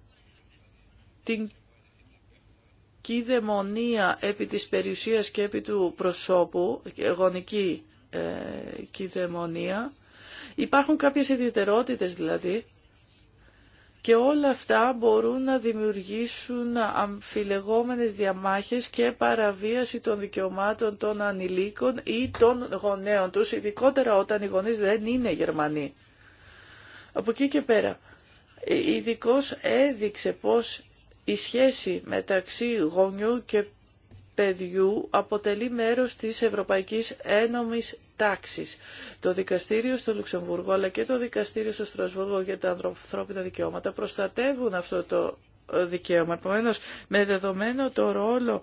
την κυδαιμονία επί της περιουσίας και επί του προσώπου, γονική ε, Υπάρχουν κάποιες ιδιαιτερότητες δηλαδή και όλα αυτά μπορούν να δημιουργήσουν αμφιλεγόμενες διαμάχες και παραβίαση των δικαιωμάτων των ανηλίκων ή των γονέων τους, ειδικότερα όταν οι γονείς δεν είναι Γερμανοί. Από εκεί και πέρα, ειδικό έδειξε πως η σχέση μεταξύ γονιού και παιδιού αποτελεί μέρος της Ευρωπαϊκής Ένωμης τάξης. Το δικαστήριο στο Λουξεμβούργο αλλά και το δικαστήριο στο Στρασβούργο για τα ανθρώπινα δικαιώματα προστατεύουν αυτό το ε, δικαίωμα. Επομένω, με δεδομένο το ρόλο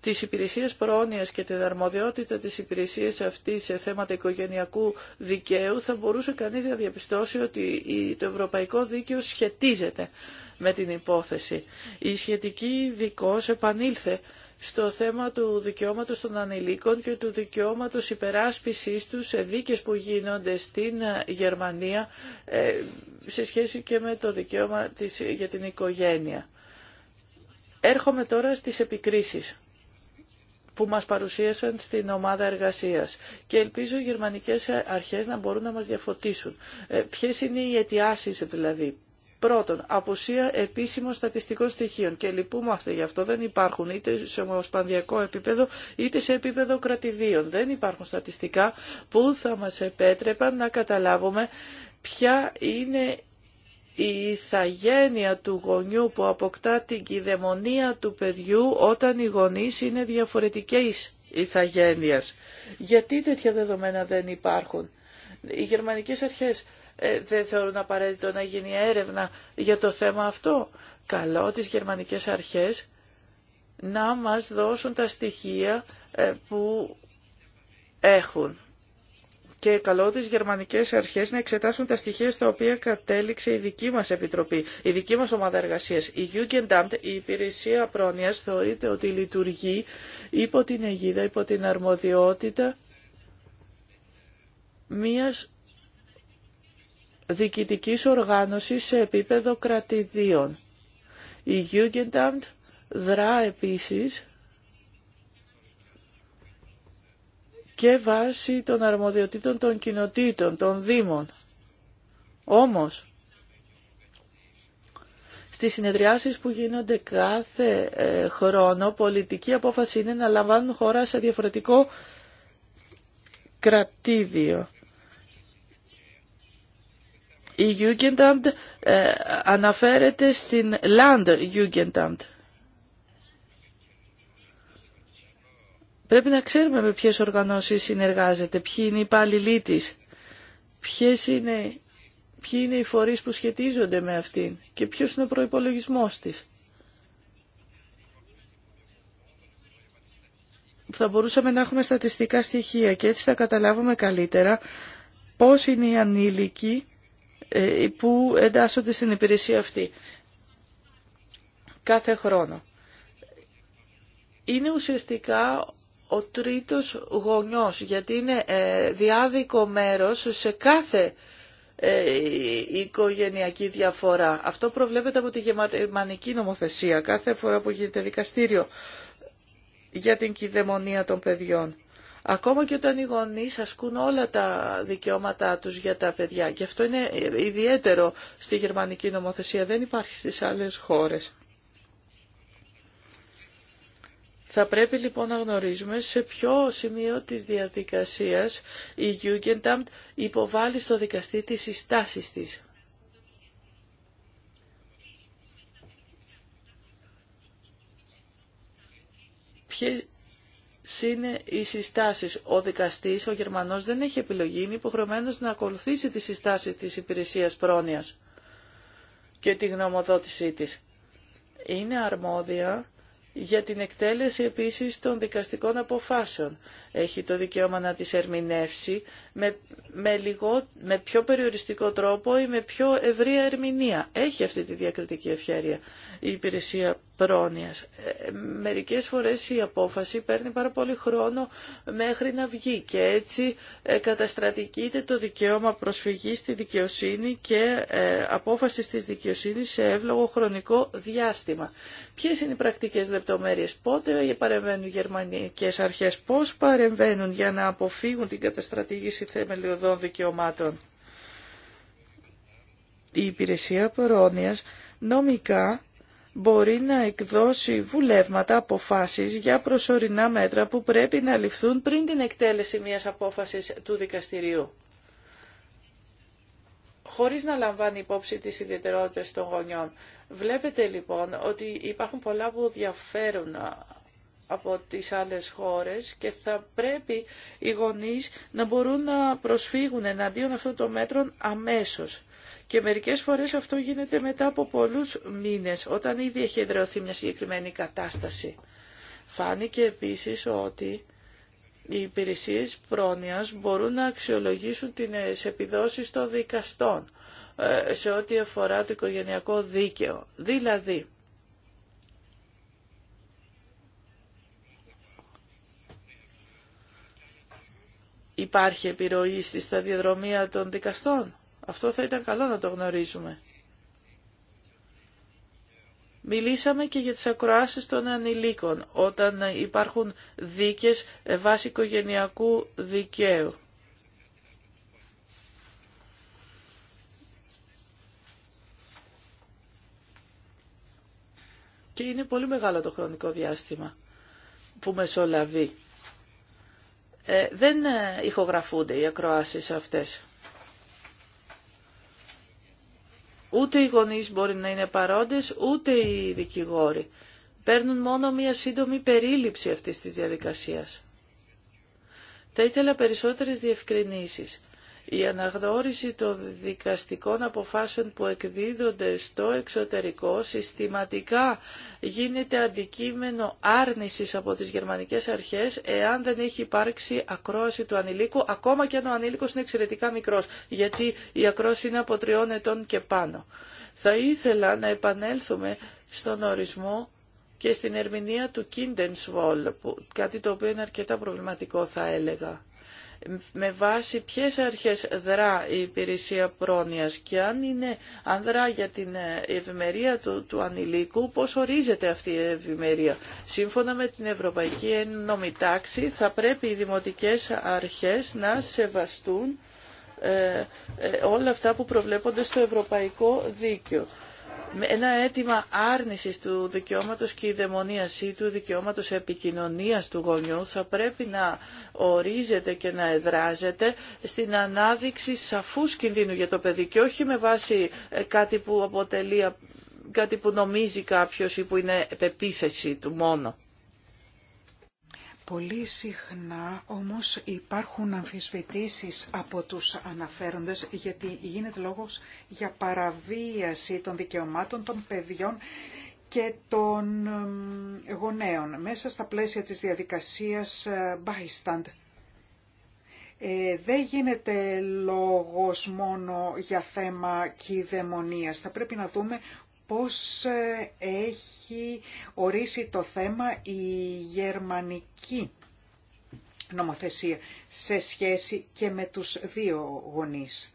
της υπηρεσίας πρόνοιας και την αρμοδιότητα της υπηρεσίας αυτής σε θέματα οικογενειακού δικαίου θα μπορούσε κανείς να διαπιστώσει ότι το ευρωπαϊκό δίκαιο σχετίζεται με την υπόθεση. Η σχετική δικός επανήλθε στο θέμα του δικαιώματος των ανηλίκων και του δικαιώματος υπεράσπισης τους σε δίκες που γίνονται στην ε, Γερμανία ε, σε σχέση και με το δικαίωμα της, για την οικογένεια. Έρχομαι τώρα στις επικρίσεις που μας παρουσίασαν στην ομάδα εργασίας και ελπίζω οι γερμανικές αρχές να μπορούν να μας διαφωτίσουν. Ε, ποιες είναι οι αιτιάσεις δηλαδή, Πρώτον, απουσία επίσημων στατιστικών στοιχείων και λυπούμαστε γι' αυτό. Δεν υπάρχουν είτε σε ομοσπανδιακό επίπεδο είτε σε επίπεδο κρατηδίων. Δεν υπάρχουν στατιστικά που θα μας επέτρεπαν να καταλάβουμε ποια είναι η ηθαγένεια του γονιού που αποκτά την κυδαιμονία του παιδιού όταν οι γονείς είναι διαφορετικές ηθαγένειας. Γιατί τέτοια δεδομένα δεν υπάρχουν. Οι γερμανικές αρχές ε, δεν θεωρούν απαραίτητο να γίνει έρευνα για το θέμα αυτό. Καλό τις γερμανικές αρχές να μας δώσουν τα στοιχεία ε, που έχουν. Και καλό τις γερμανικές αρχές να εξετάσουν τα στοιχεία στα οποία κατέληξε η δική μας επιτροπή, η δική μας ομάδα εργασίας. Η Jugendamt, η υπηρεσία πρόνοιας, θεωρείται ότι λειτουργεί υπό την αιγίδα, υπό την αρμοδιότητα μίας διοικητικής οργάνωσης σε επίπεδο κρατηδίων. Η Jugendamt δρά επίσης και βάσει των αρμοδιοτήτων των κοινοτήτων, των δήμων. Όμως, στις συνεδριάσεις που γίνονται κάθε ε, χρόνο, πολιτική απόφαση είναι να λαμβάνουν χώρα σε διαφορετικό κρατήδιο. Η Jugendamt ε, αναφέρεται στην Land Jugendamt. Πρέπει να ξέρουμε με ποιες οργανώσεις συνεργάζεται, ποιοι είναι οι υπάλληλοι της, ποιες είναι, ποιοι είναι οι φορείς που σχετίζονται με αυτήν και ποιος είναι ο προϋπολογισμός της. Θα μπορούσαμε να έχουμε στατιστικά στοιχεία και έτσι θα καταλάβουμε καλύτερα πώς είναι οι ανήλικοι ε, που εντάσσονται στην υπηρεσία αυτή κάθε χρόνο. Είναι ουσιαστικά ο τρίτος γονιός, γιατί είναι ε, διάδικο μέρος σε κάθε ε, οικογενειακή διαφορά. Αυτό προβλέπεται από τη γερμανική νομοθεσία κάθε φορά που γίνεται δικαστήριο για την κυδαιμονία των παιδιών. Ακόμα και όταν οι γονείς ασκούν όλα τα δικαιώματά τους για τα παιδιά. Και αυτό είναι ιδιαίτερο στη γερμανική νομοθεσία, δεν υπάρχει στις άλλες χώρες. Θα πρέπει λοιπόν να γνωρίζουμε σε ποιο σημείο της διαδικασίας η Jugendamt υποβάλλει στο δικαστή τις συστάσεις της. Ποιες είναι οι συστάσεις. Ο δικαστής, ο Γερμανός, δεν έχει επιλογή, είναι υποχρεωμένος να ακολουθήσει τις συστάσεις της υπηρεσίας πρόνοιας και τη γνωμοδότησή της. Είναι αρμόδια για την εκτέλεση επίσης των δικαστικών αποφάσεων έχει το δικαίωμα να τις ερμηνεύσει με, με, λιγό, με πιο περιοριστικό τρόπο ή με πιο ευρία ερμηνεία. Έχει αυτή τη διακριτική ευχαίρεια η υπηρεσία πρόνοιας. Ε, μερικές φορές η απόφαση παίρνει πάρα πολύ χρόνο μέχρι να βγει και έτσι ε, καταστρατηγείται το δικαίωμα προσφυγής στη δικαιοσύνη και ε, απόφαση της δικαιοσύνης σε εύλογο χρονικό διάστημα. Ποιες είναι οι πρακτικές λεπτομέρειες, πότε παρεμβαίνουν οι γερμανικές αρχές, πώς παρεμβαίνουν παρεμβαίνουν για να αποφύγουν την καταστρατήγηση θεμελιωδών δικαιωμάτων. Η υπηρεσία πρόνοιας νομικά μπορεί να εκδώσει βουλεύματα, αποφάσεις για προσωρινά μέτρα που πρέπει να ληφθούν πριν την εκτέλεση μιας απόφασης του δικαστηρίου. Χωρίς να λαμβάνει υπόψη τις ιδιαιτερότητες των γονιών. Βλέπετε λοιπόν ότι υπάρχουν πολλά που διαφέρουν από τις άλλες χώρες και θα πρέπει οι γονείς να μπορούν να προσφύγουν εναντίον αυτών των μέτρων αμέσως. Και μερικές φορές αυτό γίνεται μετά από πολλούς μήνες, όταν ήδη έχει εδρεωθεί μια συγκεκριμένη κατάσταση. Φάνηκε επίσης ότι οι υπηρεσίες πρόνοιας μπορούν να αξιολογήσουν τις ε, επιδόσεις των δικαστών ε, σε ό,τι αφορά το οικογενειακό δίκαιο. Δηλαδή, υπάρχει επιρροή στη σταδιοδρομία των δικαστών. Αυτό θα ήταν καλό να το γνωρίζουμε. Μιλήσαμε και για τις ακροάσεις των ανηλίκων, όταν υπάρχουν δίκες βάσει οικογενειακού δικαίου. Και είναι πολύ μεγάλο το χρονικό διάστημα που μεσολαβεί ε, δεν ε, ηχογραφούνται οι ακροάσεις αυτές. Ούτε οι γονείς μπορεί να είναι παρόντες, ούτε οι δικηγόροι. Παίρνουν μόνο μία σύντομη περίληψη αυτής της διαδικασίας. Θα ήθελα περισσότερες διευκρινήσεις. Η αναγνώριση των δικαστικών αποφάσεων που εκδίδονται στο εξωτερικό συστηματικά γίνεται αντικείμενο άρνησης από τις γερμανικές αρχές εάν δεν έχει υπάρξει ακρόαση του ανηλίκου, ακόμα και αν ο ανήλικος είναι εξαιρετικά μικρός, γιατί η ακρόαση είναι από τριών ετών και πάνω. Θα ήθελα να επανέλθουμε στον ορισμό και στην ερμηνεία του Kindenswall, κάτι το οποίο είναι αρκετά προβληματικό θα έλεγα με βάση ποιες αρχές δρά η υπηρεσία πρόνοιας και αν, είναι, αν δρά για την ε, ευημερία του, του ανηλίκου, πώς ορίζεται αυτή η ευημερία. Σύμφωνα με την Ευρωπαϊκή Ένωμη θα πρέπει οι δημοτικές αρχές να σεβαστούν ε, ε, όλα αυτά που προβλέπονται στο Ευρωπαϊκό Δίκαιο ένα αίτημα άρνησης του δικαιώματος και η δαιμονίασή του δικαιώματος επικοινωνίας του γονιού θα πρέπει να ορίζεται και να εδράζεται στην ανάδειξη σαφούς κινδύνου για το παιδί και όχι με βάση ε, κάτι που αποτελεί κάτι που νομίζει κάποιος ή που είναι επεπίθεση του μόνο. Πολύ συχνά όμως υπάρχουν αμφισβητήσεις από τους αναφέροντες γιατί γίνεται λόγος για παραβίαση των δικαιωμάτων των παιδιών και των γονέων μέσα στα πλαίσια της διαδικασίας ε, bystand. Ε, δεν γίνεται λόγος μόνο για θέμα κυδαιμονίας. Θα πρέπει να δούμε πώς ε, έχει ορίσει το θέμα η γερμανική νομοθεσία σε σχέση και με τους δύο γονείς.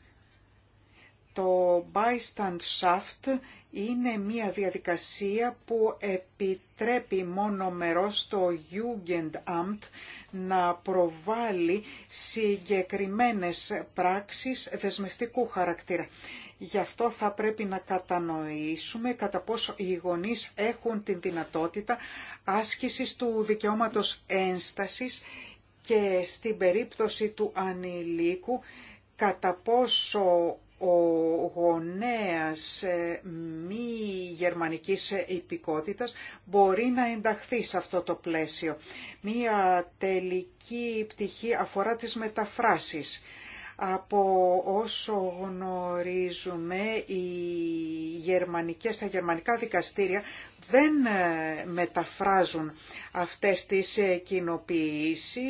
Το Beistandschaft είναι μια διαδικασία που επιτρέπει μόνο μερός το Jugendamt να προβάλλει συγκεκριμένες πράξεις δεσμευτικού χαρακτήρα. Γι' αυτό θα πρέπει να κατανοήσουμε κατά πόσο οι γονείς έχουν την δυνατότητα άσκησης του δικαιώματος ένστασης και στην περίπτωση του ανηλίκου κατά πόσο ο γονέας ε, μη γερμανικής υπηκότητας μπορεί να ενταχθεί σε αυτό το πλαίσιο. Μία τελική πτυχή αφορά τις μεταφράσεις. Από όσο γνωρίζουμε, οι γερμανικές, τα γερμανικά δικαστήρια δεν ε, μεταφράζουν αυτές τις ε, κοινοποιήσει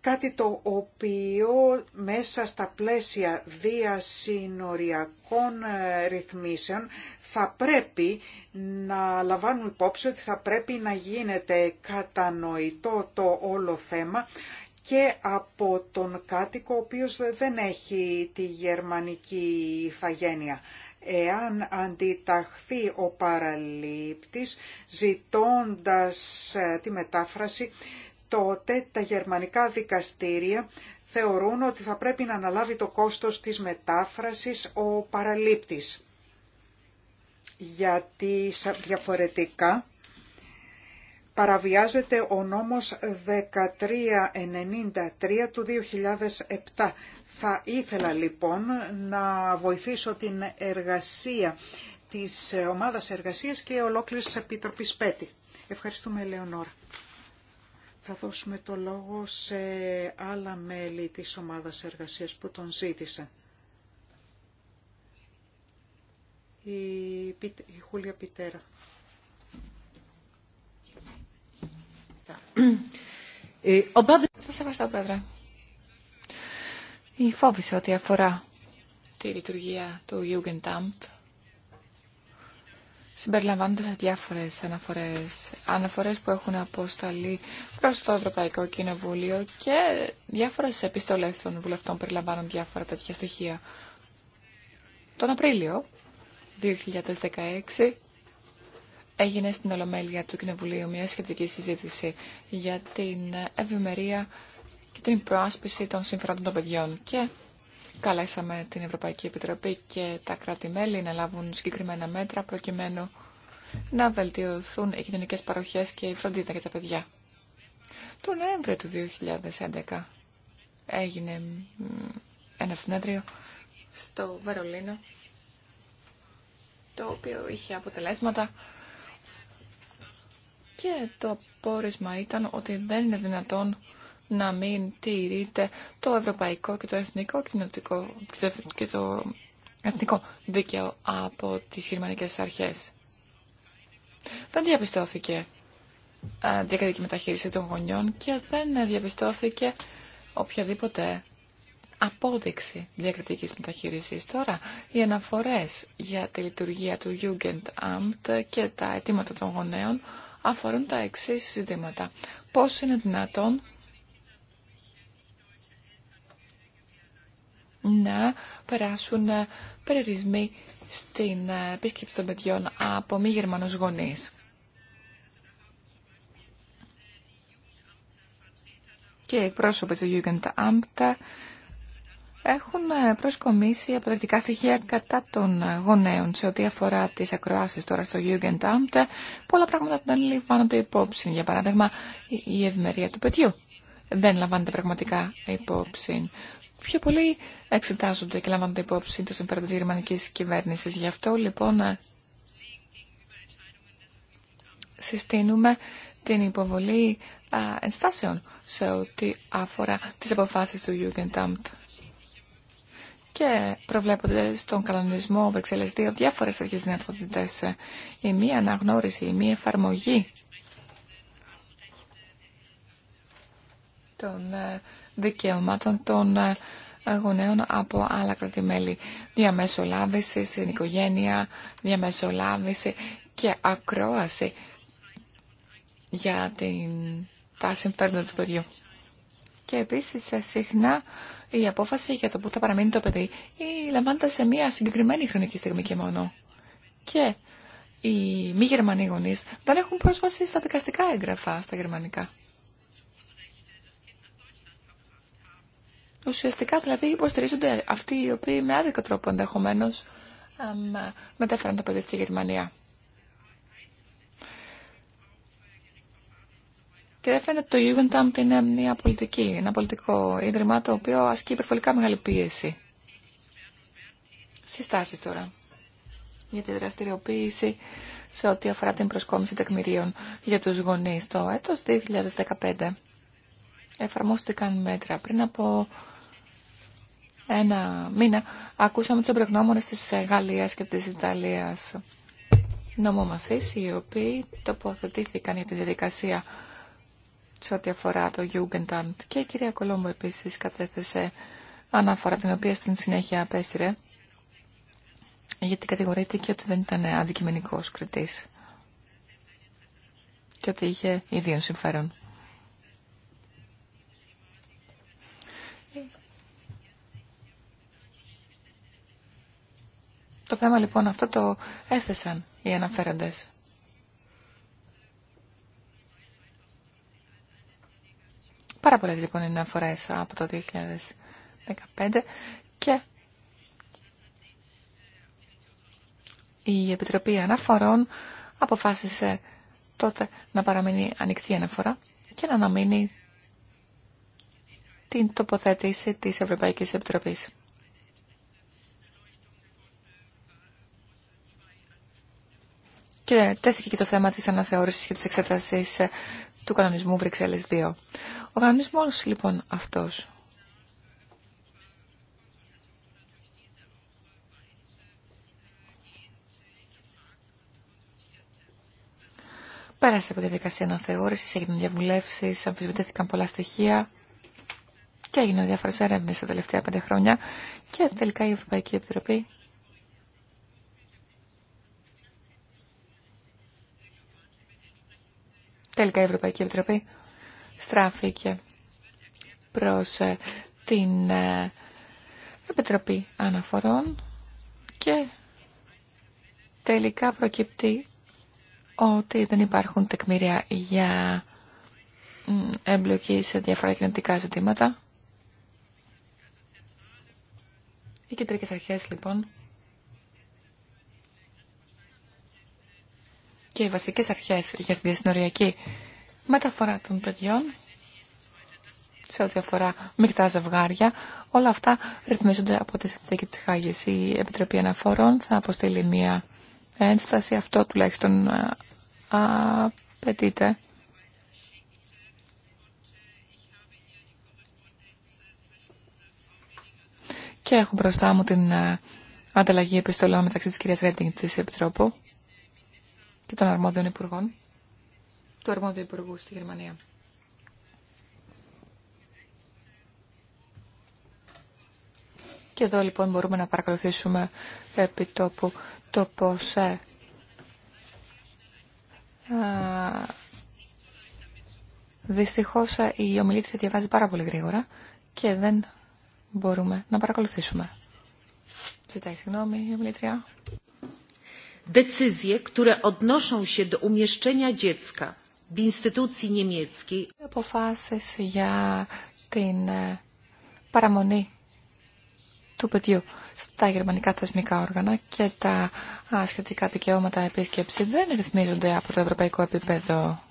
κάτι το οποίο μέσα στα πλαίσια διασυνοριακών ε, ρυθμίσεων θα πρέπει να λαμβάνουν υπόψη ότι θα πρέπει να γίνεται κατανοητό το όλο θέμα και από τον κάτοικο ο οποίος δεν έχει τη γερμανική ηθαγένεια. Εάν αντιταχθεί ο παραλήπτης ζητώντας ε, τη μετάφραση, τότε τα γερμανικά δικαστήρια θεωρούν ότι θα πρέπει να αναλάβει το κόστος της μετάφρασης ο παραλήπτης. Γιατί διαφορετικά παραβιάζεται ο νόμος 1393 του 2007. Θα ήθελα λοιπόν να βοηθήσω την εργασία της ομάδας εργασίας και ολόκληρης της Επίτροπης ΠΕΤΗ. Ευχαριστούμε, Λεωνόρα. Θα δώσουμε το λόγο σε άλλα μέλη της ομάδας εργασίας που τον ζήτησαν. Η, η Χούλια Πιτέρα. Ε, Σας ευχαριστώ, Πρόεδρε. Η φόβη σε ό,τι αφορά τη λειτουργία του Jugendamt συμπεριλαμβάνονται σε διάφορες αναφορές. Αναφορές που έχουν αποσταλεί προς το Ευρωπαϊκό Κοινοβούλιο και διάφορες επιστολές των βουλευτών περιλαμβάνουν διάφορα τέτοια στοιχεία. Τον Απρίλιο 2016 έγινε στην Ολομέλεια του Κοινοβουλίου μια σχετική συζήτηση για την ευημερία και την προάσπιση των συμφερόντων των παιδιών. Και καλέσαμε την Ευρωπαϊκή Επιτροπή και τα κράτη-μέλη να λάβουν συγκεκριμένα μέτρα προκειμένου να βελτιωθούν οι κοινωνικές παροχές και η φροντίδα για τα παιδιά. Το Νοέμβριο του 2011 έγινε ένα συνέδριο στο Βερολίνο το οποίο είχε αποτελέσματα και το πόρισμα ήταν ότι δεν είναι δυνατόν να μην τηρείται το ευρωπαϊκό και το εθνικό και το εθνικό δίκαιο από τις γερμανικές αρχές. Δεν διαπιστώθηκε ε, διακριτική μεταχείριση των γονιών και δεν διαπιστώθηκε οποιαδήποτε απόδειξη διακριτικής μεταχείρισης. Τώρα, οι αναφορές για τη λειτουργία του Jugendamt και τα αιτήματα των γονέων αφορούν τα εξή ζητήματα. Πώς είναι δυνατόν να περάσουν περιορισμοί στην επίσκεψη των παιδιών από μη Γερμανούς γονείς. Και εκπρόσωποι του Jugendamt έχουν ε, προσκομίσει αποδεκτικά στοιχεία κατά των ε, γονέων σε ό,τι αφορά τις ακροάσεις τώρα στο Jugendamt. Ε, πολλά πράγματα δεν λαμβάνονται υπόψη. Για παράδειγμα, η ευημερία του παιδιού δεν λαμβάνεται πραγματικά υπόψη. Πιο πολλοί εξετάζονται και λαμβάνονται υπόψη το συμφέροντα της γερμανικής κυβέρνησης. Γι' αυτό λοιπόν συστήνουμε την υποβολή ενστάσεων σε ό,τι αφορά τις αποφάσεις του Jugendamt και προβλέπονται στον κανονισμό Βρυξέλλες 2 διάφορες τέτοιες δυνατότητες. Η μη αναγνώριση, η μη εφαρμογή των ε, δικαιωμάτων των ε, γονέων από άλλα κρατημέλη. Διαμεσολάβηση στην οικογένεια, διαμεσολάβηση και ακρόαση για την... τα συμφέροντα του παιδιού. Και επίσης ε, συχνά η απόφαση για το που θα παραμείνει το παιδί ή λαμβάνεται σε μια συγκεκριμένη χρονική στιγμή και μόνο. Και οι μη Γερμανοί γονείς δεν έχουν πρόσβαση στα δικαστικά έγγραφα στα γερμανικά. Ουσιαστικά δηλαδή υποστηρίζονται αυτοί οι οποίοι με άδικο τρόπο ενδεχομένω μετέφεραν το παιδί στη Γερμανία. Και δεν φαίνεται ότι το Jugendamt είναι μια πολιτική, ένα πολιτικό ίδρυμα το οποίο ασκεί υπερβολικά μεγάλη πίεση. Συστάσεις τώρα για τη δραστηριοποίηση σε ό,τι αφορά την προσκόμιση τεκμηρίων για τους γονείς. Το έτος 2015 εφαρμόστηκαν μέτρα. Πριν από ένα μήνα ακούσαμε τους εμπρογνώμονες της Γαλλίας και της Ιταλίας νομομαθείς οι οποίοι τοποθετήθηκαν για τη διαδικασία σε ό,τι αφορά το Jugendamt. Και η κυρία Κολόμου επίσης κατέθεσε αναφορά την οποία στην συνέχεια απέστηρε γιατί και ότι δεν ήταν αντικειμενικός κριτής και ότι είχε ιδίων συμφέρον. Το θέμα λοιπόν αυτό το έθεσαν οι αναφέροντες. Πάρα πολλές λοιπόν είναι αναφορές από το 2015 και η Επιτροπή Αναφορών αποφάσισε τότε να παραμείνει ανοιχτή αναφορά και να αναμείνει την τοποθέτηση της Ευρωπαϊκής Επιτροπής. Και τέθηκε και το θέμα της αναθεώρησης και της εξέτασης του κανονισμού Βρυξέλλες 2. Ο κανονισμός λοιπόν αυτός Πέρασε από τη δικασία αναθεώρησης, έγιναν διαβουλεύσεις, αμφισβητήθηκαν πολλά στοιχεία και έγιναν διάφορες έρευνες τα τελευταία πέντε χρόνια και τελικά η Ευρωπαϊκή Επιτροπή Τελικά η Ευρωπαϊκή Επιτροπή στράφηκε προς ε, την ε, Επιτροπή Αναφορών και τελικά προκύπτει ότι δεν υπάρχουν τεκμήρια για εμπλοκή σε διάφορα κοινωνικά ζητήματα. Οι κεντρικές αρχές λοιπόν και οι βασικές αρχές για τη διασυνοριακή μεταφορά των παιδιών σε ό,τι αφορά μεικτά ζευγάρια. Όλα αυτά ρυθμίζονται από τη συνθήκη της Χάγης. Η Επιτροπή Αναφορών θα αποστείλει μία ένσταση. Αυτό τουλάχιστον ε, απαιτείται. Και έχω μπροστά μου την ε, ανταλλαγή επιστολών μεταξύ της κυρίας Ρέντινγκ της Επιτρόπου και των αρμόδιων υπουργών, του αρμόδιου υπουργού στη Γερμανία. Και εδώ λοιπόν μπορούμε να παρακολουθήσουμε επί τόπου το πώς ε, δυστυχώς ε, η ομιλήτρια διαβάζει πάρα πολύ γρήγορα και δεν μπορούμε να παρακολουθήσουμε. Ζητάει συγγνώμη η ομιλήτρια decyzje, które odnoszą się do umieszczenia dziecka w instytucji niemieckiej. για την παραμονή του παιδιού στα γερμανικά θεσμικά όργανα και τα σχετικά δικαιώματα επίσκεψη δεν ρυθμίζονται από το ευρωπαϊκό επίπεδο.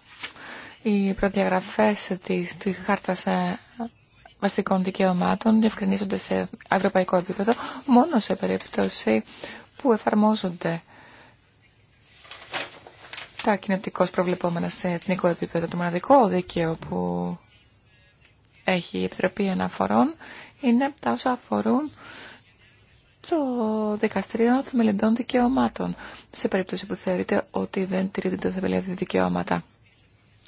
Οι προδιαγραφές τη χάρτα χάρτας βασικών δικαιωμάτων διευκρινίζονται σε ευρωπαϊκό επίπεδο μόνο σε περίπτωση που εφαρμόζονται τα κοινοτικώς προβλεπόμενα σε εθνικό επίπεδο. Το μοναδικό δίκαιο που έχει η Επιτροπή Αναφορών είναι τα όσα αφορούν το Δικαστήριο Θεμελιντών Δικαιωμάτων σε περίπτωση που θεωρείται ότι δεν τηρείται τα θεμελιώδη δικαιώματα.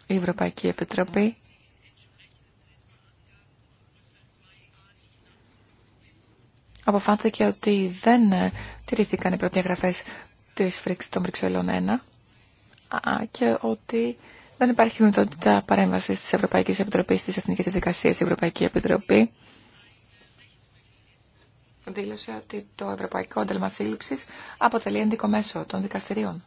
Η Ευρωπαϊκή Επιτροπή αποφάνθηκε ότι δεν τηρήθηκαν οι προδιαγραφές των Βρυξελών 1 και ότι δεν υπάρχει δυνατότητα παρέμβαση τη Ευρωπαϊκή Επιτροπή τη Εθνική Διαδικασίε. Η Ευρωπαϊκή Επιτροπή δήλωσε ότι το Ευρωπαϊκό Ένταλμα Σύλληψη αποτελεί ενδικό μέσο των δικαστηρίων.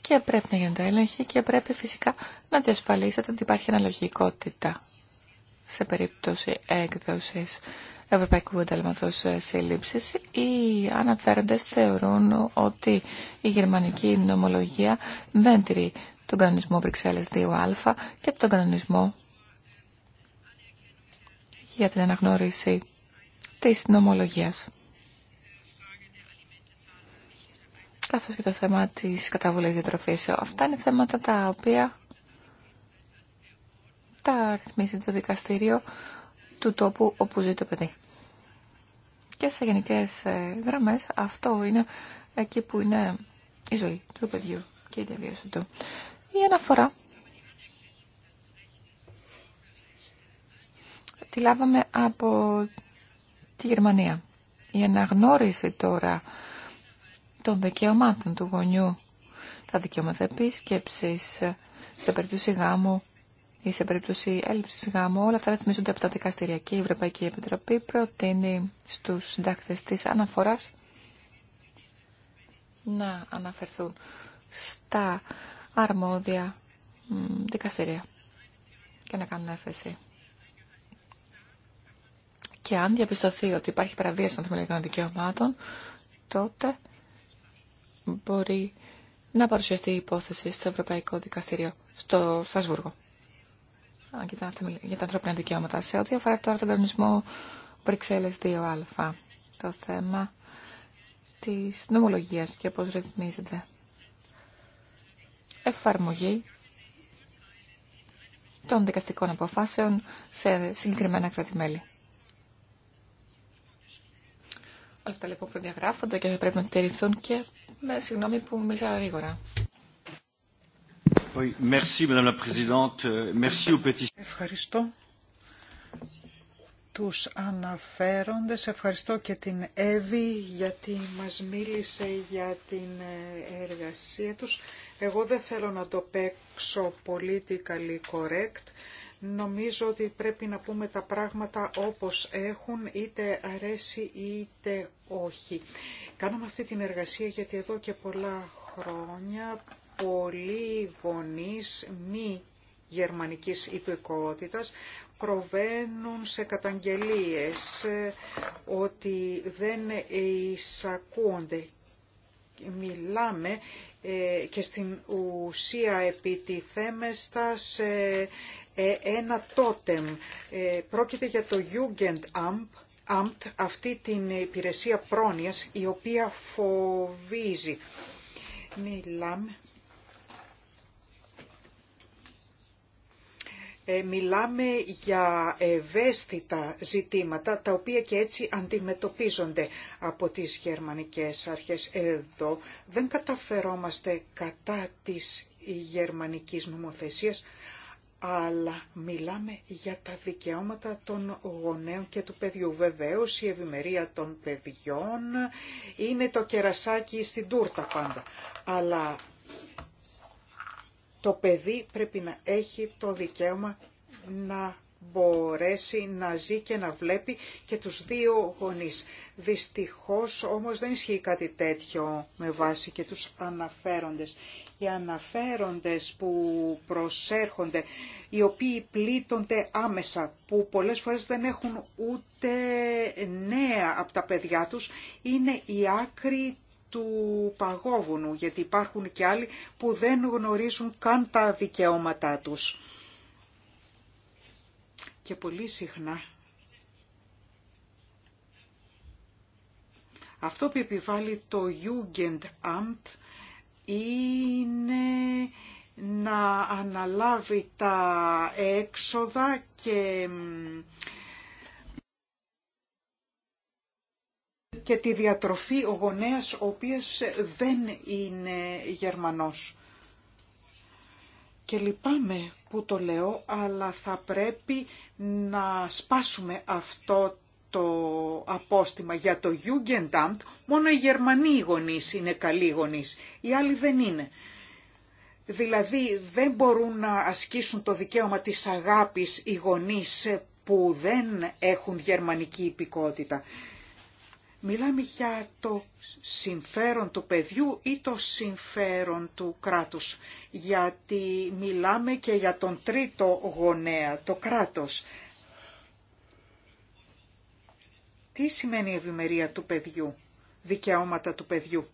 Και πρέπει να γίνονται έλεγχοι και πρέπει φυσικά να διασφαλίσετε ότι υπάρχει αναλογικότητα σε περίπτωση έκδοσης Ευρωπαϊκού Εντάλματος ε, Σύλληψης. Οι αναφέροντες θεωρούν ότι η γερμανική νομολογία δεν τηρεί τον κανονισμό Βρυξέλλες 2α και τον κανονισμό για την αναγνώριση της νομολογίας. Καθώς και το θέμα της καταβολής διατροφής. Αυτά είναι θέματα τα οποία τα ρυθμίζει το δικαστήριο του τόπου όπου ζει το παιδί. Και σε γενικέ ε, γραμμέ αυτό είναι εκεί που είναι η ζωή του παιδιού και η διαβίωση του. Η αναφορά τη λάβαμε από τη Γερμανία. Η αναγνώριση τώρα των δικαιωμάτων του γονιού, τα δικαιώματα επίσκεψης σε περίπτωση γάμου, ή σε περίπτωση έλλειψης γάμου, όλα αυτά ρυθμίζονται από τα δικαστήρια και η Ευρωπαϊκή Επιτροπή προτείνει στους συντάκτες της αναφοράς να αναφερθούν στα αρμόδια δικαστήρια και να κάνουν έφεση. Και αν διαπιστωθεί ότι υπάρχει παραβίαση των θεμελιωδών δικαιωμάτων, τότε μπορεί να παρουσιαστεί η υπόθεση στο Ευρωπαϊκό Δικαστήριο, στο Στρασβούργο για τα, ανθρώπινα δικαιώματα. Σε ό,τι αφορά τώρα τον κανονισμό Βρυξέλλες 2α, το θέμα της νομολογίας και πώς ρυθμίζεται. Εφαρμογή των δικαστικών αποφάσεων σε συγκεκριμένα κράτη-μέλη. Όλα αυτά λοιπόν προδιαγράφονται και θα πρέπει να τηρηθούν και με συγγνώμη που μίλησα γρήγορα. Euh, Ευχαριστώ τους αναφέροντες. Ευχαριστώ και την Εύη γιατί μας μίλησε για την ε, εργασία τους. Εγώ δεν θέλω να το παίξω politically correct. Νομίζω ότι πρέπει να πούμε τα πράγματα όπως έχουν, είτε αρέσει είτε όχι. Κάναμε αυτή την εργασία γιατί εδώ και πολλά χρόνια πολλοί γονείς μη γερμανικής υπηκότητας προβαίνουν σε καταγγελίες ε, ότι δεν εισακούονται. Μιλάμε ε, και στην ουσία επιτιθέμεστα σε ε, ένα τότεμ. Πρόκειται για το Jugendamt, αυτή την υπηρεσία πρόνοιας η οποία φοβίζει. Μιλάμε Ε, μιλάμε για ευαίσθητα ζητήματα τα οποία και έτσι αντιμετωπίζονται από τις γερμανικές αρχές. Εδώ δεν καταφερόμαστε κατά της γερμανικής νομοθεσίας αλλά μιλάμε για τα δικαιώματα των γονέων και του παιδιού. Βεβαίως η ευημερία των παιδιών είναι το κερασάκι στην τούρτα πάντα. Αλλά το παιδί πρέπει να έχει το δικαίωμα να μπορέσει να ζει και να βλέπει και τους δύο γονείς. Δυστυχώς όμως δεν ισχύει κάτι τέτοιο με βάση και τους αναφέροντες. Οι αναφέροντες που προσέρχονται, οι οποίοι πλήττονται άμεσα, που πολλές φορές δεν έχουν ούτε νέα από τα παιδιά τους, είναι η άκρη του παγόβουνου, γιατί υπάρχουν και άλλοι που δεν γνωρίζουν καν τα δικαιώματά τους. Και πολύ συχνά αυτό που επιβάλλει το Jugendamt είναι να αναλάβει τα έξοδα και και τη διατροφή ο γονέας ο οποίος δεν είναι Γερμανός. Και λυπάμαι που το λέω, αλλά θα πρέπει να σπάσουμε αυτό το απόστημα για το Jugendamt. Μόνο οι Γερμανοί γονείς είναι καλοί γονείς, οι άλλοι δεν είναι. Δηλαδή δεν μπορούν να ασκήσουν το δικαίωμα της αγάπης οι γονείς που δεν έχουν γερμανική υπηκότητα. Μιλάμε για το συμφέρον του παιδιού ή το συμφέρον του κράτους, γιατί μιλάμε και για τον τρίτο γονέα, το κράτος. Τι σημαίνει η ευημερία του παιδιού, δικαιώματα του παιδιού.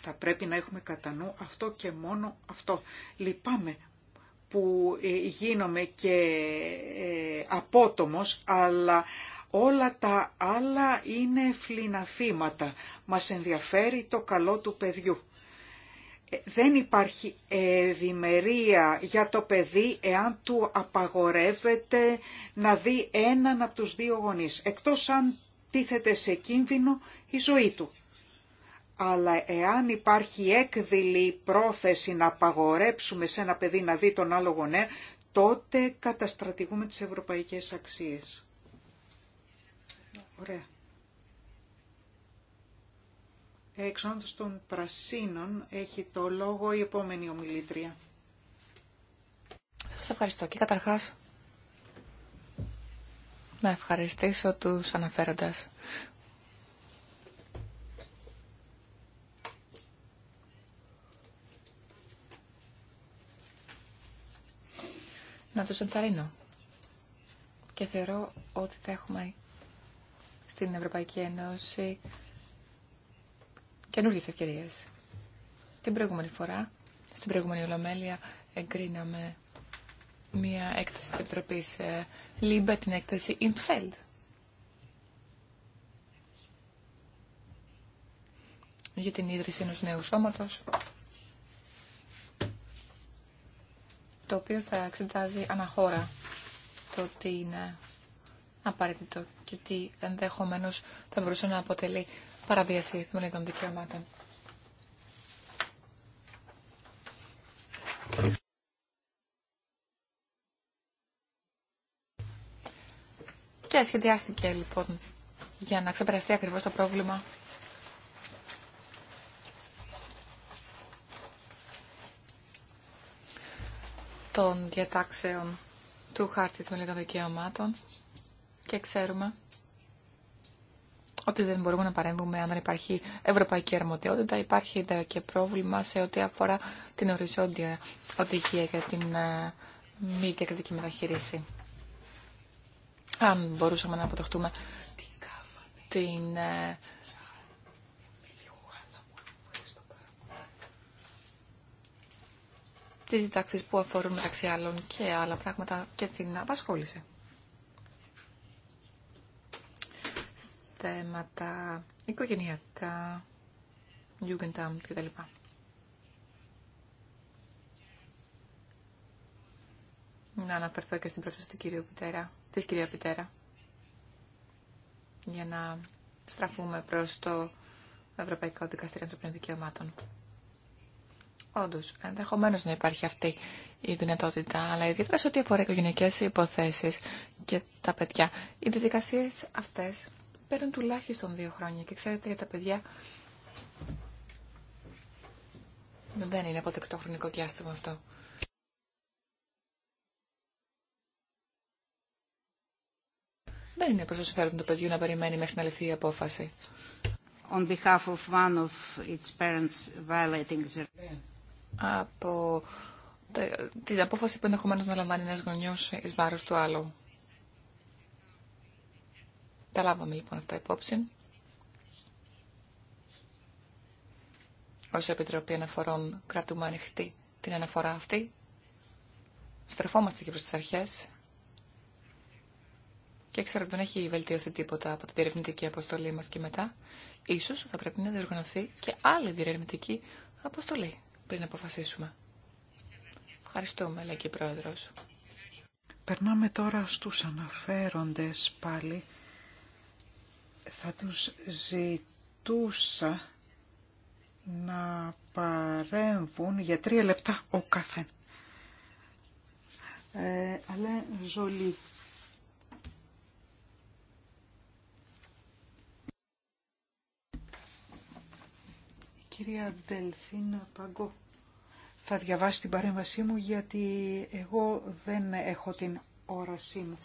Θα πρέπει να έχουμε κατά νου αυτό και μόνο αυτό. Λυπάμαι που ε, γίνομαι και ε, απότομος, αλλά Όλα τα άλλα είναι φλιναφήματα. Μας ενδιαφέρει το καλό του παιδιού. Ε, δεν υπάρχει ευημερία για το παιδί εάν του απαγορεύεται να δει έναν από τους δύο γονείς, εκτός αν τίθεται σε κίνδυνο η ζωή του. Αλλά εάν υπάρχει έκδηλη πρόθεση να απαγορέψουμε σε ένα παιδί να δει τον άλλο γονέα, τότε καταστρατηγούμε τις ευρωπαϊκές αξίες. Ωραία. Εξόντως των Πρασίνων έχει το λόγο η επόμενη ομιλήτρια. Σας ευχαριστώ και καταρχάς να ευχαριστήσω τους αναφέροντας. Να τους ενθαρρύνω. Και θεωρώ ότι θα έχουμε στην Ευρωπαϊκή Ένωση καινούργιε ευκαιρίε. Την προηγούμενη φορά, στην προηγούμενη Ολομέλεια, εγκρίναμε μία έκθεση τη Επιτροπή ε, ΛΥΜΠΕ, την έκθεση Ιντφέλντ. για την ίδρυση ενός νέου σώματος, το οποίο θα εξετάζει αναχώρα το τι είναι απαραίτητο και τι ενδεχομένω θα μπορούσε να αποτελεί παραβίαση των δικαιωμάτων. Και σχεδιάστηκε λοιπόν για να ξεπεραστεί ακριβώς το πρόβλημα των διατάξεων του χάρτη των δικαιωμάτων και ξέρουμε ότι δεν μπορούμε να παρέμβουμε αν δεν υπάρχει ευρωπαϊκή αρμοδιότητα. Υπάρχει και πρόβλημα σε ό,τι αφορά την οριζόντια οδηγία για την ε, μη διακριτική μεταχείριση. Αν μπορούσαμε να αποτεχτούμε την ε, τις διτάξεις που αφορούν μεταξύ άλλων και άλλα πράγματα και την απασχόληση. θέματα οικογενειακά, Jugendamt κτλ. Να αναφερθώ και στην πρόταση του κυρίου Πιτέρα, της κυρία Πιτέρα, για να στραφούμε προς το Ευρωπαϊκό Δικαστήριο Ανθρωπίνων Δικαιωμάτων. Όντω, ενδεχομένω να υπάρχει αυτή η δυνατότητα, αλλά ιδιαίτερα σε ό,τι αφορά οικογενειακέ υποθέσει και τα παιδιά. Οι διαδικασίε αυτέ παίρνουν τουλάχιστον δύο χρόνια. Και ξέρετε για τα παιδιά δεν είναι αποδεκτό χρονικό διάστημα αυτό. Δεν είναι προς το συμφέρον του παιδιού να περιμένει μέχρι να ληφθεί η απόφαση. On behalf of one of its parents violating the... Από την απόφαση που ενδεχομένω να λαμβάνει ένα γονιό ει βάρο του άλλου. Τα λάβαμε λοιπόν αυτά υπόψη. Όσο Επιτροπή Αναφορών κρατούμε ανοιχτή την αναφορά αυτή. Στρεφόμαστε και προς τις αρχές. Και ξέρω ότι δεν έχει βελτιωθεί τίποτα από την διερευνητική αποστολή μας και μετά. Ίσως θα πρέπει να διοργανωθεί και άλλη διερευνητική αποστολή πριν αποφασίσουμε. Ευχαριστούμε, λέει και η Πρόεδρος. Περνάμε τώρα στους αναφέροντες πάλι θα τους ζητούσα να παρέμβουν για τρία λεπτά ο καθένα. Ε, αλλά Κυρία Ντελφίνα Παγκό, θα διαβάσει την παρέμβασή μου γιατί εγώ δεν έχω την όρασή μου.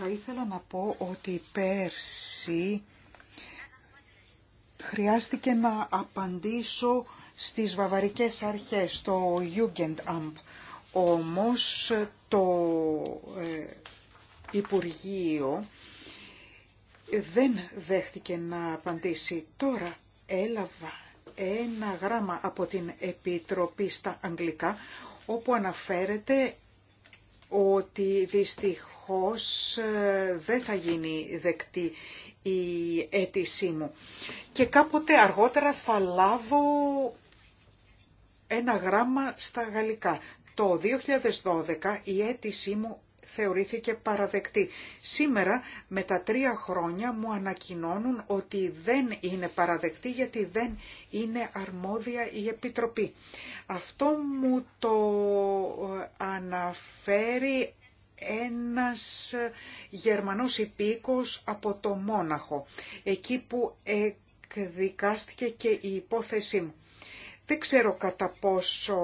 Θα ήθελα να πω ότι πέρσι χρειάστηκε να απαντήσω στις βαβαρικές αρχές, στο Jugendamt. Όμως το ε, Υπουργείο δεν δέχτηκε να απαντήσει. Τώρα έλαβα ένα γράμμα από την Επιτροπή στα Αγγλικά όπου αναφέρεται ότι δυστυχώς ε, δεν θα γίνει δεκτή η αίτησή μου. Και κάποτε αργότερα θα λάβω ένα γράμμα στα γαλλικά. Το 2012 η αίτησή μου θεωρήθηκε παραδεκτή. Σήμερα με τα τρία χρόνια μου ανακοινώνουν ότι δεν είναι παραδεκτή γιατί δεν είναι αρμόδια η Επιτροπή. Αυτό μου το ε, αναφέρει ένας Γερμανός υπήκος από το Μόναχο, εκεί που εκδικάστηκε και η υπόθεσή μου. Δεν ξέρω κατά πόσο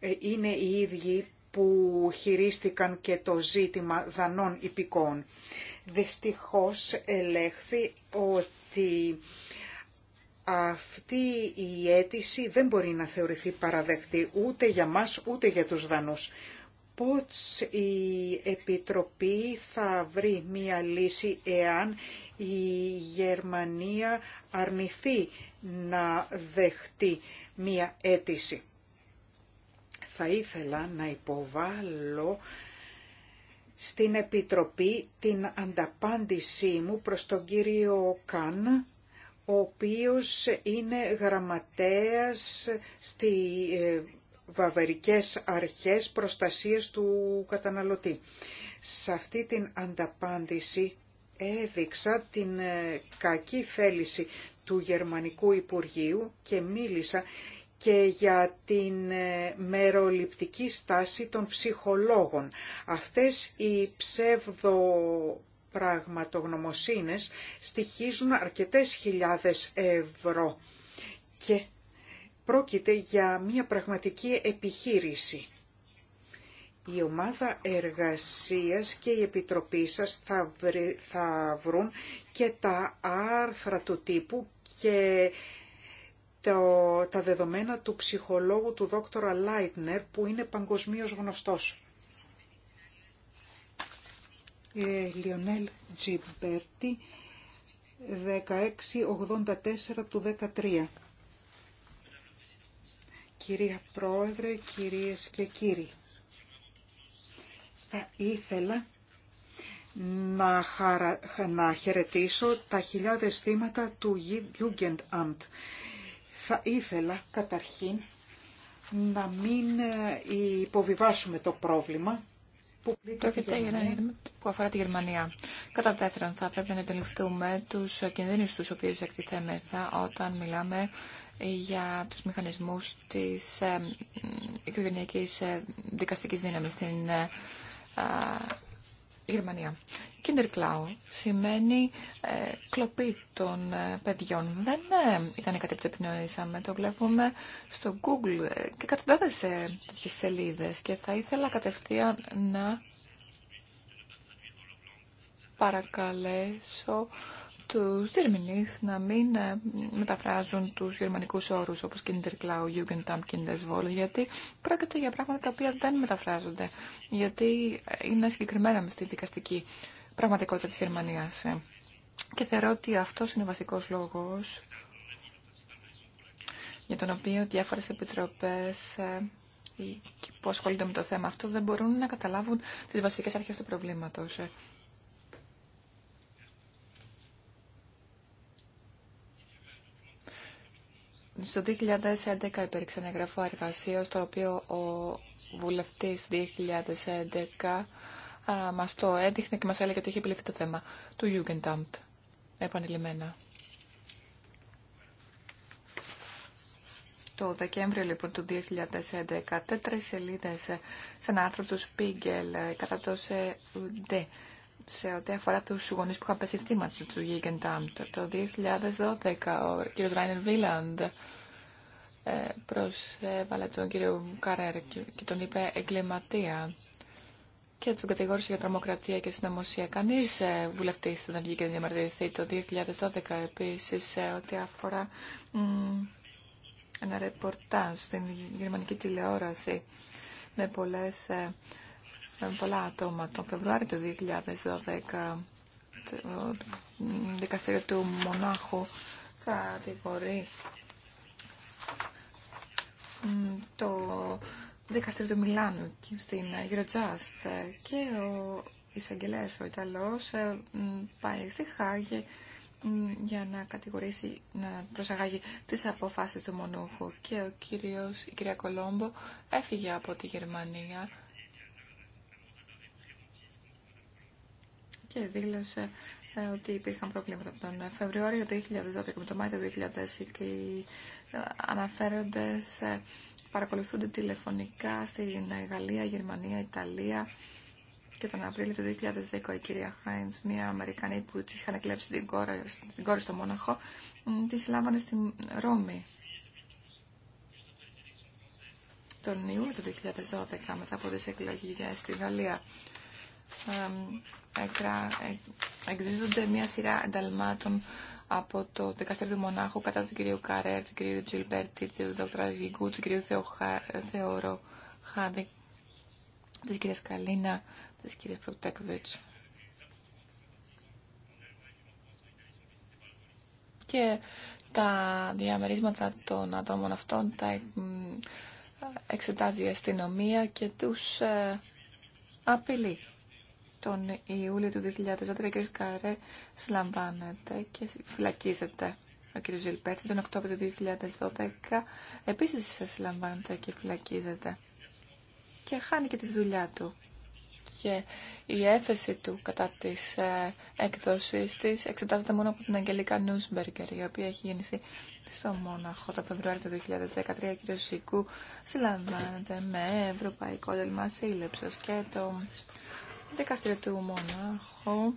ε, είναι οι ίδιοι που χειρίστηκαν και το ζήτημα δανών υπηκών. Δυστυχώς ελέγχθη ότι αυτή η αίτηση δεν μπορεί να θεωρηθεί παραδεκτή ούτε για μας ούτε για τους δανούς. Πώς η Επιτροπή θα βρει μία λύση εάν η Γερμανία αρνηθεί να δεχτεί μία αίτηση θα ήθελα να υποβάλω στην Επιτροπή την ανταπάντησή μου προς τον κύριο Καν, ο οποίος είναι γραμματέας στη ε, Βαβερικές Αρχές Προστασίας του Καταναλωτή. Σε αυτή την ανταπάντηση έδειξα την ε, κακή θέληση του Γερμανικού Υπουργείου και μίλησα και για την ε, μεροληπτική στάση των ψυχολόγων. Αυτές οι ψευδο ψευδοπραγματογνωμοσύνες στοιχίζουν αρκετές χιλιάδες ευρώ και πρόκειται για μια πραγματική επιχείρηση. Η ομάδα εργασίας και η επιτροπή σας θα, θα βρουν και τα άρθρα του τύπου και τα δεδομένα του ψυχολόγου του δόκτωρα Λάιτνερ που είναι παγκοσμίως γνωστός. Ε, Λιονέλ Τζιμπέρτι 1684 του 13. Κυρία Πρόεδρε, κυρίες και κύριοι, θα ήθελα να, χαιρετήσω τα χιλιάδες θύματα του Jugendamt θα ήθελα καταρχήν να μην ε, υποβιβάσουμε το πρόβλημα που πλήττει που αφορά τη Γερμανία. Κατά δεύτερον, θα πρέπει να αντιληφθούμε τους κινδύνου του οποίους εκτιθέμεθα όταν μιλάμε για τους μηχανισμούς της ε, οικογένειακή ε, δικαστικής δύναμης στην Γερμανία. Kinderklau σημαίνει ε, κλοπή των ε, παιδιών. Δεν ε, ήταν κάτι που το επινοήσαμε. Το βλέπουμε στο Google και εκατοντάδες ε, σελίδες και θα ήθελα κατευθείαν να παρακαλέσω τους διερμηνείς να μην ε, μεταφράζουν τους γερμανικούς όρους όπως Kinderklau, Jugendamt, Kindeswohl γιατί πρόκειται για πράγματα τα οποία δεν μεταφράζονται γιατί είναι συγκεκριμένα με στη δικαστική πραγματικότητα της Γερμανίας. Ε, και θεωρώ ότι αυτός είναι ο βασικός λόγος για τον οποίο διάφορες επιτροπές ε, που ασχολούνται με το θέμα αυτό δεν μπορούν να καταλάβουν τις βασικές αρχές του προβλήματος. Στο 2011 υπήρξε ένα εγγραφό εργασία, το οποίο ο βουλευτής 2011 α, μας το έδειχνε και μας έλεγε ότι είχε επιληφθεί το θέμα του Jugendamt επανειλημμένα. Το Δεκέμβριο λοιπόν του 2011, τέτρες σελίδες σε ένα άρθρο του Spiegel ε, κατά το ε, ΣΕΟΥΝΤΕ σε ό,τι αφορά του γονεί που είχαν πέσει θύματα του Jugendamt. Το 2012 ο κ. Ράινερ Βίλαντ ε, προσέβαλε τον κύριο Καρέρ και τον είπε εγκληματία και τον κατηγόρησε για τρομοκρατία και συνωμοσία. Κανεί ε, βουλευτή δεν βγήκε να διαμαρτυρηθεί το 2012 επίση σε ό,τι αφορά ένα ρεπορτάζ στην γερμανική τηλεόραση με πολλές ε, με πολλά άτομα. Τον Φεβρουάριο του 2012 το δικαστήριο του Μονάχου κατηγορεί το δικαστήριο του Μιλάνου στην Eurojust και ο εισαγγελέας ο Ιταλός ε, πάει στη Χάγη για να κατηγορήσει, να προσαγάγει τις αποφάσεις του Μονούχου και ο κύριος, η κυρία Κολόμπο έφυγε από τη Γερμανία δήλωσε ε, ότι υπήρχαν προβλήματα από τον Φεβρουάριο του 2012 με τον Μάιο του 2010 και ε, αναφέρονται αναφέροντες παρακολουθούνται τηλεφωνικά στην Γαλλία, Γερμανία, Ιταλία και τον Απρίλιο του 2010 η κυρία Χάιντς, μια Αμερικανή που της είχαν κλέψει την κόρη, την κόρη στο Μόναχο, τη λάμβανε στην Ρώμη. Τον Ιούλιο του 2012 μετά από τις εκλογές στη Γαλλία. Ε, εκδίδονται μια σειρά ενταλμάτων από το δικαστήριο του Μονάχου κατά του κυρίου Καρέρ, του κυρίου Τζιλμπέρτη, του Δοκτρα Γικού, του κυρίου Θεωρό Χάδη, τη κύρια Καλίνα, τη κυρία Προτέκβιτς. Και τα διαμερίσματα των ατόμων αυτών τα ε, εξετάζει η αστυνομία και τους ε, απειλεί τον Ιούλιο του 2012 ο κ. Καρέ συλλαμβάνεται και φυλακίζεται. Ο κ. Ζιλπέρτη τον Οκτώβριο του 2012 επίσης συλλαμβάνεται και φυλακίζεται και χάνει και τη δουλειά του. Και η έφεση του κατά της ε, έκδοσης της εξετάζεται μόνο από την Αγγελικά Νούσμπεργκερ, η οποία έχει γεννηθεί στο Μόναχο το Φεβρουάριο του 2013. Ο κ. Σικού συλλαμβάνεται με ευρωπαϊκό δελμά και το δικαστήριο του Μονάχου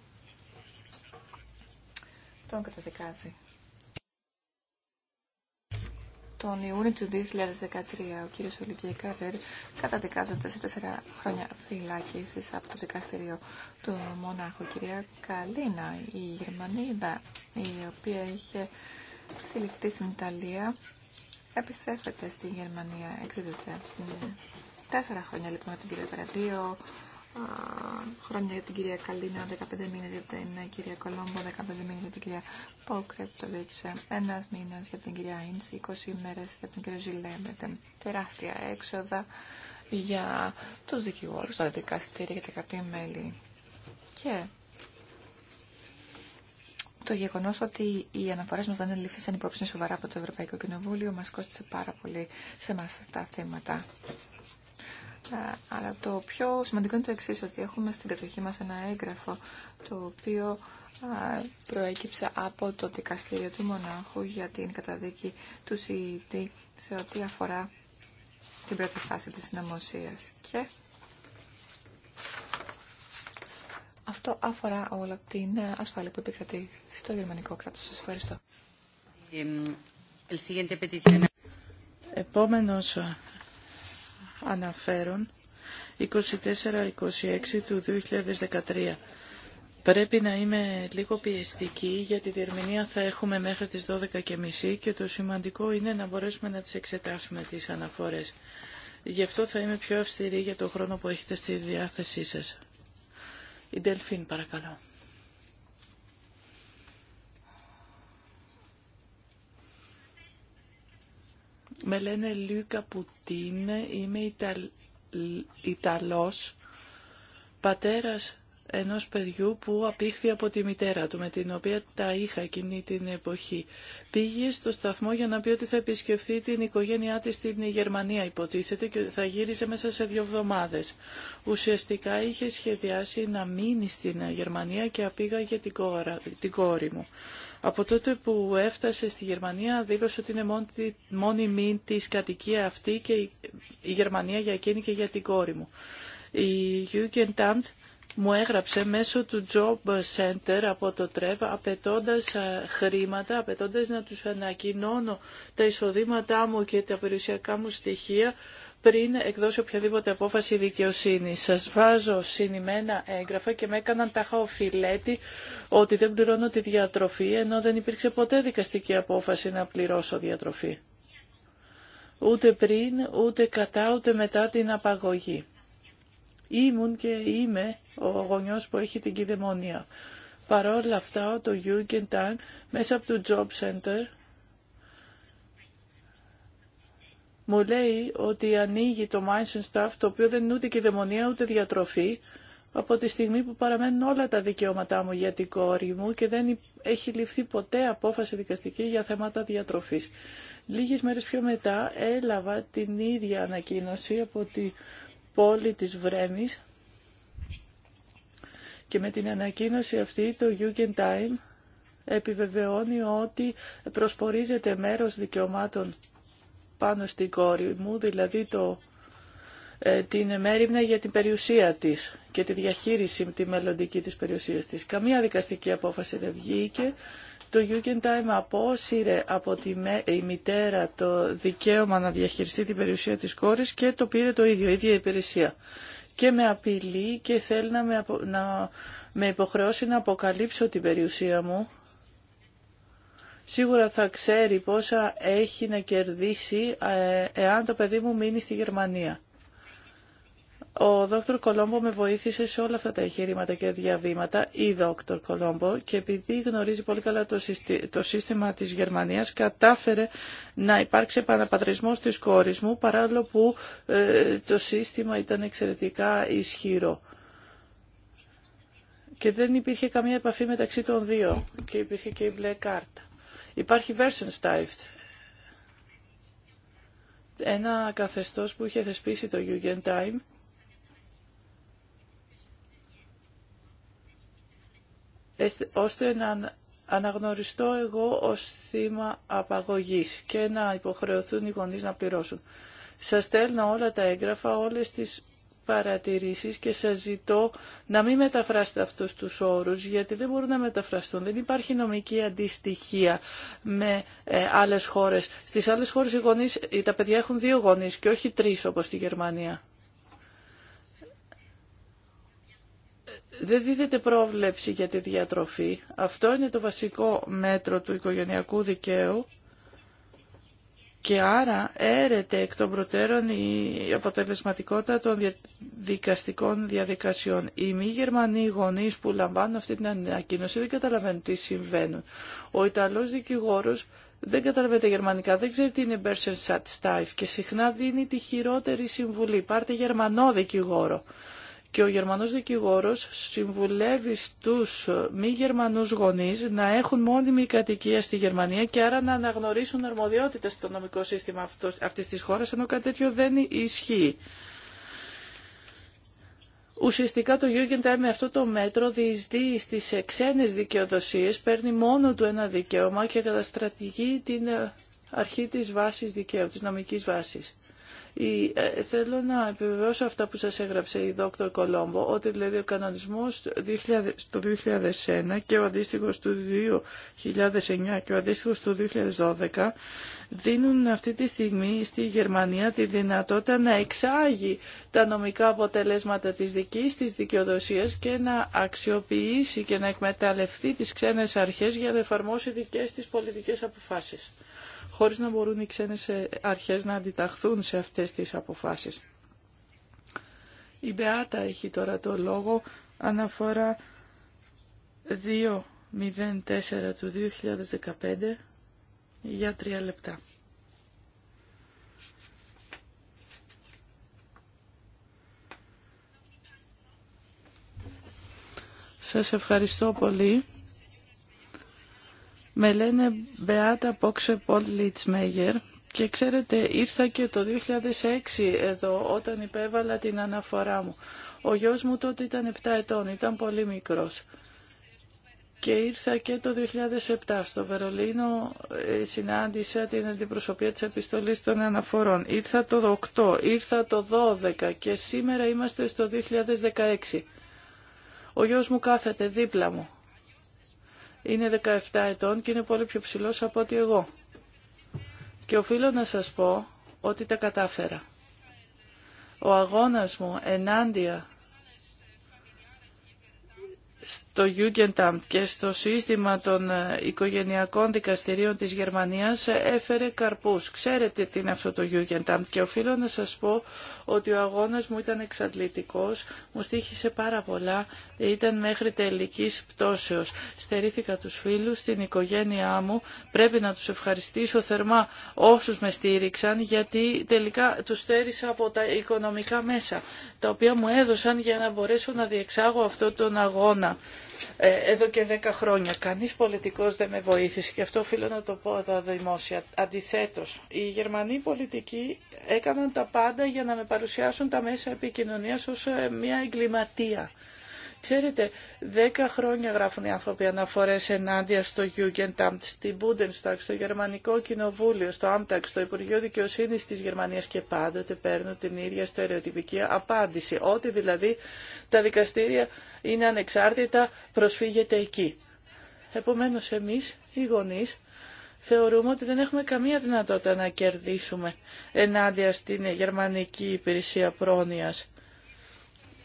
τον καταδικάζει. Τον Ιούνιο του 2013 ο κύριος Ολυμπιέ καταδικάζεται σε τέσσερα χρόνια φυλάκισης από το δικαστήριο του Μονάχου. Κυρία Καλίνα, η Γερμανίδα, η οποία είχε συλληφθεί στην Ιταλία, επιστρέφεται στη Γερμανία, εκδίδεται. Τέσσερα χρόνια λοιπόν από την κυρία Καραδίο, χρόνια για την κυρία Καλίνα, 15 μήνες για την κυρία Κολόμπο, 15 μήνες για την κυρία Πόκρεπτοβιτς, Ένα μήνας για την κυρία Ίντς, 20 μέρες για την κυρία Ζιλέ, τεράστια έξοδα για τους δικηγόρους, τα δικαστήρια και τα κρατή μέλη. Και το γεγονός ότι οι αναφορές μας δεν ελήφθησαν υπόψη σοβαρά από το Ευρωπαϊκό Κοινοβούλιο μα κόστησε πάρα πολύ σε εμά τα θέματα. Αλλά το πιο σημαντικό είναι το εξής, ότι έχουμε στην κατοχή μας ένα έγγραφο το οποίο προέκυψε από το δικαστήριο του Μονάχου για την καταδίκη του ΣΥΤ σε ό,τι αφορά την πρώτη φάση της συνωμοσίας. Και αυτό αφορά όλα την ασφάλεια που επικρατεί στο γερμανικό κράτος. Σας ευχαριστώ. Επόμενος αναφερον 24 24-26 του 2013. Πρέπει να είμαι λίγο πιεστική γιατί τη διερμηνία θα έχουμε μέχρι τις 12.30 και το σημαντικό είναι να μπορέσουμε να τις εξετάσουμε τις αναφορές. Γι' αυτό θα είμαι πιο αυστηρή για το χρόνο που έχετε στη διάθεσή σας. Η Δελφίν, παρακαλώ. Με λένε Λούκα Πουτίν, είμαι Ιταλ... Ιταλός, πατέρας ενός παιδιού που απήχθη από τη μητέρα του, με την οποία τα είχα εκείνη την εποχή. Πήγε στο σταθμό για να πει ότι θα επισκεφθεί την οικογένειά της στην Γερμανία, υποτίθεται, και θα γύριζε μέσα σε δύο εβδομάδες. Ουσιαστικά είχε σχεδιάσει να μείνει στην Γερμανία και απήγαγε την, την κόρη μου. Από τότε που έφτασε στη Γερμανία δήλωσε ότι είναι μόνη μήν της κατοικία αυτή και η Γερμανία για εκείνη και για την κόρη μου. Η Jugendamt μου έγραψε μέσω του Job Center από το Τρεβ απαιτώντας ε, χρήματα, απαιτώντας να τους ανακοινώνω τα εισοδήματά μου και τα περιουσιακά μου στοιχεία πριν εκδώσει οποιαδήποτε απόφαση δικαιοσύνη. σα βάζω συνημένα έγγραφα και με έκαναν τα οφειλέτη ότι δεν πληρώνω τη διατροφή, ενώ δεν υπήρξε ποτέ δικαστική απόφαση να πληρώσω διατροφή. Ούτε πριν, ούτε κατά, ούτε μετά την απαγωγή. Ήμουν και είμαι ο γονιός που έχει την κυδαιμονία. Παρόλα αυτά, το Jugendamt μέσα από το Job Center μου λέει ότι ανοίγει το Minds Staff, το οποίο δεν είναι ούτε κυδαιμονία ούτε διατροφή, από τη στιγμή που παραμένουν όλα τα δικαιώματά μου για την κόρη μου και δεν έχει ληφθεί ποτέ απόφαση δικαστική για θέματα διατροφής. Λίγες μέρες πιο μετά έλαβα την ίδια ανακοίνωση από την πόλη της Βρέμης και με την ανακοίνωση αυτή το Time επιβεβαιώνει ότι προσπορίζεται μέρος δικαιωμάτων πάνω στην κόρη μου, δηλαδή το, ε, την μέρημνα για την περιουσία της και τη διαχείριση τη μελλοντική της περιουσίας της. Καμία δικαστική απόφαση δεν βγήκε. Το Jugendheim απόσυρε από τη η μητέρα το δικαίωμα να διαχειριστεί την περιουσία της κόρης και το πήρε το ίδιο, η ίδια υπηρεσία. Και με απειλεί και θέλει με, απο... να με υποχρεώσει να αποκαλύψω την περιουσία μου σίγουρα θα ξέρει πόσα έχει να κερδίσει ε, εάν το παιδί μου μείνει στη Γερμανία. Ο δόκτωρ Κολόμπο με βοήθησε σε όλα αυτά τα εγχειρήματα και διαβήματα, η δόκτωρ Κολόμπο, και επειδή γνωρίζει πολύ καλά το, σύστημα, το σύστημα της Γερμανίας, κατάφερε να υπάρξει επαναπατρισμός της κόρης μου, παράλληλο που ε, το σύστημα ήταν εξαιρετικά ισχυρό. Και δεν υπήρχε καμία επαφή μεταξύ των δύο και υπήρχε και η μπλε κάρτα. Υπάρχει version stifed, ένα καθεστώς που είχε θεσπίσει το time, ώστε να αναγνωριστώ εγώ ως θύμα απαγωγής και να υποχρεωθούν οι γονείς να πληρώσουν. Σας στέλνω όλα τα έγγραφα, όλες τις παρατηρήσεις και σας ζητώ να μην μεταφράσετε αυτούς τους όρους γιατί δεν μπορούν να μεταφραστούν. Δεν υπάρχει νομική αντιστοιχία με ε, άλλες χώρες. Στις άλλες χώρες οι ε, τα παιδιά έχουν δύο γονείς και όχι τρεις όπως στη Γερμανία. δεν δίδεται πρόβλεψη για τη διατροφή. Αυτό είναι το βασικό μέτρο του οικογενειακού δικαίου και άρα έρεται εκ των προτέρων η αποτελεσματικότητα των δικαστικών διαδικασιών. Οι μη Γερμανοί γονεί που λαμβάνουν αυτή την ανακοίνωση δεν καταλαβαίνουν τι συμβαίνουν. Ο Ιταλός δικηγόρος δεν καταλαβαίνει τα γερμανικά, δεν ξέρει τι είναι Bersen Sat και συχνά δίνει τη χειρότερη συμβουλή. Πάρτε γερμανό δικηγόρο και ο Γερμανός δικηγόρος συμβουλεύει στους μη Γερμανούς γονείς να έχουν μόνιμη κατοικία στη Γερμανία και άρα να αναγνωρίσουν αρμοδιότητα στο νομικό σύστημα αυτής της χώρας, ενώ κάτι τέτοιο δεν ισχύει. Ουσιαστικά το Jugendamt με αυτό το μέτρο διεισδύει στις ξένες δικαιοδοσίες, παίρνει μόνο του ένα δικαίωμα και καταστρατηγεί την αρχή της βάσης δικαίου, της νομικής βάσης. Η, ε, θέλω να επιβεβαιώσω αυτά που σας έγραψε η Δόκτωρ Κολόμπο, ότι δηλαδή ο κανονισμός το 2001 και ο αντίστοιχος του 2009 και ο αντίστοιχος του 2012 δίνουν αυτή τη στιγμή στη Γερμανία τη δυνατότητα να εξάγει τα νομικά αποτελέσματα της δικής της δικαιοδοσίας και να αξιοποιήσει και να εκμεταλλευτεί τις ξένες αρχές για να εφαρμόσει δικές της πολιτικές αποφάσεις χωρίς να μπορούν οι ξένες ε, αρχές να αντιταχθούν σε αυτές τις αποφάσεις. Η Μπεάτα έχει τώρα το λόγο αναφορά 204 του 2015 για τρία λεπτά. Σας ευχαριστώ πολύ. Με λένε Μπεάτα Πόξε Πολ Λιτσμέγερ και ξέρετε ήρθα και το 2006 εδώ όταν υπέβαλα την αναφορά μου. Ο γιος μου τότε ήταν 7 ετών, ήταν πολύ μικρός. Και ήρθα και το 2007 στο Βερολίνο, ε, συνάντησα την αντιπροσωπεία της επιστολής των αναφορών. Ήρθα το 8, ήρθα το 12 και σήμερα είμαστε στο 2016. Ο γιος μου κάθεται δίπλα μου είναι 17 ετών και είναι πολύ πιο ψηλός από ότι εγώ. Και οφείλω να σας πω ότι τα κατάφερα. Ο αγώνας μου ενάντια στο Jugendamt και στο σύστημα των ε, οικογενειακών δικαστηρίων της Γερμανίας ε, έφερε καρπούς. Ξέρετε τι είναι αυτό το Jugendamt και οφείλω να σας πω ότι ο αγώνας μου ήταν εξαντλητικός, μου στήχησε πάρα πολλά, ήταν μέχρι τελικής πτώσεως. Στερήθηκα τους φίλους, την οικογένειά μου, πρέπει να τους ευχαριστήσω θερμά όσους με στήριξαν γιατί τελικά τους στέρισα από τα οικονομικά μέσα τα οποία μου έδωσαν για να μπορέσω να διεξάγω αυτό τον αγώνα ε, εδώ και δέκα χρόνια. Κανείς πολιτικός δεν με βοήθησε και αυτό οφείλω να το πω εδώ δημόσια. Αντιθέτως, οι Γερμανοί πολιτικοί έκαναν τα πάντα για να με παρουσιάσουν τα μέσα επικοινωνίας ως ε, μια εγκληματία. Ξέρετε, δέκα χρόνια γράφουν οι άνθρωποι αναφορέ ενάντια στο Jugendamt, στη Bundestag, στο Γερμανικό Κοινοβούλιο, στο Amtag, στο Υπουργείο Δικαιοσύνη τη Γερμανία και πάντοτε παίρνουν την ίδια στερεοτυπική απάντηση. Ότι δηλαδή τα δικαστήρια είναι ανεξάρτητα, προσφύγεται εκεί. Επομένω, εμεί, οι γονεί, θεωρούμε ότι δεν έχουμε καμία δυνατότητα να κερδίσουμε ενάντια στην Γερμανική Υπηρεσία Πρόνοιας.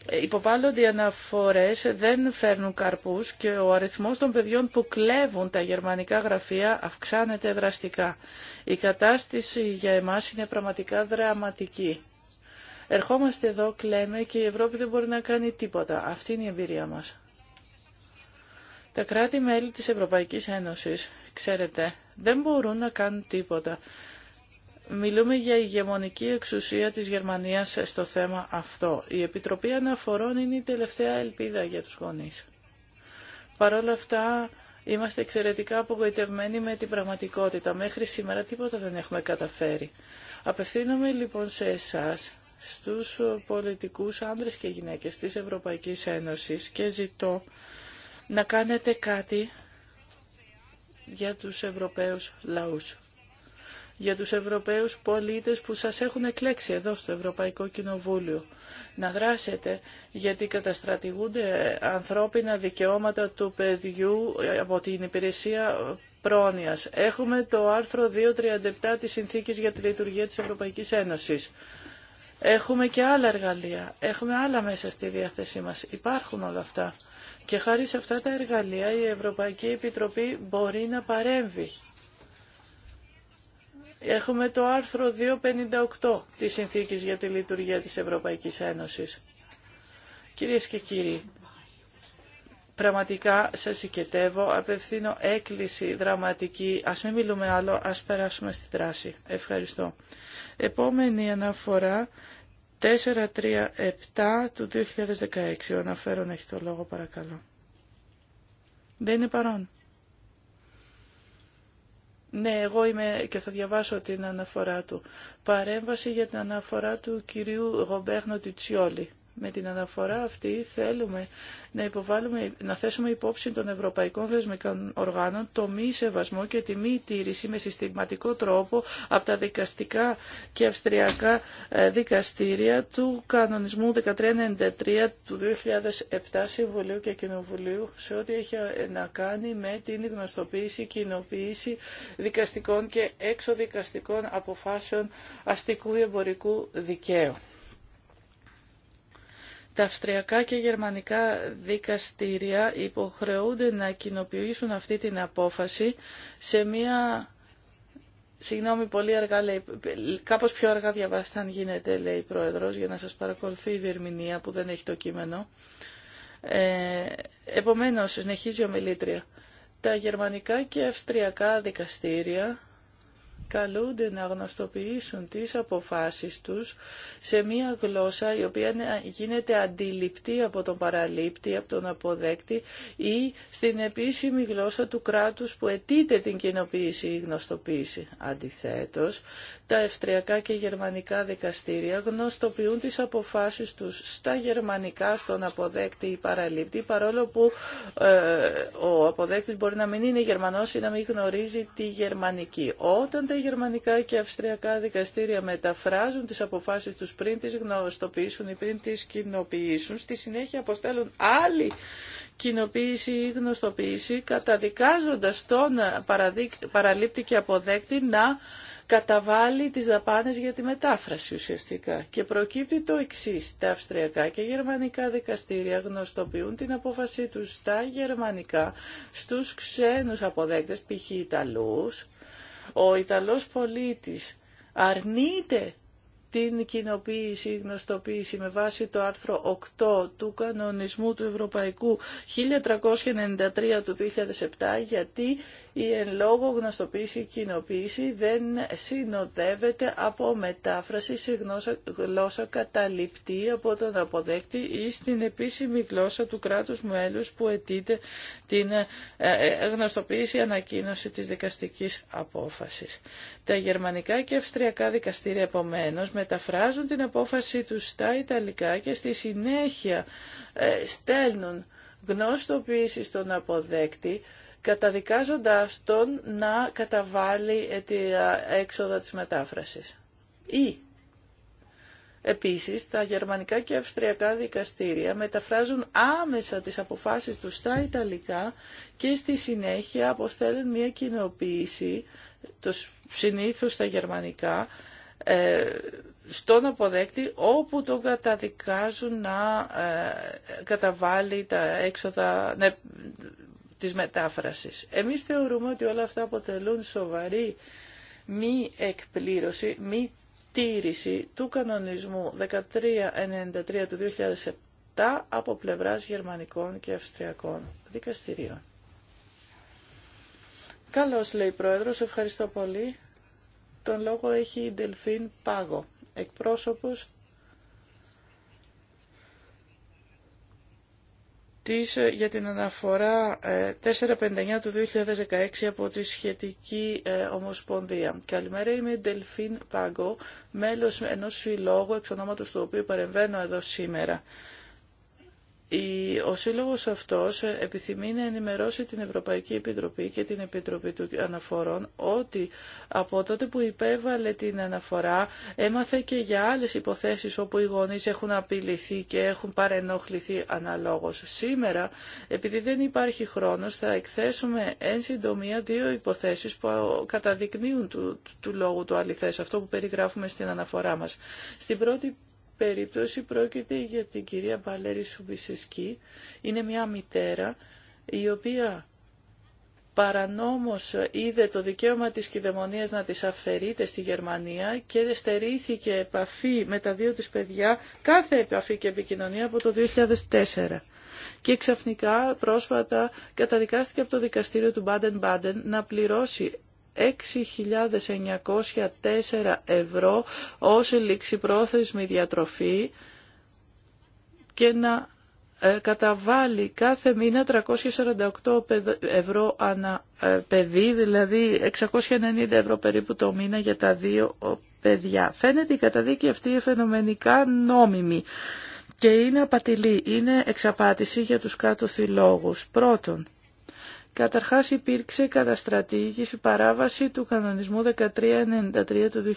Ε, υποβάλλονται οι αναφορές δεν φέρνουν καρπούς και ο αριθμός των παιδιών που κλέβουν τα γερμανικά γραφεία αυξάνεται δραστικά. Η κατάσταση για εμάς είναι πραγματικά δραματική. Ερχόμαστε εδώ, κλαίμε και η Ευρώπη δεν μπορεί να κάνει τίποτα. Αυτή είναι η εμπειρία μας. Τα κράτη-μέλη της Ευρωπαϊκής Ένωσης, ξέρετε, δεν μπορούν να κάνουν τίποτα. Μιλούμε για ηγεμονική εξουσία της Γερμανίας στο θέμα αυτό. Η Επιτροπή Αναφορών είναι η τελευταία ελπίδα για τους γονείς. Παρ' όλα αυτά, είμαστε εξαιρετικά απογοητευμένοι με την πραγματικότητα. Μέχρι σήμερα τίποτα δεν έχουμε καταφέρει. Απευθύνομαι λοιπόν σε εσάς, στους πολιτικούς άνδρες και γυναίκες της Ευρωπαϊκής Ένωσης και ζητώ να κάνετε κάτι για τους Ευρωπαίους λαούς για τους Ευρωπαίους πολίτες που σας έχουν εκλέξει εδώ στο Ευρωπαϊκό Κοινοβούλιο. Να δράσετε γιατί καταστρατηγούνται ανθρώπινα δικαιώματα του παιδιού από την υπηρεσία πρόνοιας. Έχουμε το άρθρο 237 της Συνθήκης για τη Λειτουργία της Ευρωπαϊκής Ένωσης. Έχουμε και άλλα εργαλεία, έχουμε άλλα μέσα στη διάθεσή μας. Υπάρχουν όλα αυτά. Και χάρη σε αυτά τα εργαλεία η Ευρωπαϊκή Επιτροπή μπορεί να παρέμβει Έχουμε το άρθρο 258 της Συνθήκης για τη Λειτουργία της Ευρωπαϊκής Ένωσης. Κυρίες και κύριοι, πραγματικά σας συγκετεύω. απευθύνω έκκληση δραματική. Ας μην μιλούμε άλλο, ας περάσουμε στη δράση. Ευχαριστώ. Επόμενη αναφορά 437 του 2016. Ο αναφέρον έχει το λόγο παρακαλώ. Δεν είναι παρόν. Ναι, εγώ είμαι και θα διαβάσω την αναφορά του. Παρέμβαση για την αναφορά του κυρίου Γομπέρνο Τιτσιόλη. Με την αναφορά αυτή θέλουμε να, υποβάλουμε, να θέσουμε υπόψη των ευρωπαϊκών δεσμικών οργάνων το μη σεβασμό και τη μη τήρηση με συστηματικό τρόπο από τα δικαστικά και αυστριακά ε, δικαστήρια του κανονισμού 1393 του 2007 Συμβουλίου και Κοινοβουλίου σε ό,τι έχει να κάνει με την γνωστοποίηση, κοινοποίηση δικαστικών και εξοδικαστικών αποφάσεων αστικού ή εμπορικού δικαίου. Τα αυστριακά και γερμανικά δικαστήρια υποχρεούνται να κοινοποιήσουν αυτή την απόφαση σε μία... Συγγνώμη, πολύ αργά λέει, κάπως πιο αργά διαβάστε αν γίνεται, λέει η Πρόεδρος, για να σας παρακολουθεί η διερμηνία που δεν έχει το κείμενο. Ε, επομένως, συνεχίζει η ομιλήτρια. Τα γερμανικά και αυστριακά δικαστήρια καλούνται να γνωστοποιήσουν τις αποφάσεις τους σε μία γλώσσα η οποία γίνεται αντιληπτή από τον παραλήπτη, από τον αποδέκτη ή στην επίσημη γλώσσα του κράτους που αιτείται την κοινοποίηση ή γνωστοποίηση. Αντιθέτως, τα ευστριακά και γερμανικά δικαστήρια γνωστοποιούν τις αποφάσεις τους στα γερμανικά στον αποδέκτη ή παραλήπτη, παρόλο που ε, ο αποδέκτης μπορεί να μην είναι γερμανός ή να μην γνωρίζει τη γερμανική γερμανικά και αυστριακά δικαστήρια μεταφράζουν τις αποφάσεις τους πριν τις γνωστοποιήσουν ή πριν τις κοινοποιήσουν. Στη συνέχεια αποστέλουν άλλη κοινοποίηση ή γνωστοποίηση καταδικάζοντας τον παραλήπτη και αποδέκτη να καταβάλει τις δαπάνες για τη μετάφραση ουσιαστικά. Και προκύπτει το εξή. Τα αυστριακά και γερμανικά δικαστήρια γνωστοποιούν την απόφασή τους στα γερμανικά στους ξένους αποδέκτες, π.χ. Ιταλούς, ο Ιταλός πολίτης αρνείται την κοινοποίηση, γνωστοποίηση με βάση το άρθρο 8 του κανονισμού του Ευρωπαϊκού 1393 του 2007 γιατί η εν λόγω γνωστοποίηση κοινοποίηση δεν συνοδεύεται από μετάφραση σε γλώσσα καταληπτή από τον αποδέκτη ή στην επίσημη γλώσσα του κράτους μέλους που αιτείται την ε, ε, γνωστοποίηση ανακοίνωση της δικαστικής απόφασης. Τα γερμανικά και αυστριακά δικαστήρια επομένως με μεταφράζουν την απόφαση του στα Ιταλικά και στη συνέχεια ε, στέλνουν γνωστοποίηση στον αποδέκτη καταδικάζοντας τον να καταβάλει την έξοδα της μετάφρασης. Ή, επίσης, τα γερμανικά και αυστριακά δικαστήρια μεταφράζουν άμεσα τις αποφάσεις του στα Ιταλικά και στη συνέχεια αποστέλνουν μια κοινοποίηση, το συνήθως στα γερμανικά, ε, στον αποδέκτη όπου τον καταδικάζουν να ε, καταβάλει τα έξοδα ναι, της μετάφρασης. Εμείς θεωρούμε ότι όλα αυτά αποτελούν σοβαρή μη εκπλήρωση, μη τήρηση του κανονισμού 1393 του 2007 από πλευράς γερμανικών και αυστριακών δικαστηρίων. Καλώς λέει η Πρόεδρος, ευχαριστώ πολύ. Τον λόγο έχει η Ντελφίν Πάγο. Εκπρόσωπος της, ε, για την αναφορά 459 ε, του 2016 από τη σχετική ε, Ομοσπονδία. Καλημέρα, είμαι η Ντελφίν Πάγκο, μέλος ενός συλλόγου εξ ονόματος του οποίου παρεμβαίνω εδώ σήμερα. Ο Σύλλογος αυτός επιθυμεί να ενημερώσει την Ευρωπαϊκή Επιτροπή και την Επιτροπή του Αναφορών ότι από τότε που υπέβαλε την αναφορά έμαθε και για άλλες υποθέσεις όπου οι γονείς έχουν απειληθεί και έχουν παρενόχληθεί αναλόγως. Σήμερα, επειδή δεν υπάρχει χρόνος, θα εκθέσουμε εν συντομία δύο υποθέσεις που καταδεικνύουν του, λόγου του αληθές, αυτό που περιγράφουμε στην αναφορά μας. Στην πρώτη περίπτωση πρόκειται για την κυρία Βαλέρη Σουμπισεσκή. Είναι μια μητέρα η οποία παρανόμως είδε το δικαίωμα της κυδαιμονίας να της αφαιρείται στη Γερμανία και στερήθηκε επαφή με τα δύο της παιδιά, κάθε επαφή και επικοινωνία από το 2004. Και ξαφνικά πρόσφατα καταδικάστηκε από το δικαστήριο του Μπάντεν Μπάντεν να πληρώσει 6.904 ευρώ ως ληξιπρόθεσμη διατροφή και να ε, καταβάλει κάθε μήνα 348 ευρώ ανά ε, παιδί, δηλαδή 690 ευρώ περίπου το μήνα για τα δύο παιδιά. Φαίνεται η καταδίκη αυτή φαινομενικά νόμιμη και είναι απατηλή, είναι εξαπάτηση για τους κάτω θυλόγους. Πρώτον, Καταρχάς υπήρξε καταστρατήγηση παράβαση του κανονισμού 1393 του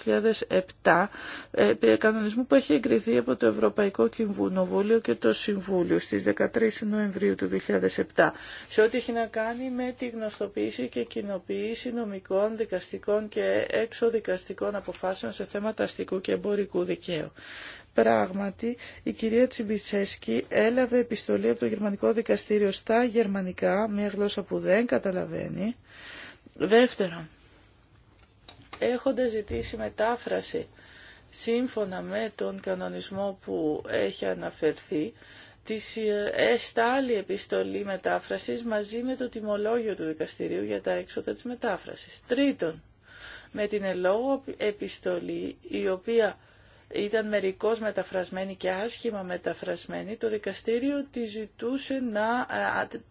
2007, ε, κανονισμού που έχει εγκριθεί από το Ευρωπαϊκό Κοινοβούλιο και το Συμβούλιο στις 13 Νοεμβρίου του 2007, σε ό,τι έχει να κάνει με τη γνωστοποίηση και κοινοποίηση νομικών, δικαστικών και έξοδικαστικών αποφάσεων σε θέματα αστικού και εμπορικού δικαίου. Πράγματι, η κυρία Τσιμπισέσκη έλαβε επιστολή από το γερμανικό δικαστήριο στα γερμανικά, μια γλώσσα που δεν καταλαβαίνει. Δεύτερον, έχοντα ζητήσει μετάφραση σύμφωνα με τον κανονισμό που έχει αναφερθεί, της εστάλει επιστολή μετάφρασης μαζί με το τιμολόγιο του δικαστηρίου για τα έξοδα της μετάφρασης. Τρίτον, με την ελόγω επιστολή η οποία ήταν μερικώς μεταφρασμένη και άσχημα μεταφρασμένη, το δικαστήριο τη ζητούσε να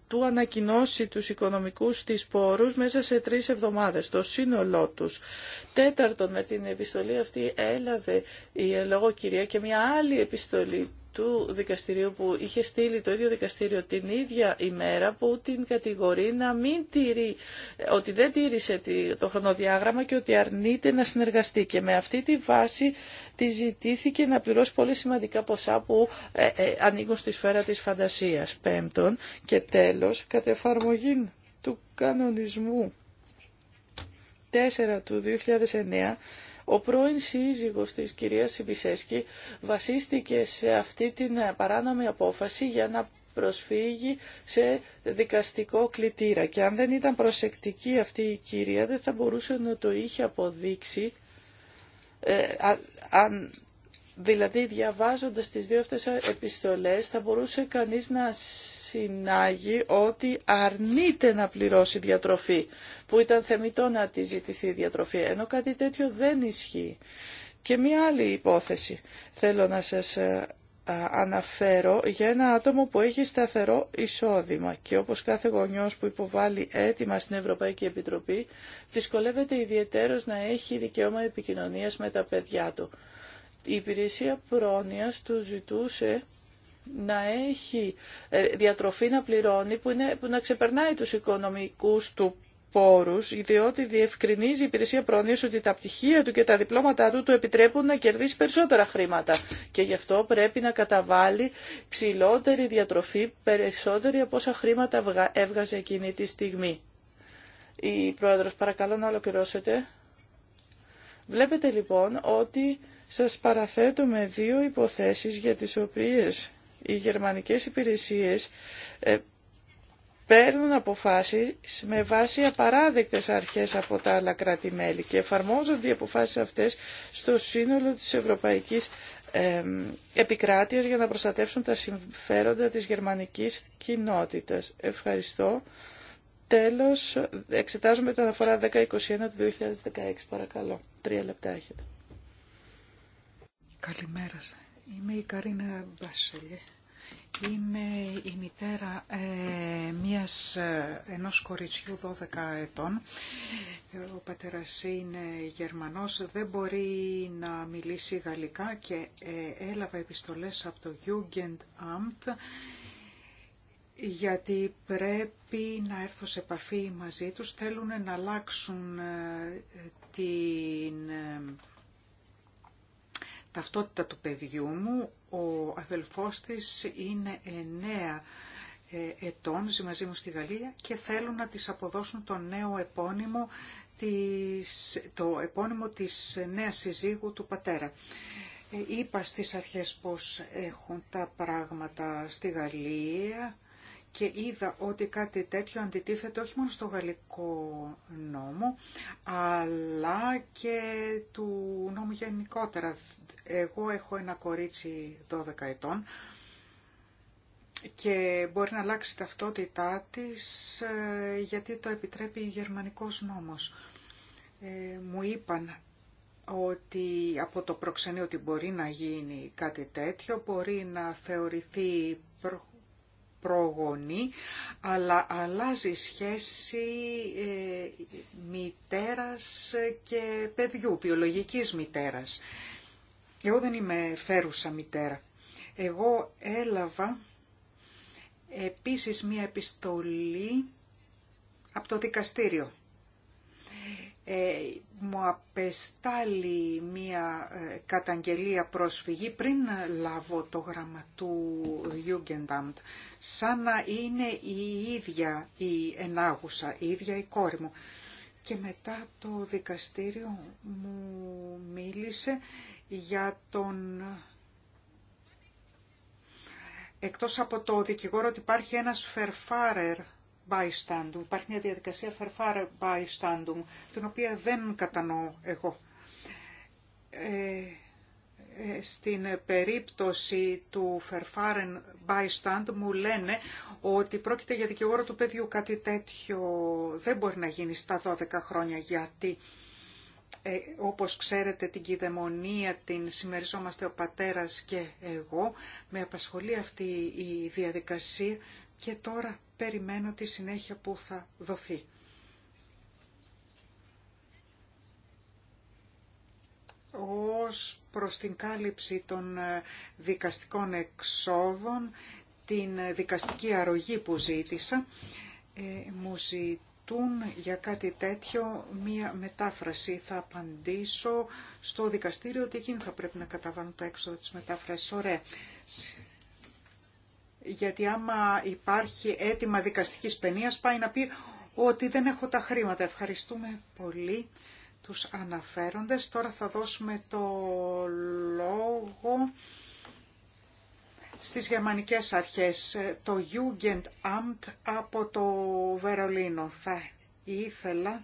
του ανακοινώσει τους οικονομικούς της πόρους μέσα σε τρεις εβδομάδες, το σύνολό τους. Τέταρτον, με την επιστολή αυτή έλαβε η λόγω και μια άλλη επιστολή του δικαστηρίου που είχε στείλει το ίδιο δικαστήριο την ίδια ημέρα που την κατηγορεί να μην τηρεί, ότι δεν τήρησε το χρονοδιάγραμμα και ότι αρνείται να συνεργαστεί. Και με αυτή τη βάση τη ζητήθηκε να πληρώσει πολύ σημαντικά ποσά που ε, ε ανοίγουν στη σφαίρα της φαντασίας. Πέμπτον και τέλος, κατ' εφαρμογή του κανονισμού 4 του 2009, ο πρώην σύζυγος της κυρίας Σιμπισέσκη βασίστηκε σε αυτή την ε, παράνομη απόφαση για να προσφύγει σε δικαστικό κλητήρα. Και αν δεν ήταν προσεκτική αυτή η κυρία δεν θα μπορούσε να το είχε αποδείξει ε, Δηλαδή διαβάζοντας τις δύο αυτές επιστολές θα μπορούσε κανείς να συνάγει ότι αρνείται να πληρώσει διατροφή, που ήταν θεμητό να τη ζητηθεί διατροφή, ενώ κάτι τέτοιο δεν ισχύει. Και μία άλλη υπόθεση θέλω να σας ε, αναφέρω για ένα άτομο που έχει σταθερό εισόδημα και όπως κάθε γονιός που υποβάλλει έτοιμα στην Ευρωπαϊκή Επιτροπή δυσκολεύεται ιδιαιτέρως να έχει δικαίωμα επικοινωνίας με τα παιδιά του. Η υπηρεσία πρόνοιας του ζητούσε να έχει ε, διατροφή να πληρώνει που, είναι, να ξεπερνάει τους οικονομικούς του πόρους, διότι διευκρινίζει η υπηρεσία πρόνοιας ότι τα πτυχία του και τα διπλώματά του του επιτρέπουν να κερδίσει περισσότερα χρήματα και γι' αυτό πρέπει να καταβάλει ψηλότερη διατροφή, περισσότερη από όσα χρήματα έβγαζε εκείνη τη στιγμή. Η Πρόεδρος, παρακαλώ να ολοκληρώσετε. Βλέπετε λοιπόν ότι σας παραθέτουμε δύο υποθέσεις για τις οποίες οι γερμανικές υπηρεσίες ε, παίρνουν αποφάσεις με βάση απαράδεκτες αρχές από τα άλλα κράτη-μέλη και εφαρμόζονται οι αποφάσεις αυτές στο σύνολο της Ευρωπαϊκής επικράτειας για να προστατεύσουν τα συμφέροντα της γερμανικής κοινότητας. Ευχαριστώ. Τέλος, εξετάζουμε την αναφορά 1021 του 2016. Παρακαλώ. Τρία λεπτά έχετε. Καλημέρα σας. Είμαι η Καρίνα Μπάσελη. Είμαι η μητέρα ε, μιας, ε, ενός κοριτσιού 12 ετών. Ο πατέρας είναι Γερμανός, δεν μπορεί να μιλήσει γαλλικά και ε, έλαβα επιστολές από το Jugendamt γιατί πρέπει να έρθω σε επαφή μαζί τους. Θέλουν να αλλάξουν ε, την ταυτότητα του παιδιού μου. Ο αδελφός της είναι εννέα ε, ετών, ζει μαζί μου στη Γαλλία και θέλουν να της αποδώσουν το νέο επώνυμο της, το επώνυμο της νέας συζύγου του πατέρα. Ε, είπα στις αρχές πώς έχουν τα πράγματα στη Γαλλία και είδα ότι κάτι τέτοιο αντιτίθεται όχι μόνο στο γαλλικό νόμο, αλλά και του νόμου γενικότερα. Εγώ έχω ένα κορίτσι 12 ετών και μπορεί να αλλάξει ταυτότητά της ε, γιατί το επιτρέπει γερμανικός νόμος. Ε, μου είπαν ότι από το προξενείο ότι μπορεί να γίνει κάτι τέτοιο, μπορεί να θεωρηθεί προ προγονή, αλλά αλλάζει σχέση ε, μητέρας και παιδιού, βιολογικής μητέρας. Εγώ δεν είμαι φέρουσα μητέρα. Εγώ έλαβα επίσης μία επιστολή από το δικαστήριο ε, μου απεστάλλει μία ε, καταγγελία πρόσφυγη πριν λάβω το γράμμα του Jugendamt, σαν να είναι η ίδια η ενάγουσα, η ίδια η κόρη μου. Και μετά το δικαστήριο μου μίλησε για τον... Εκτός από το δικηγόρο ότι υπάρχει ένας φερφάρερ bystandum. Υπάρχει μια διαδικασία φερφάρε bystandum, την οποία δεν κατανοώ εγώ. Ε, ε, στην περίπτωση του Φερφάρεν Bystand μου λένε ότι πρόκειται για δικηγόρο του παιδιού κάτι τέτοιο δεν μπορεί να γίνει στα 12 χρόνια γιατί ε, όπως ξέρετε την κυδαιμονία την συμμεριζόμαστε ο πατέρας και εγώ με απασχολεί αυτή η διαδικασία και τώρα περιμένω τη συνέχεια που θα δοθεί. ως προς την κάλυψη των ε, δικαστικών εξόδων, την ε, δικαστική αρρωγή που ζήτησα, ε, μου ζητούν για κάτι τέτοιο μία μετάφραση. Θα απαντήσω στο δικαστήριο ότι εκείνοι θα πρέπει να καταβάλουν το έξοδα της μετάφρασης. Ωραία γιατί άμα υπάρχει αίτημα δικαστικής παινίας πάει να πει ότι δεν έχω τα χρήματα. Ευχαριστούμε πολύ τους αναφέροντες. Τώρα θα δώσουμε το λόγο στις γερμανικές αρχές. Το Jugendamt από το Βερολίνο. Θα ήθελα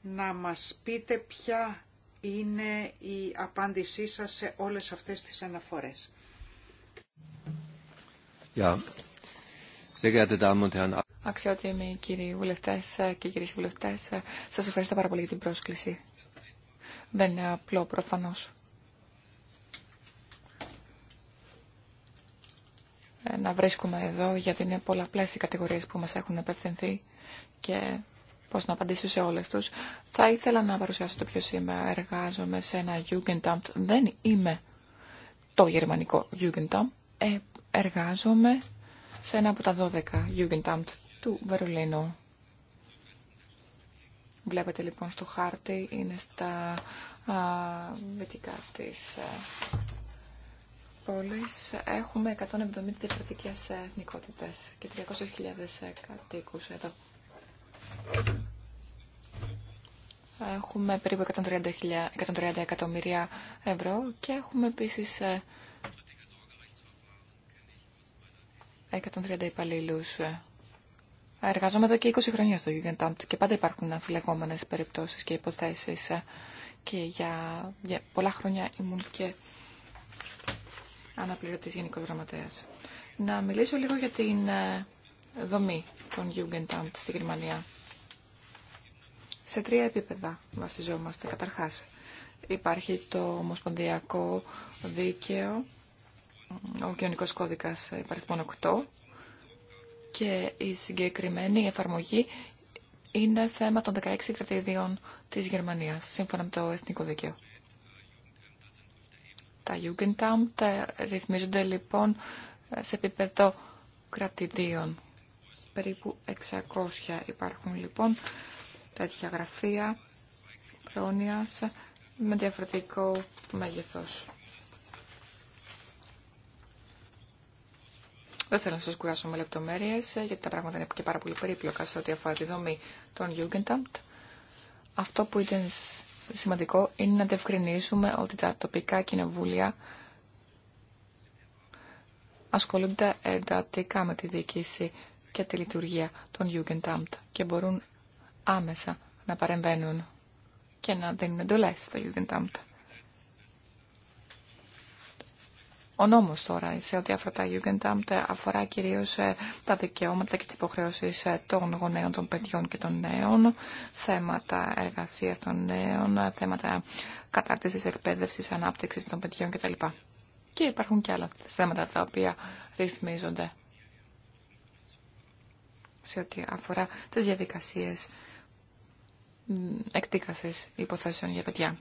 να μας πείτε ποια είναι η απάντησή σας σε όλες αυτές τις αναφορές. Αξιότιμοι κύριοι βουλευτέ και κυρίε βουλευτέ, σα ευχαριστώ πάρα πολύ για την πρόσκληση. Δεν είναι απλό προφανώ. Ε, να βρίσκουμε εδώ γιατί είναι πολλαπλές οι κατηγορίες που μας έχουν απευθυνθεί και πώς να απαντήσω σε όλες τους. Θα ήθελα να παρουσιάσω το ποιος είμαι. Εργάζομαι σε ένα Jugendamt. Δεν είμαι το γερμανικό Jugendamt. Ε, εργάζομαι σε ένα από τα 12 Jugendamt του Βερολίνου. Βλέπετε λοιπόν στο χάρτη, είναι στα α, βυτικά της α, ε, πόλης. Έχουμε 170 διαφορετικές εθνικότητες και 300.000 κατοίκους εδώ. Έχουμε περίπου 130, 130 εκατομμύρια ευρώ και έχουμε επίσης ε, 130 υπαλλήλου. Ε, Εργάζομαι εδώ και 20 χρόνια στο Jugendamt και πάντα υπάρχουν αμφιλεγόμενε περιπτώσεις και υποθέσει ε, και για, για πολλά χρόνια ήμουν και αναπληρωτής Γενικό Γραμματέα. Να μιλήσω λίγο για την ε, δομή των Jugendamt στη Γερμανία. Σε τρία επίπεδα βασιζόμαστε. Καταρχάς, υπάρχει το ομοσπονδιακό δίκαιο, ο κοινωνικός κώδικας υπαριθμών 8 και η συγκεκριμένη εφαρμογή είναι θέμα των 16 κρατηδίων της Γερμανίας, σύμφωνα με το Εθνικό Δίκαιο. Τα Jugendamt ε, ρυθμίζονται λοιπόν ε, σε επίπεδο κρατηδίων. Περίπου 600 υπάρχουν λοιπόν τέτοια γραφεία πρόνοιας με διαφορετικό μέγεθος. Δεν θέλω να σα κουράσω με λεπτομέρειες, ε, γιατί τα πράγματα είναι και πάρα πολύ περίπλοκα σε ό,τι αφορά τη δομή των Jugendamt. Αυτό που ήταν σημαντικό είναι να διευκρινίσουμε ότι τα τοπικά κοινοβούλια ασχολούνται εντατικά με τη διοίκηση και τη λειτουργία των Jugendamt και μπορούν άμεσα να παρεμβαίνουν και να δίνουν εντολές στα Jugendamt. Ο νόμος τώρα σε ό,τι αφορά τα Jugendamt αφορά κυρίως ε, τα δικαιώματα και τις υποχρεώσεις ε, των γονέων, των παιδιών και των νέων, θέματα εργασίας των νέων, ε, θέματα κατάρτισης, εκπαίδευση, ανάπτυξης των παιδιών κτλ. Και υπάρχουν και άλλα θέματα τα οποία ρυθμίζονται σε ό,τι αφορά τις διαδικασίες εκτίκασης υποθέσεων για παιδιά.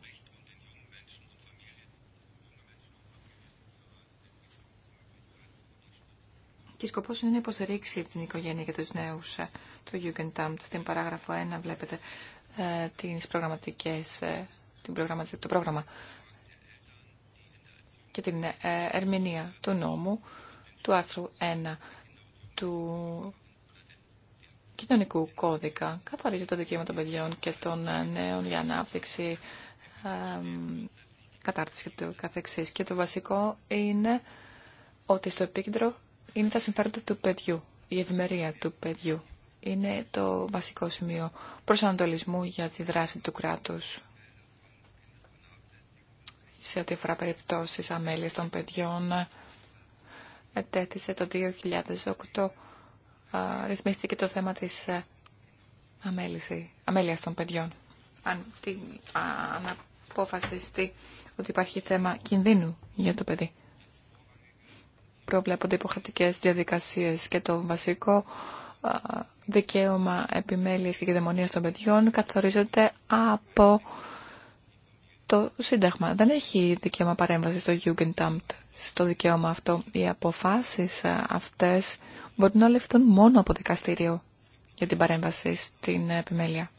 Και σκοπό είναι να υποστηρίξει την οικογένεια και του νέου ε, του Jugendamt. Στην παράγραφο 1 βλέπετε ε, τις προγραμματικές, ε, το πρόγραμμα και την ε, ερμηνεία του νόμου του άρθρου 1 του κοινωνικού κώδικα. Καθορίζει το δικαίωμα των παιδιών και των νέων για ανάπτυξη, κατάρτιση και το καθεξής. Και το βασικό είναι ότι στο επίκεντρο είναι τα συμφέροντα του παιδιού, η ευημερία του παιδιού. Είναι το βασικό σημείο προσανατολισμού για τη δράση του κράτους σε ό,τι αφορά περιπτώσεις αμέλειας των παιδιών. Ετέθησε το 2008, ρυθμίστηκε το θέμα της ε, αμέληση, αμέλειας των παιδιών. Αν, την, αν αποφασιστεί ότι υπάρχει θέμα κινδύνου για το παιδί προβλέπονται υποχρεωτικές διαδικασίες και το βασικό δικαίωμα επιμέλειας και κυδαιμονίας των παιδιών καθορίζεται από το Σύνταγμα. Δεν έχει δικαίωμα παρέμβαση στο Jugendamt στο δικαίωμα αυτό. Οι αποφάσεις αυτές μπορούν να ληφθούν μόνο από δικαστήριο για την παρέμβαση στην επιμέλεια.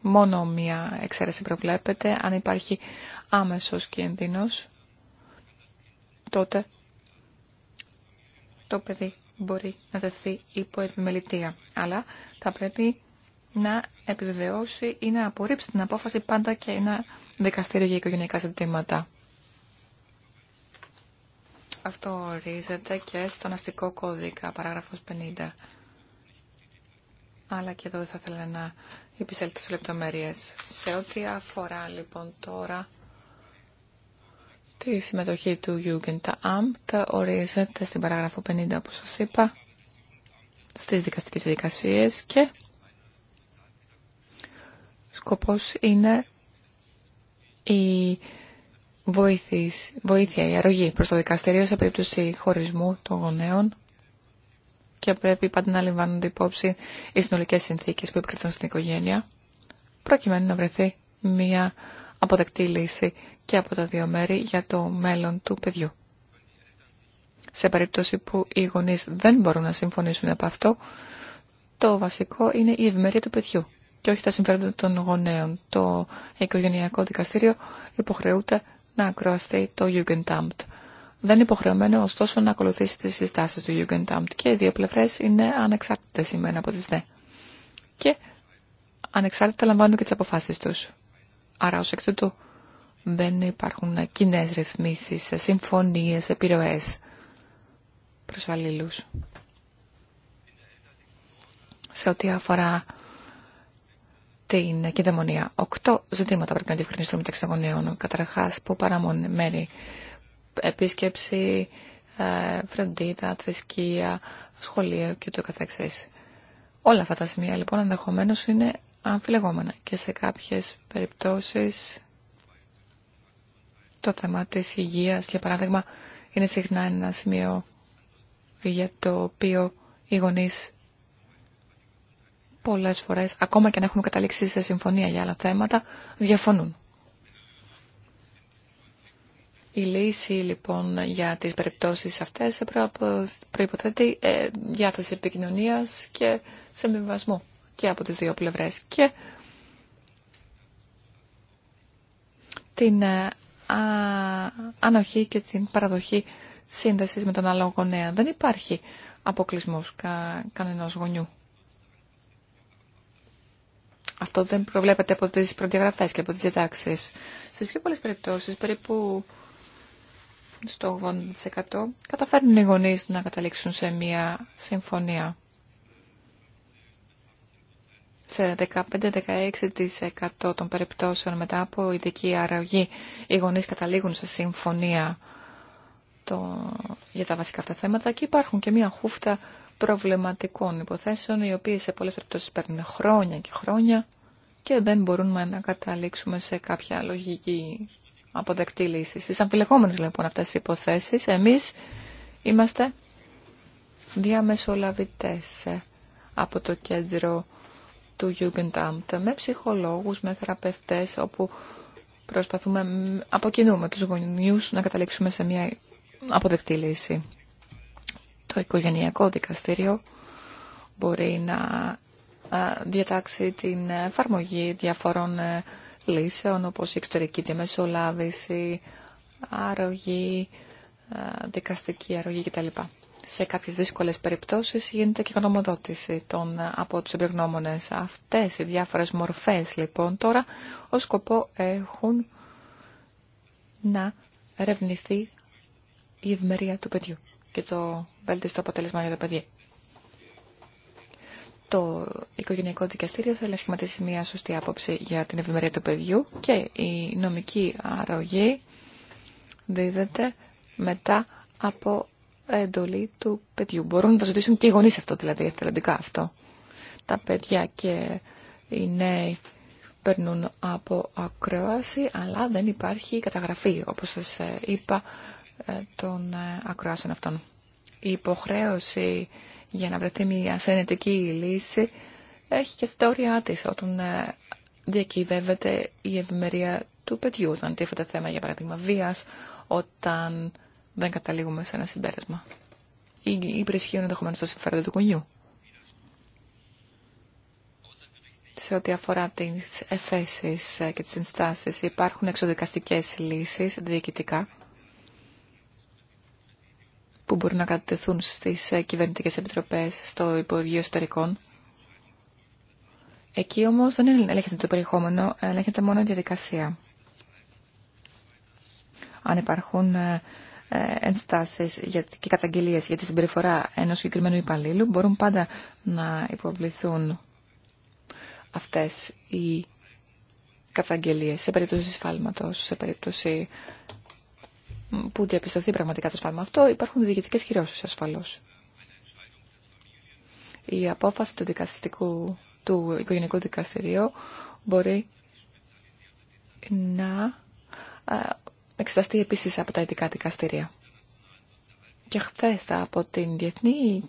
Μόνο μία εξαίρεση προβλέπεται. Αν υπάρχει άμεσος κίνδυνος, τότε το παιδί μπορεί να δεθεί υπό επιμελητία. Αλλά θα πρέπει να επιβεβαιώσει ή να απορρίψει την απόφαση πάντα και ένα δικαστήριο για οικογενειακά ζητήματα. Αυτό ορίζεται και στον αστικό κώδικα, παράγραφος 50. Αλλά και εδώ δεν θα ήθελα να υπησέλθω σε λεπτομέρειες. Σε ό,τι αφορά λοιπόν τώρα Τη συμμετοχή του Jugendamt ορίζεται στην παράγραφο 50, όπως σας είπα, στις δικαστικές δικασίες και σκοπός είναι η βοήθεια, η αρρωγή προς το δικαστήριο σε περίπτωση χωρισμού των γονέων και πρέπει πάντα να λαμβάνονται υπόψη οι συνολικές συνθήκες που επικρατούν στην οικογένεια προκειμένου να βρεθεί μια αποδεκτή λύση και από τα δύο μέρη για το μέλλον του παιδιού. Σε περίπτωση που οι γονείς δεν μπορούν να συμφωνήσουν από αυτό, το βασικό είναι η ευημερία του παιδιού και όχι τα συμφέροντα των γονέων. Το οικογενειακό δικαστήριο υποχρεούται να ακροαστεί το Jugendamt. Δεν είναι υποχρεωμένο ωστόσο να ακολουθήσει τις συστάσεις του Jugendamt και οι δύο πλευρές είναι ανεξάρτητες σημαίνει από τις δε. Και ανεξάρτητα λαμβάνουν και τις αποφάσεις τους. Άρα ως εκ τούτου δεν υπάρχουν κοινέ ρυθμίσεις, συμφωνίες, επιρροές προς αλλήλους. Σε ό,τι αφορά την κυδαιμονία, οκτώ ζητήματα πρέπει να διευκρινιστούν μεταξύ των γονέων. Καταρχάς, που παραμονεμένη επίσκεψη, ε, φροντίδα, θρησκεία, σχολείο κ.ο.κ. Όλα αυτά τα σημεία λοιπόν ενδεχομένω είναι αμφιλεγόμενα και σε κάποιες περιπτώσεις το θέμα της υγείας, για παράδειγμα, είναι συχνά ένα σημείο για το οποίο οι γονείς πολλές φορές, ακόμα και αν έχουν καταλήξει σε συμφωνία για άλλα θέματα, διαφωνούν. Η λύση λοιπόν για τις περιπτώσεις αυτές προϋποθέτει ε, διάθεση επικοινωνίας και συμβιβασμού και από τις δύο πλευρές και την ε, ανοχή και την παραδοχή σύνδεσης με τον άλλο γονέα. Δεν υπάρχει αποκλεισμός κα, κανενός γονιού. Αυτό δεν προβλέπεται από τις προδιαγραφές και από τις διατάξεις. Στις πιο πολλές περιπτώσεις, περίπου στο 80% καταφέρνουν οι γονείς να καταλήξουν σε μία συμφωνία σε 15-16% των περιπτώσεων μετά από ειδική αραγή οι γονείς καταλήγουν σε συμφωνία το... για τα βασικά αυτά θέματα και υπάρχουν και μια χούφτα προβληματικών υποθέσεων οι οποίες σε πολλές περιπτώσεις παίρνουν χρόνια και χρόνια και δεν μπορούμε να καταλήξουμε σε κάποια λογική αποδεκτή λύση. Στις αμφιλεγόμενες λοιπόν αυτές τις υποθέσεις εμείς είμαστε διαμεσολαβητές από το κέντρο του Jugendamt με ψυχολόγους, με θεραπευτές όπου προσπαθούμε από κοινού με τους γονιούς να καταλήξουμε σε μια αποδεκτή λύση. Το οικογενειακό δικαστήριο μπορεί να διατάξει την εφαρμογή διαφορών ε, λύσεων όπως η εξωτερική διαμεσολάβηση, αρρωγή, δικαστική αρρωγή κτλ σε κάποιες δύσκολες περιπτώσεις γίνεται και γνωμοδότηση των, από τους εμπειρογνώμονες. Αυτές οι διάφορες μορφές λοιπόν τώρα ως σκοπό έχουν να ερευνηθεί η ευημερία του παιδιού και το βέλτιστο αποτέλεσμα για το παιδί. Το Οικογενειακό Δικαστήριο θέλει να σχηματίσει μια σωστή άποψη για την ευημερία του παιδιού και η νομική αρρωγή δίδεται μετά από εντολή του παιδιού. Μπορούν να τα ζητήσουν και οι γονείς αυτό, δηλαδή εθελοντικά αυτό. Τα παιδιά και οι νέοι περνούν από ακρόαση, αλλά δεν υπάρχει καταγραφή, όπως σας ε, είπα, ε, των ε, ακροάσεων αυτών. Η υποχρέωση για να βρεθεί μια σενετική λύση έχει και τα όρια τη όταν διακυβεύεται η ευημερία του παιδιού, όταν τίθεται θέμα για παράδειγμα βίας, όταν δεν καταλήγουμε σε ένα συμπέρασμα. Ή υπερισχύουν ενδεχομένω το συμφέρον του κουνιού. Σε ό,τι αφορά τις εφέσεις ε, και τις ενστάσεις, υπάρχουν εξοδικαστικές λύσεις διοικητικά που μπορούν να κατευθούν στις ε, κυβερνητικές επιτροπές στο Υπουργείο Ιστορικών. Εκεί όμως δεν ελέγχεται το περιεχόμενο, ελέγχεται μόνο η διαδικασία. Αν υπάρχουν ε, ε, ενστάσεις και καταγγελίες για τη συμπεριφορά ενός συγκεκριμένου υπαλλήλου μπορούν πάντα να υποβληθούν αυτές οι καταγγελίες σε περίπτωση σφάλματος, σε περίπτωση που διαπιστωθεί πραγματικά το σφάλμα αυτό, υπάρχουν διοικητικές χειρώσεις ασφαλώς. Η απόφαση του, δικαστικού, του οικογενικού δικαστηρίου μπορεί να ε, εξεταστεί επίση από τα ειδικά δικαστήρια. Και χθε από την Διεθνή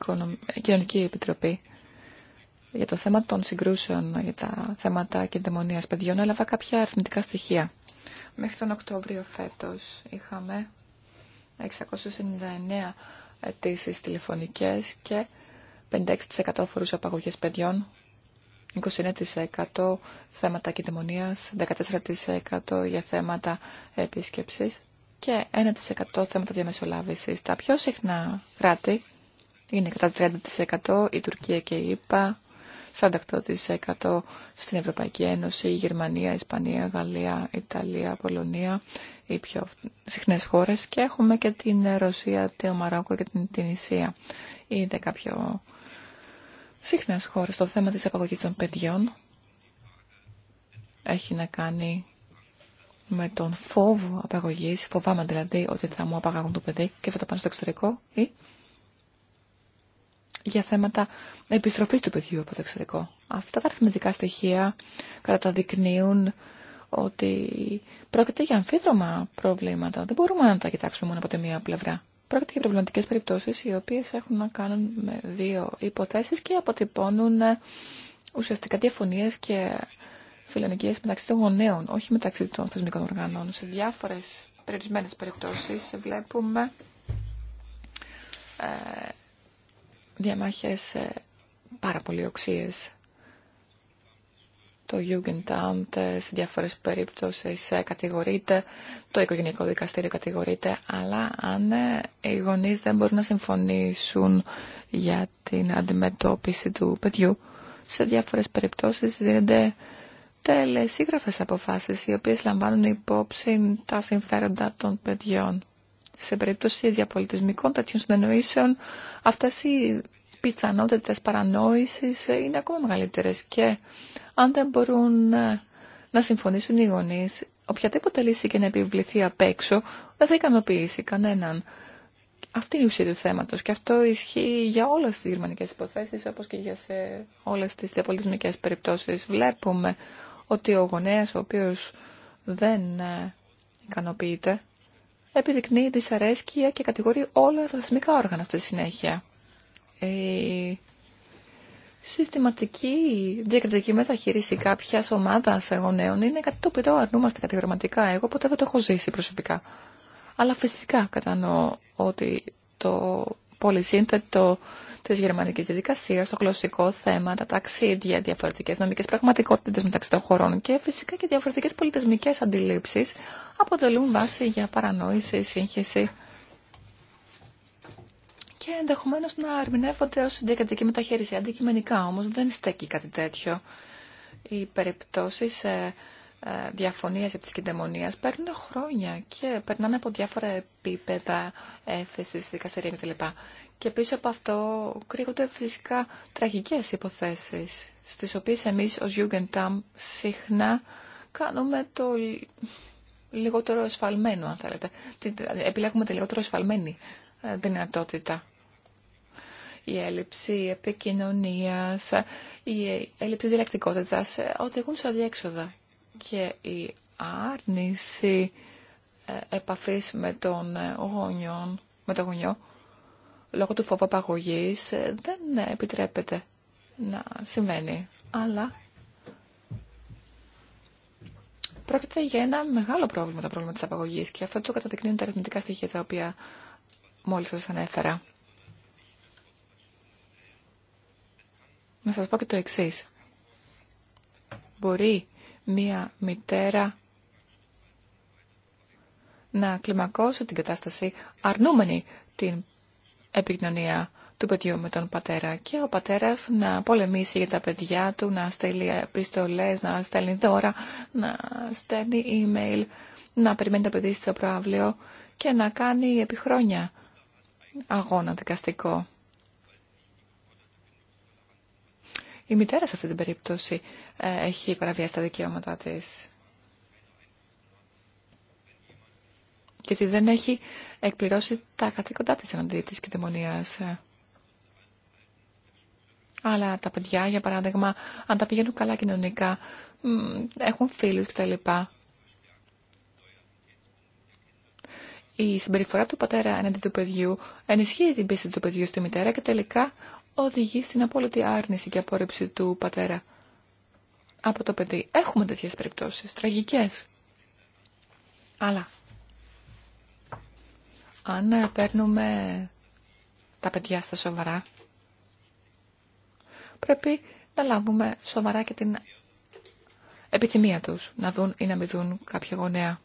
Κοινωνική Επιτροπή για το θέμα των συγκρούσεων, για τα θέματα κινδαιμονίας παιδιών, έλαβα κάποια αριθμητικά στοιχεία. Μέχρι τον Οκτώβριο φέτος είχαμε 699 αιτήσει τηλεφωνικές και 56% αφορούσε απαγωγές παιδιών 29% θέματα κοινωνίας, 14% για θέματα επίσκεψης και 1% θέματα διαμεσολάβησης. Τα πιο συχνά κράτη είναι κατά 30% η Τουρκία και η ΙΠΑ, 48% στην Ευρωπαϊκή Ένωση, η Γερμανία, η Ισπανία, η Γαλλία, η Ιταλία, η Πολωνία, οι πιο συχνές χώρες και έχουμε και την Ρωσία, το Μαρόκο και την Τινησία. Είναι κάποιο συχνές χώρε Το θέμα της απαγωγής των παιδιών έχει να κάνει με τον φόβο απαγωγής. Φοβάμαι δηλαδή ότι θα μου απαγάγουν το παιδί και θα το πάνε στο εξωτερικό ή για θέματα επιστροφής του παιδιού από το εξωτερικό. Αυτά τα αριθμητικά στοιχεία καταδεικνύουν ότι πρόκειται για αμφίδρομα προβλήματα. Δεν μπορούμε να τα κοιτάξουμε μόνο από τη μία πλευρά. Πρόκειται για προβληματικές περιπτώσεις οι οποίες έχουν να κάνουν με δύο υποθέσεις και αποτυπώνουν ε, ουσιαστικά διαφωνίες και φιλονικίες μεταξύ των γονέων, όχι μεταξύ των θεσμικών οργάνων. Σε διάφορες περιορισμένες περιπτώσεις βλέπουμε ε, διαμάχες ε, πάρα πολύ οξύες το Jugendamt σε διάφορες περίπτωσεις κατηγορείται, το οικογενειακό δικαστήριο κατηγορείται, αλλά αν ε, οι γονείς δεν μπορούν να συμφωνήσουν για την αντιμετώπιση του παιδιού, σε διάφορες περιπτώσεις δίνονται τελεσίγραφες αποφάσεις οι οποίες λαμβάνουν υπόψη τα συμφέροντα των παιδιών. Σε περίπτωση διαπολιτισμικών τέτοιων συνεννοήσεων, αυτές οι πιθανότητες παρανόησης είναι ακόμα μεγαλύτερες και αν δεν μπορούν να συμφωνήσουν οι γονείς, οποιαδήποτε λύση και να επιβληθεί απ' έξω δεν θα ικανοποιήσει κανέναν. Αυτή είναι η ουσία του θέματος και αυτό ισχύει για όλες τις γερμανικές υποθέσεις όπως και για σε όλες τις διαπολιτισμικές περιπτώσεις. Βλέπουμε ότι ο γονέας ο οποίος δεν ε, ικανοποιείται επιδεικνύει δυσαρέσκεια και κατηγορεί όλα τα θεσμικά όργανα στη συνέχεια η ε, συστηματική διακριτική μεταχείριση κάποια ομάδα γονέων είναι κάτι το οποίο αρνούμαστε κατηγορηματικά. Εγώ ποτέ δεν το έχω ζήσει προσωπικά. Αλλά φυσικά κατανοώ ότι το πολυσύνθετο της γερμανικής διαδικασίας, το γλωσσικό θέμα, τα ταξίδια, διαφορετικές νομικές πραγματικότητες μεταξύ των χωρών και φυσικά και διαφορετικές πολιτισμικές αντιλήψεις αποτελούν βάση για παρανόηση, σύγχυση και ενδεχομένω να ερμηνεύονται ω διακριτική μεταχείριση. Αντικειμενικά όμω δεν στέκει κάτι τέτοιο. Οι περιπτώσει ε, ε, διαφωνία και τη κυντεμονία παίρνουν χρόνια και περνάνε από διάφορα επίπεδα έφεση, δικαστηρία κτλ. Και πίσω από αυτό κρύβονται φυσικά τραγικέ υποθέσει, στι οποίε εμεί ω Jugendamt συχνά κάνουμε το λιγότερο εσφαλμένο, αν θέλετε. Δηλαδή, επιλέγουμε τη λιγότερο εσφαλμένη ε, δυνατότητα η έλλειψη επικοινωνίας, η έλλειψη διαλεκτικότητας οδηγούν σε αδιέξοδα. Και η άρνηση ε, επαφής με τον ε, γονιό, με τον γονιό λόγω του φόβου απαγωγή ε, δεν επιτρέπεται να συμβαίνει. Αλλά πρόκειται για ένα μεγάλο πρόβλημα το πρόβλημα της απαγωγής και αυτό το καταδεικνύουν τα αριθμητικά στοιχεία τα οποία μόλις σας ανέφερα. να σας πω και το εξής. Μπορεί μία μητέρα να κλιμακώσει την κατάσταση αρνούμενη την επικοινωνία του παιδιού με τον πατέρα και ο πατέρας να πολεμήσει για τα παιδιά του, να στέλνει επιστολές, να στέλνει δώρα, να στέλνει email, να περιμένει το παιδί στο προαύλιο και να κάνει επιχρόνια αγώνα δικαστικό. Η μητέρα σε αυτή την περίπτωση ε, έχει παραβιάσει τα δικαιώματά της. Γιατί δεν έχει εκπληρώσει τα καθήκοντά της εναντίον της κυδαιμονίας. Αλλά τα παιδιά, για παράδειγμα, αν τα πηγαίνουν καλά κοινωνικά, έχουν φίλους κτλ. Η συμπεριφορά του πατέρα εναντίον του παιδιού ενισχύει την πίστη του παιδιού στη μητέρα και τελικά οδηγεί στην απόλυτη άρνηση και απόρριψη του πατέρα από το παιδί. Έχουμε τέτοιες περιπτώσεις, τραγικές. Αλλά αν παίρνουμε τα παιδιά στα σοβαρά, πρέπει να λάβουμε σοβαρά και την επιθυμία τους να δουν ή να μην δουν κάποια γονέα.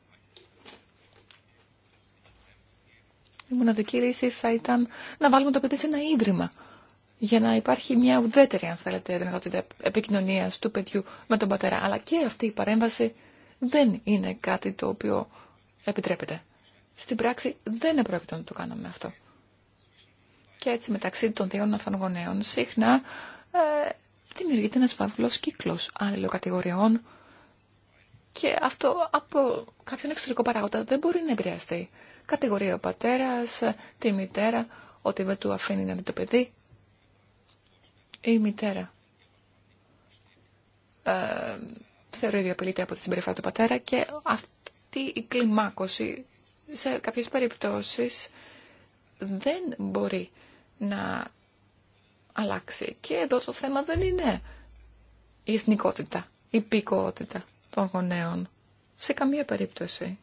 Η μοναδική λύση θα ήταν να βάλουμε το παιδί σε ένα ίδρυμα για να υπάρχει μια ουδέτερη, αν θέλετε, δυνατότητα επικοινωνία του παιδιού με τον πατέρα. Αλλά και αυτή η παρέμβαση δεν είναι κάτι το οποίο επιτρέπεται. Στην πράξη δεν επρόκειτο να το κάνουμε αυτό. Και έτσι μεταξύ των δύο αυτών γονέων συχνά ε, δημιουργείται ένας φαύλος κύκλος αλληλοκατηγοριών και αυτό από κάποιον εξωτερικό παράγοντα δεν μπορεί να επηρεαστεί. Κατηγορία ο πατέρας, τη μητέρα, ότι δεν του αφήνει να δει το παιδί, η μητέρα ε, θεωρεί ότι από τη συμπεριφορά του πατέρα και αυτή η κλιμάκωση σε κάποιες περιπτώσεις δεν μπορεί να αλλάξει. Και εδώ το θέμα δεν είναι η εθνικότητα, η υπηκότητα των γονέων. Σε καμία περίπτωση.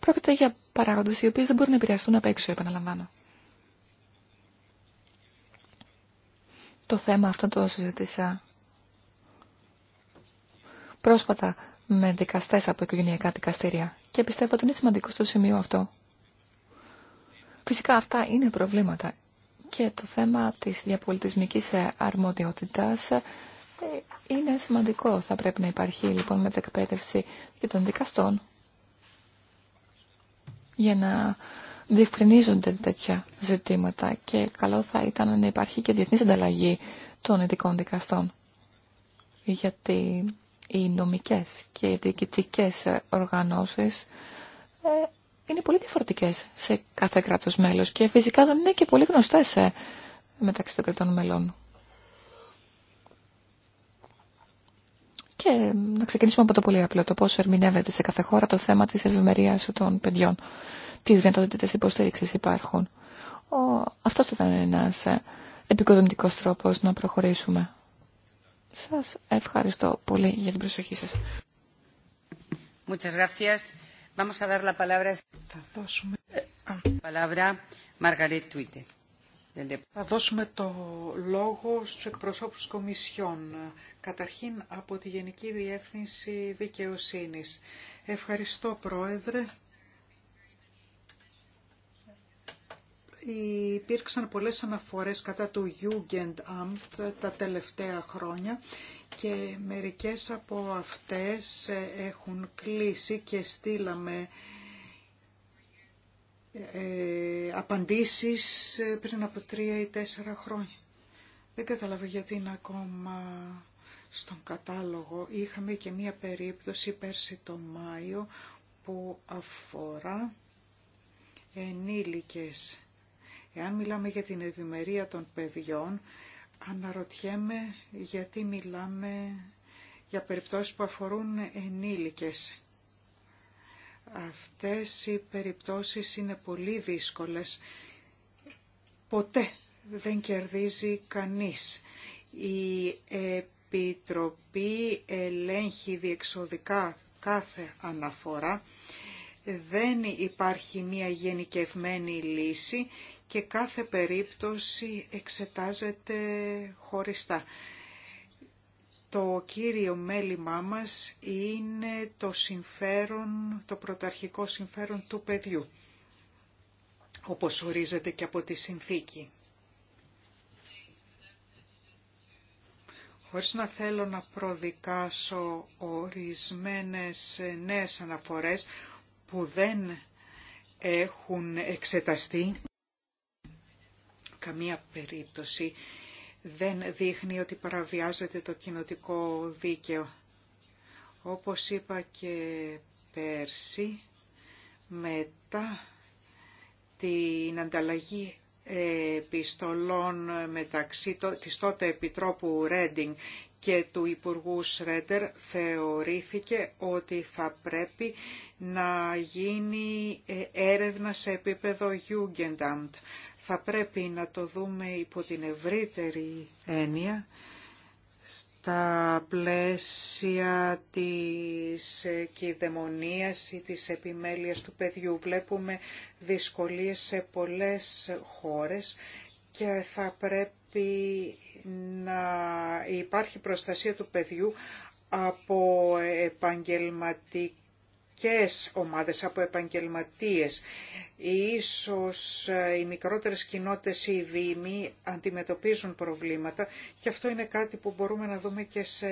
Πρόκειται για παράγοντες οι οποίοι δεν μπορούν να επηρεαστούν απ' έξω, επαναλαμβάνω. Το θέμα αυτό το συζήτησα πρόσφατα με δικαστές από οικογενειακά δικαστήρια και πιστεύω ότι είναι σημαντικό στο σημείο αυτό. Φυσικά αυτά είναι προβλήματα και το θέμα της διαπολιτισμικής ε, αρμοδιότητας ε, είναι σημαντικό. Θα πρέπει να υπάρχει λοιπόν μετεκπαίδευση και των δικαστών για να διευκρινίζονται τέτοια ζητήματα και καλό θα ήταν να υπάρχει και διεθνής ανταλλαγή των ειδικών δικαστών. Γιατί οι νομικές και οι διοικητικές οργανώσεις ε, είναι πολύ διαφορετικές σε κάθε κράτος μέλος και φυσικά δεν είναι και πολύ γνωστές ε, μεταξύ των κρατών μελών. Και να ξεκινήσουμε από το πολύ απλό, το πώς ερμηνεύεται σε κάθε χώρα το θέμα της ευημερίας των παιδιών τι δυνατότητε υποστήριξη υπάρχουν. Αυτό θα ήταν ένα ε, επικοδομητικό τρόπο να προχωρήσουμε. Σα ευχαριστώ πολύ για την προσοχή σα. Θα δώσουμε... Θα δώσουμε το λόγο στους εκπροσώπους Κομισιόν, καταρχήν από τη Γενική Διεύθυνση Δικαιοσύνης. Ευχαριστώ Πρόεδρε. υπήρξαν πολλές αναφορές κατά του Jugendamt τα τελευταία χρόνια και μερικές από αυτές έχουν κλείσει και στείλαμε ε, απαντήσεις πριν από τρία ή τέσσερα χρόνια. Δεν καταλαβαίνω γιατί είναι ακόμα στον κατάλογο. Είχαμε και μία περίπτωση πέρσι το Μάιο που αφορά ενήλικες Εάν μιλάμε για την ευημερία των παιδιών, αναρωτιέμαι γιατί μιλάμε για περιπτώσεις που αφορούν ενήλικες. Αυτές οι περιπτώσεις είναι πολύ δύσκολες. Ποτέ δεν κερδίζει κανείς. Η Επιτροπή ελέγχει διεξοδικά κάθε αναφορά. Δεν υπάρχει μια γενικευμένη λύση και κάθε περίπτωση εξετάζεται χωριστά. Το κύριο μέλημά μας είναι το συμφέρον, το πρωταρχικό συμφέρον του παιδιού, όπως ορίζεται και από τη συνθήκη. Χωρίς να θέλω να προδικάσω ορισμένες νέες αναφορές που δεν έχουν εξεταστεί καμία περίπτωση δεν δείχνει ότι παραβιάζεται το κοινοτικό δίκαιο. Όπως είπα και πέρσι, μετά την ανταλλαγή επιστολών μεταξύ της τότε Επιτρόπου Ρέντινγκ και του Υπουργού Σρέντερ θεωρήθηκε ότι θα πρέπει να γίνει ε, έρευνα σε επίπεδο Jugendamt. Θα πρέπει να το δούμε υπό την ευρύτερη έννοια στα πλαίσια της κυδαιμονίας ή της επιμέλειας του παιδιού. Βλέπουμε δυσκολίες σε πολλές χώρες και θα πρέπει να υπάρχει προστασία του παιδιού από επαγγελματικές ομάδες, από επαγγελματίες. Ίσως ε, οι μικρότερες κοινότητες ή οι δήμοι αντιμετωπίζουν προβλήματα και αυτό είναι κάτι που μπορούμε να δούμε και σε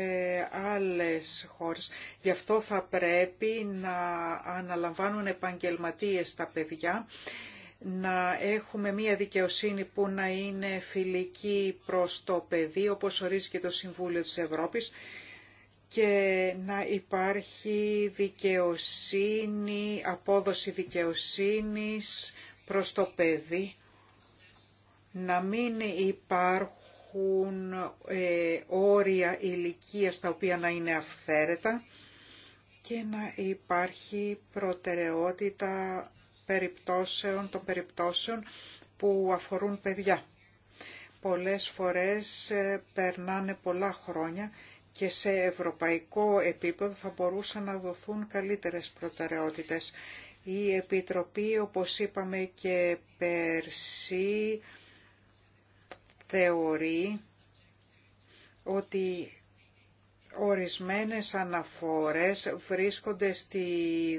άλλες χώρες. Γι' αυτό θα πρέπει να αναλαμβάνουν επαγγελματίες τα παιδιά να έχουμε μία δικαιοσύνη που να είναι φιλική προς το παιδί, όπως ορίζει και το Συμβούλιο της Ευρώπης, και να υπάρχει δικαιοσύνη, απόδοση δικαιοσύνης προς το παιδί, να μην υπάρχουν ε, όρια ηλικία τα οποία να είναι αυθαίρετα και να υπάρχει προτεραιότητα περιπτώσεων, των περιπτώσεων που αφορούν παιδιά. Πολλές φορές ε, περνάνε πολλά χρόνια και σε ευρωπαϊκό επίπεδο θα μπορούσαν να δοθούν καλύτερες προτεραιότητες. Η Επιτροπή, όπως είπαμε και πέρσι, θεωρεί ότι ορισμένες αναφορές βρίσκονται στη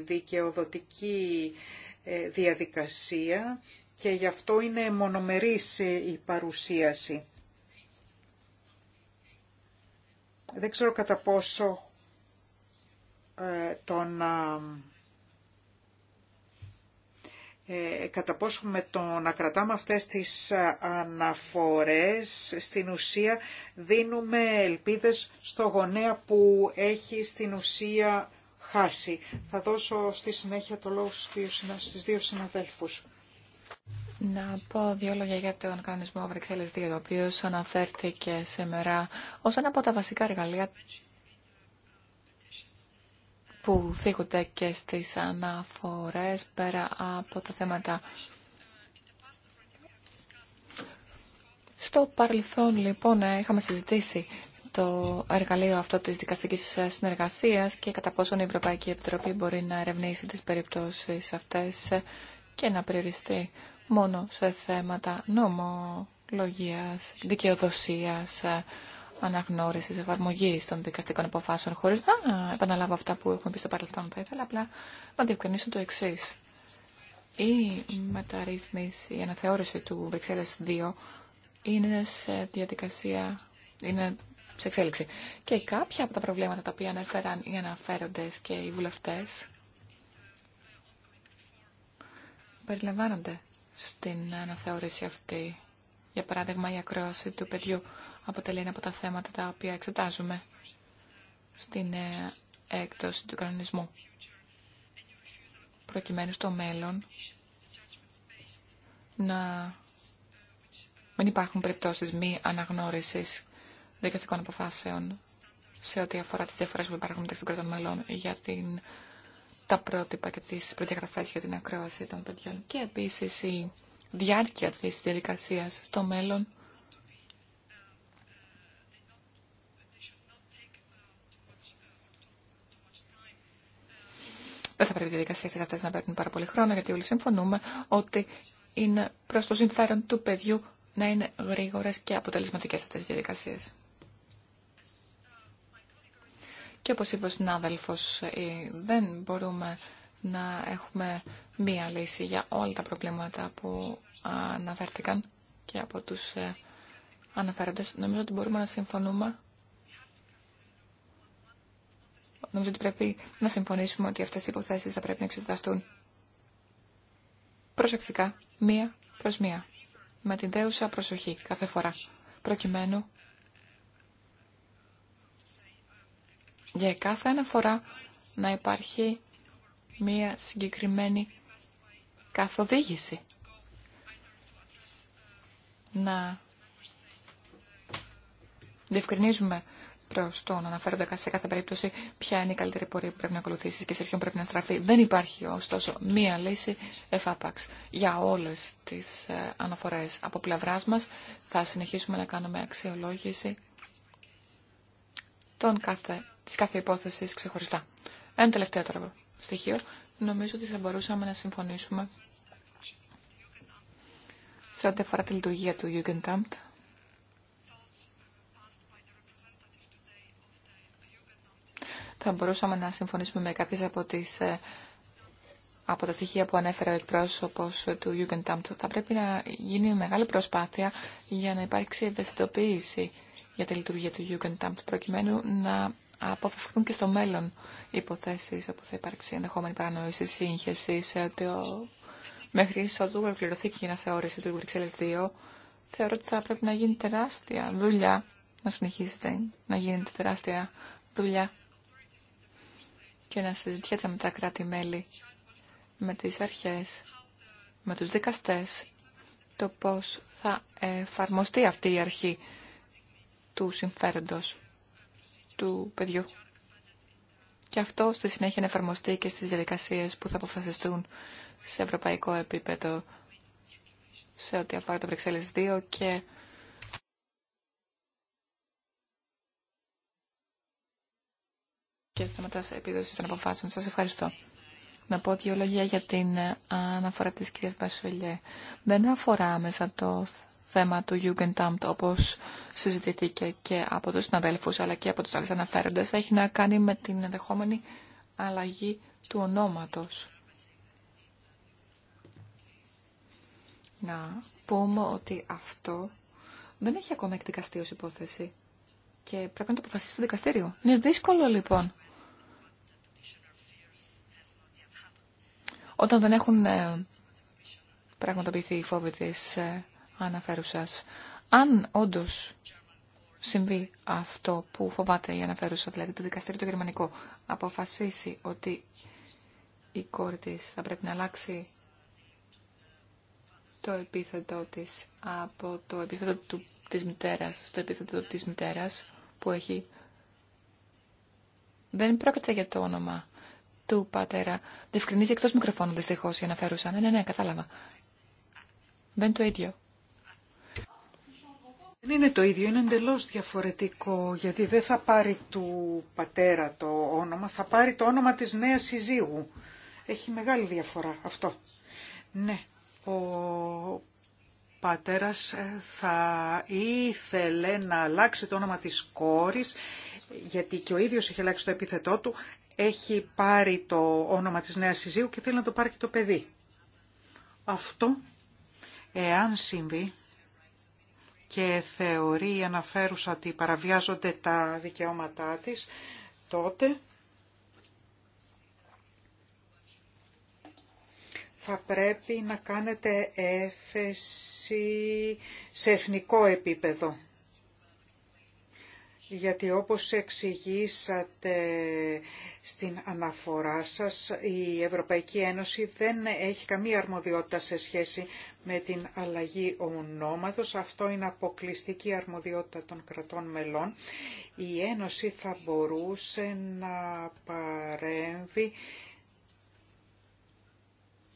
δικαιοδοτική ε, διαδικασία και γι' αυτό είναι μονομερής ε, η παρουσίαση. Δεν ξέρω κατά πόσο ε, τον να... κατά πόσο με το να κρατάμε αυτές τις αναφορές στην ουσία δίνουμε ελπίδες στο γονέα που έχει στην ουσία χάσει. Θα δώσω στη συνέχεια το λόγο στους δύο συναδέλφους. Να πω δύο λόγια για τον κανονισμό Βρυξέλλες 2, ο οποίο αναφέρθηκε σήμερα ως ένα από τα βασικά εργαλεία που θίγονται και στις αναφορές πέρα από τα θέματα. Στο παρελθόν, λοιπόν, είχαμε συζητήσει το εργαλείο αυτό της δικαστικής συνεργασίας και κατά πόσον η Ευρωπαϊκή Επιτροπή μπορεί να ερευνήσει τις περιπτώσεις αυτές και να περιοριστεί μόνο σε θέματα νομολογίας, δικαιοδοσίας, αναγνώρισης, εφαρμογής των δικαστικών αποφάσεων χωρίς να επαναλάβω αυτά που έχουμε πει στο παρελθόν. Θα ήθελα απλά να διευκρινίσω το εξή. Η μεταρρύθμιση, η αναθεώρηση του Βρυξέλλες 2 είναι σε διαδικασία, είναι και κάποια από τα προβλήματα τα οποία αναφέραν οι αναφέροντες και οι βουλευτές περιλαμβάνονται στην αναθεώρηση αυτή. Για παράδειγμα, η ακρόαση του παιδιού αποτελεί ένα από τα θέματα τα οποία εξετάζουμε στην ε, έκδοση του κανονισμού. Προκειμένου στο μέλλον να μην υπάρχουν περιπτώσεις μη αναγνώρισης δικαστικών αποφάσεων σε ό,τι αφορά τις διαφορές που υπάρχουν μεταξύ των κρατών μελών για την, τα πρότυπα και τις προδιαγραφές για την ακρόαση των παιδιών και επίσης η διάρκεια της διαδικασία στο μέλλον Δεν θα πρέπει οι διαδικασίε αυτέ να παίρνουν πάρα πολύ χρόνο, γιατί όλοι συμφωνούμε ότι είναι προ το συμφέρον του παιδιού να είναι γρήγορε και αποτελεσματικέ αυτέ οι διαδικασίε. Και όπως είπε ο συνάδελφος, ε, δεν μπορούμε να έχουμε μία λύση για όλα τα προβλήματα που αναφέρθηκαν και από τους ε, αναφέροντες. Νομίζω ότι μπορούμε να συμφωνούμε. Νομίζω ότι πρέπει να συμφωνήσουμε ότι αυτές οι υποθέσεις θα πρέπει να εξεταστούν προσεκτικά, μία προς μία, με την δέουσα προσοχή κάθε φορά, προκειμένου για κάθε αναφορά να υπάρχει μία συγκεκριμένη καθοδήγηση. Να διευκρινίζουμε προ τον αναφέροντα σε κάθε περίπτωση ποια είναι η καλύτερη πορεία που πρέπει να ακολουθήσει και σε ποιον πρέπει να στραφεί. Δεν υπάρχει ωστόσο μία λύση εφάπαξ για όλες τις ε, αναφορές Από πλευρά μα θα συνεχίσουμε να κάνουμε αξιολόγηση των κάθε σε κάθε υπόθεση, ξεχωριστά. Ένα τελευταίο τώρα στοιχείο. Νομίζω ότι θα μπορούσαμε να συμφωνήσουμε σε ό,τι αφορά τη λειτουργία του Jugendamt. Θα μπορούσαμε να συμφωνήσουμε με κάποιες από τις ε, από τα στοιχεία που ανέφερε ο εκπρόσωπος του Jugendamt. Θα πρέπει να γίνει μεγάλη προσπάθεια για να υπάρξει ευαισθητοποίηση για τη λειτουργία του Jugendamt, προκειμένου να αποφευχθούν και στο μέλλον υποθέσεις όπου θα υπάρξει ενδεχόμενη παρανόηση, σύγχυση, το... μέχρι ότου ολοκληρωθεί και η αναθεώρηση του Βρυξέλλες 2, θεωρώ ότι θα πρέπει να γίνει τεράστια δουλειά, να συνεχίζεται να γίνεται τεράστια δουλειά και να συζητιέται με τα κράτη-μέλη, με τις αρχές, με τους δικαστές, το πώς θα εφαρμοστεί αυτή η αρχή του συμφέροντος του παιδιού. Και αυτό στη συνέχεια να εφαρμοστεί και στις διαδικασίες που θα αποφασιστούν σε ευρωπαϊκό επίπεδο σε ό,τι αφορά το Βρυξέλλες 2 και και θέματα σε επίδοση των αποφάσεων. Σας ευχαριστώ. Να πω δύο λόγια για την ε, αναφορά της κυρίας Μπασφελιέ. Δεν αφορά μέσα το θέμα του Jugendamt, όπως συζητήθηκε και από τους συναδέλφους, αλλά και από τους άλλους αναφέροντες, έχει να κάνει με την ενδεχόμενη αλλαγή του ονόματος. Να πούμε ότι αυτό δεν έχει ακόμα εκδικαστεί ως υπόθεση και πρέπει να το αποφασίσει το δικαστήριο. Είναι δύσκολο λοιπόν. Όταν δεν έχουν ε, πραγματοποιηθεί οι φόβοι ε, αναφέρουσας. Αν όντω συμβεί αυτό που φοβάται η αναφέρουσα, δηλαδή το δικαστήριο το γερμανικό, αποφασίσει ότι η κόρη της θα πρέπει να αλλάξει το επίθετο της από το επίθετο του, της μητέρας στο επίθετο της μητέρας που έχει δεν πρόκειται για το όνομα του πατέρα. Διευκρινίζει εκτός μικροφώνου δυστυχώς η αναφέρουσα. Ναι, ναι, ναι, κατάλαβα. Δεν το ίδιο είναι το ίδιο, είναι εντελώ διαφορετικό, γιατί δεν θα πάρει του πατέρα το όνομα, θα πάρει το όνομα της νέας συζύγου. Έχει μεγάλη διαφορά αυτό. Ναι, ο πατέρας ε, θα ήθελε να αλλάξει το όνομα της κόρης, γιατί και ο ίδιος έχει αλλάξει το επίθετό του, έχει πάρει το όνομα της νέας συζύγου και θέλει να το πάρει και το παιδί. Αυτό, εάν συμβεί, και θεωρεί η αναφέρουσα ότι παραβιάζονται τα δικαιώματά της, τότε θα πρέπει να κάνετε έφεση σε εθνικό επίπεδο γιατί όπως εξηγήσατε στην αναφορά σας, η Ευρωπαϊκή Ένωση δεν έχει καμία αρμοδιότητα σε σχέση με την αλλαγή ονόματος. Αυτό είναι αποκλειστική αρμοδιότητα των κρατών μελών. Η Ένωση θα μπορούσε να παρέμβει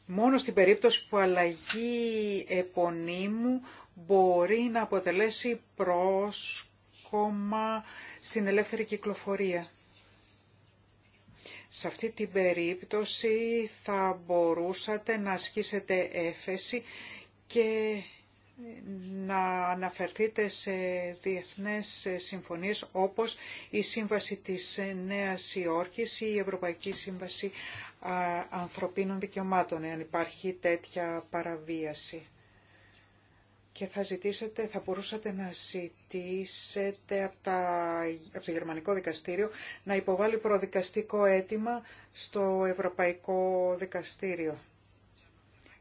μόνο στην περίπτωση που αλλαγή επωνύμου μπορεί να αποτελέσει πρόσκληση ακόμα στην ελεύθερη κυκλοφορία. Σε αυτή την περίπτωση θα μπορούσατε να ασκήσετε έφεση και να αναφερθείτε σε διεθνές συμφωνίες όπως η Σύμβαση της Νέας Υόρκης ή η Ευρωπαϊκή Σύμβαση Ανθρωπίνων Δικαιωμάτων, εάν υπάρχει τέτοια παραβίαση και θα ζητήσετε, θα μπορούσατε να ζητήσετε από, το Γερμανικό Δικαστήριο να υποβάλει προδικαστικό αίτημα στο Ευρωπαϊκό Δικαστήριο.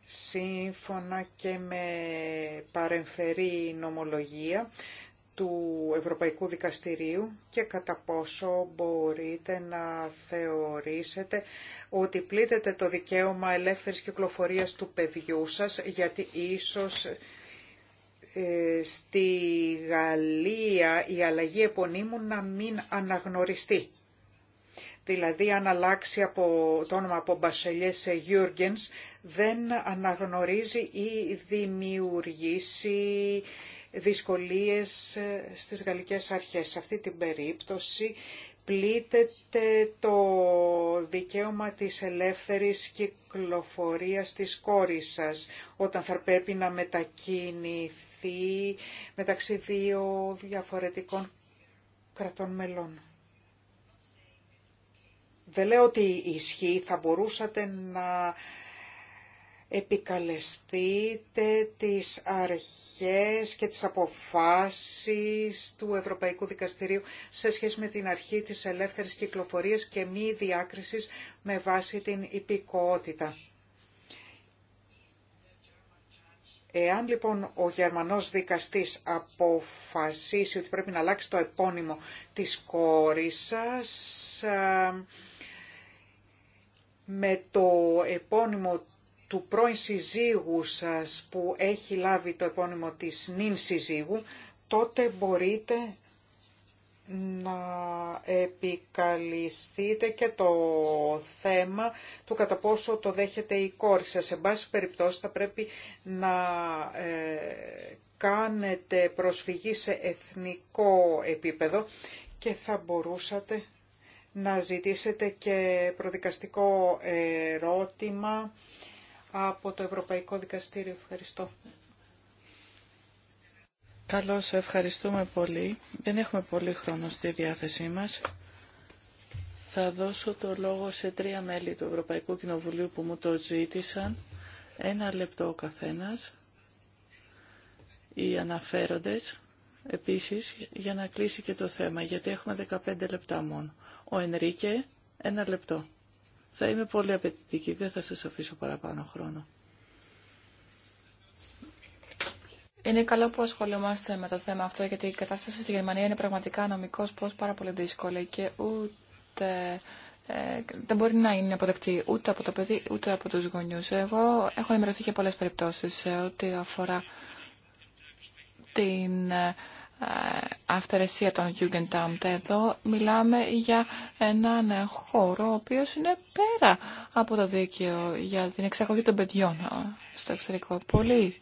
Σύμφωνα και με παρεμφερή νομολογία του Ευρωπαϊκού Δικαστηρίου και κατά πόσο μπορείτε να θεωρήσετε ότι πλήτετε το δικαίωμα ελεύθερης κυκλοφορίας του παιδιού σας γιατί ίσως ε, στη Γαλλία η αλλαγή επωνύμου να μην αναγνωριστεί. Δηλαδή αν αλλάξει από, το όνομα από Μπασελιέ σε Γιούργενς δεν αναγνωρίζει ή δημιουργήσει δυσκολίες ε, στις γαλλικές αρχές. Σε αυτή την περίπτωση πλήττεται το δικαίωμα της ελεύθερης κυκλοφορίας της κόρης σας όταν θα πρέπει να μετακινηθεί μεταξύ δύο διαφορετικών κρατών μελών. Δεν λέω ότι ισχύει, θα μπορούσατε να επικαλεστείτε τις αρχές και τις αποφάσεις του Ευρωπαϊκού Δικαστηρίου σε σχέση με την αρχή της ελεύθερης κυκλοφορίας και μη διάκρισης με βάση την υπηκότητα. Εάν λοιπόν ο Γερμανός δικαστής αποφασίσει ότι πρέπει να αλλάξει το επώνυμο της κόρης σας με το επώνυμο του πρώην συζύγου σας που έχει λάβει το επώνυμο της νυν συζύγου, τότε μπορείτε να επικαλυστείτε και το θέμα του κατά πόσο το δέχεται η κόρη σας. Σε πάση περιπτώσει θα πρέπει να ε, κάνετε προσφυγή σε εθνικό επίπεδο και θα μπορούσατε να ζητήσετε και προδικαστικό ερώτημα από το Ευρωπαϊκό Δικαστήριο. Ευχαριστώ. Καλώς, ευχαριστούμε πολύ. Δεν έχουμε πολύ χρόνο στη διάθεσή μας. Θα δώσω το λόγο σε τρία μέλη του Ευρωπαϊκού Κοινοβουλίου που μου το ζήτησαν. Ένα λεπτό ο καθένας. Οι αναφέροντες επίσης για να κλείσει και το θέμα, γιατί έχουμε 15 λεπτά μόνο. Ο Ενρίκε, ένα λεπτό. Θα είμαι πολύ απαιτητική, δεν θα σας αφήσω παραπάνω χρόνο. Είναι καλό που ασχολούμαστε με το θέμα αυτό, γιατί η κατάσταση στη Γερμανία είναι πραγματικά νομικός πώς πάρα πολύ δύσκολη και ούτε ε, δεν μπορεί να είναι αποδεκτή ούτε από το παιδί ούτε από τους γονιούς. Εγώ έχω ενημερωθεί και πολλές περιπτώσεις σε ό,τι αφορά την ε, αυτερεσία των Jugendamt. Εδώ μιλάμε για έναν χώρο ο οποίος είναι πέρα από το δίκαιο για την εξαγωγή των παιδιών ε, στο εξωτερικό. Πολύ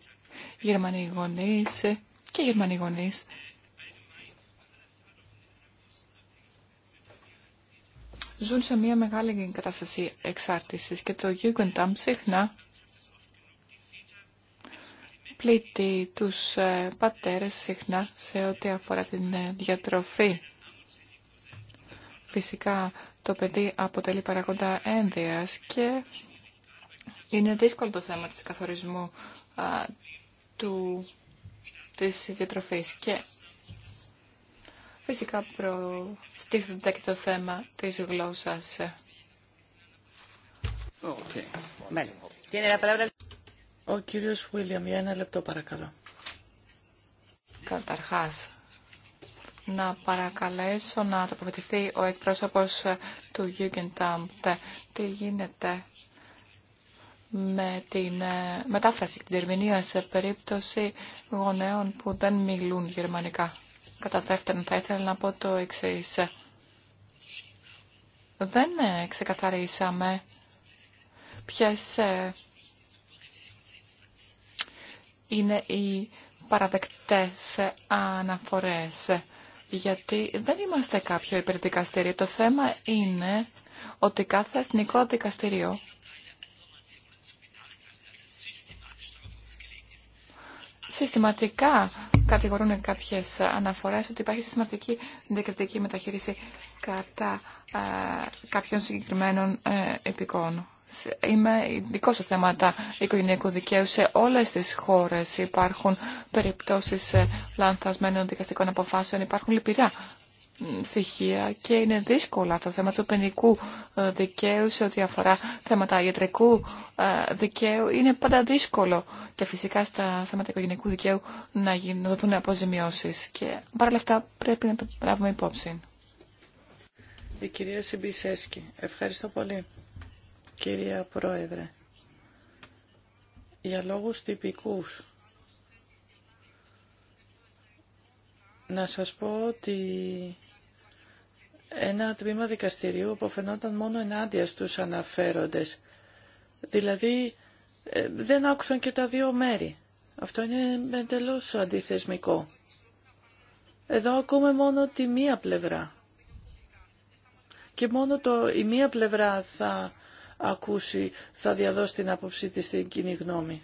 Γερμανοί γονείς και Γερμανοί γονείς ζουν σε μια μεγάλη κατάσταση εξάρτησης και το Jugendamt συχνά πλήττει τους ε, πατέρες συχνά σε ό,τι αφορά την ε, διατροφή. Φυσικά το παιδί αποτελεί παραγόντα ένδυας και είναι δύσκολο το θέμα της καθορισμού του, της διατροφής. Και φυσικά προστίθεται και το θέμα της γλώσσας. Ο κύριος Βίλιαμ, για ένα λεπτό παρακαλώ. Καταρχάς, να παρακαλέσω να τοποθετηθεί ο εκπρόσωπος του Jugendamt. Τι γίνεται με την ε, μετάφραση και την ερμηνεία σε περίπτωση γονέων που δεν μιλούν γερμανικά. Κατά δεύτερον, θα ήθελα να πω το εξή. Δεν ε, ξεκαθαρίσαμε ποιες ε, είναι οι παραδεκτές αναφορές, γιατί δεν είμαστε κάποιο υπερδικαστήριο. Το θέμα είναι ότι κάθε εθνικό δικαστήριο συστηματικά κατηγορούν κάποιες αναφορές ότι υπάρχει συστηματική διακριτική μεταχείριση κατά ε, κάποιων συγκεκριμένων ε, επικών. Είμαι ειδικό σε θέματα οικογενειακού δικαίου. Σε όλες τις χώρες υπάρχουν περιπτώσεις ε, λανθασμένων δικαστικών αποφάσεων. Υπάρχουν λυπηρά στοιχεία και είναι δύσκολα αυτό το θέμα του ποινικού ε, δικαίου σε ό,τι αφορά θέματα ιατρικού ε, δικαίου. Είναι πάντα δύσκολο και φυσικά στα θέματα οικογενειακού δικαίου να δοθούν αποζημιώσει. και παράλληλα αυτά πρέπει να το λάβουμε υπόψη. Η κυρία Σιμπισέσκη. Ευχαριστώ πολύ, κυρία Πρόεδρε. Για λόγους τυπικούς να σας πω ότι ένα τμήμα δικαστηρίου που μόνο ενάντια στους αναφέροντες. Δηλαδή ε, δεν άκουσαν και τα δύο μέρη. Αυτό είναι εντελώ αντιθεσμικό. Εδώ ακούμε μόνο τη μία πλευρά. Και μόνο το, η μία πλευρά θα ακούσει, θα διαδώσει την άποψή της στην κοινή γνώμη.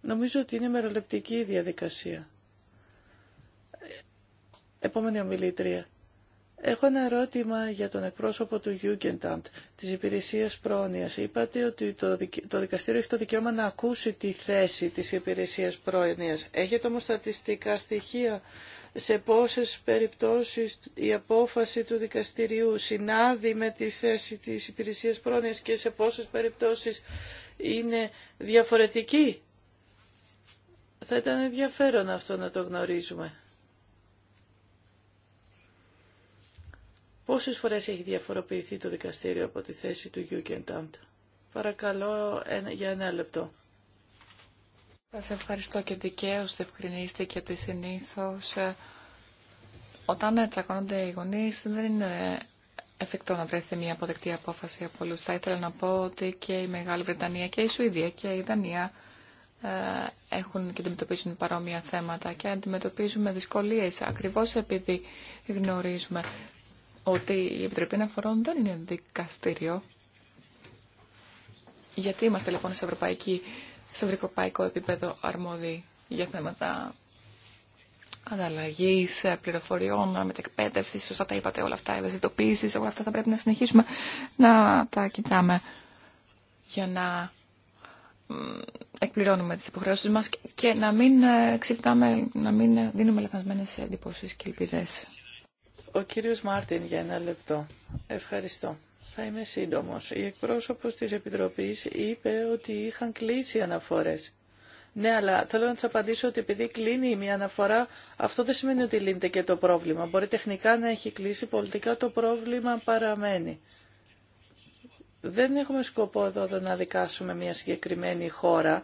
Νομίζω ότι είναι μερολεπτική η διαδικασία. Επόμενη ομιλήτρια. Έχω ένα ερώτημα για τον εκπρόσωπο του Jugendamt, της υπηρεσίας πρόνοιας. Είπατε ότι το, το δικαστήριο έχει το δικαίωμα να ακούσει τη θέση της υπηρεσίας πρόνοιας. Έχετε όμως στατιστικά στοιχεία σε πόσες περιπτώσεις η απόφαση του δικαστηριού συνάδει με τη θέση της υπηρεσίας πρόνοιας και σε πόσες περιπτώσεις είναι διαφορετική. Θα ήταν ενδιαφέρον αυτό να το γνωρίζουμε. Πόσες φορές έχει διαφοροποιηθεί το δικαστήριο από τη θέση του Jugendamt. Παρακαλώ για ένα λεπτό. Σας ευχαριστώ και δικαίως και ότι συνήθως ε, όταν τσακώνονται οι γονείς δεν είναι εφικτό να βρεθεί μια αποδεκτή απόφαση από όλους. Θα ήθελα να πω ότι και η Μεγάλη Βρετανία και η Σουηδία και η Δανία ε, έχουν και αντιμετωπίζουν παρόμοια θέματα και αντιμετωπίζουμε δυσκολίες ακριβώς επειδή γνωρίζουμε ότι η Επιτροπή Αναφορών δεν είναι δικαστήριο. Γιατί είμαστε λοιπόν σε, ευρωπαϊκή, σε ευρωπαϊκό επίπεδο αρμόδιοι για θέματα ανταλλαγή πληροφοριών, μετεκπαίδευση, σωστά τα είπατε όλα αυτά, ευαισθητοποίηση, όλα αυτά θα πρέπει να συνεχίσουμε να τα κοιτάμε για να εκπληρώνουμε τις υποχρεώσεις μας και να μην ε, ξυπνάμε, να μην ε, δίνουμε λαθασμένες εντυπώσεις και ελπίδες. Ο κύριος Μάρτιν για ένα λεπτό. Ευχαριστώ. Θα είμαι σύντομος. Η εκπρόσωπος της Επιτροπής είπε ότι είχαν κλείσει αναφορές. Ναι, αλλά θέλω να σα απαντήσω ότι επειδή κλείνει μια αναφορά, αυτό δεν σημαίνει ότι λύνεται και το πρόβλημα. Μπορεί τεχνικά να έχει κλείσει, πολιτικά το πρόβλημα παραμένει. Δεν έχουμε σκοπό εδώ να δικάσουμε μια συγκεκριμένη χώρα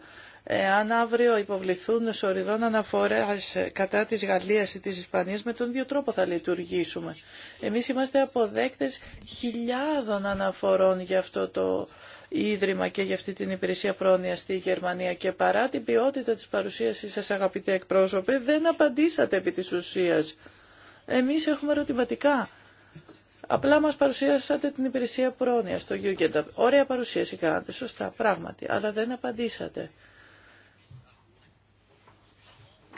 αν αύριο υποβληθούν σοριδών αναφορές κατά της Γαλλίας ή της Ισπανίας, με τον ίδιο τρόπο θα λειτουργήσουμε. Εμείς είμαστε αποδέκτες χιλιάδων αναφορών για αυτό το ίδρυμα και για αυτή την υπηρεσία πρόνοια στη Γερμανία και παρά την ποιότητα της παρουσίασης σας αγαπητέ εκπρόσωπε δεν απαντήσατε επί της ουσίας. Εμείς έχουμε ερωτηματικά. Απλά μας παρουσίασατε την υπηρεσία πρόνοια στο Γιούγκεντα. Ωραία παρουσίαση κάνατε, σωστά, πράγματι, αλλά δεν απαντήσατε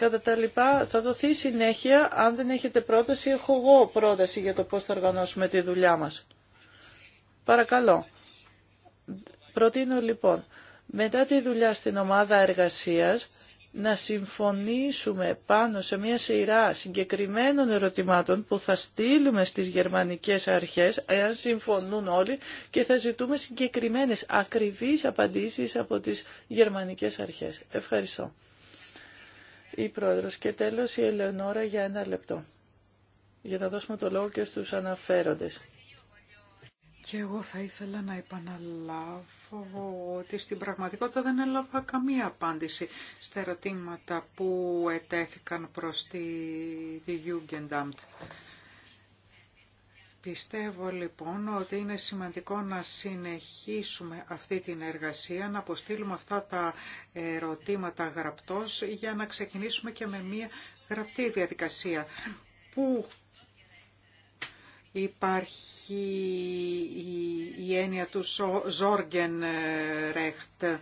κατά τα λοιπά θα δοθεί συνέχεια. Αν δεν έχετε πρόταση, έχω εγώ πρόταση για το πώς θα οργανώσουμε τη δουλειά μας. Παρακαλώ. Προτείνω λοιπόν, μετά τη δουλειά στην ομάδα εργασίας, να συμφωνήσουμε πάνω σε μια σειρά συγκεκριμένων ερωτημάτων που θα στείλουμε στις γερμανικές αρχές, εάν συμφωνούν όλοι, και θα ζητούμε συγκεκριμένες ακριβείς απαντήσεις από τις γερμανικές αρχές. Ευχαριστώ η Πρόεδρος. Και τέλος η Ελεονόρα για ένα λεπτό. Για να δώσουμε το λόγο και στους αναφέροντες. Και εγώ θα ήθελα να επαναλάβω ότι στην πραγματικότητα δεν έλαβα καμία απάντηση στα ερωτήματα που ετέθηκαν προς τη, τη Jugendamt. Πιστεύω λοιπόν ότι είναι σημαντικό να συνεχίσουμε αυτή την εργασία, να αποστείλουμε αυτά τα ερωτήματα γραπτός για να ξεκινήσουμε και με μία γραπτή διαδικασία. Πού υπάρχει η έννοια του Ζόργεν Ρέχτ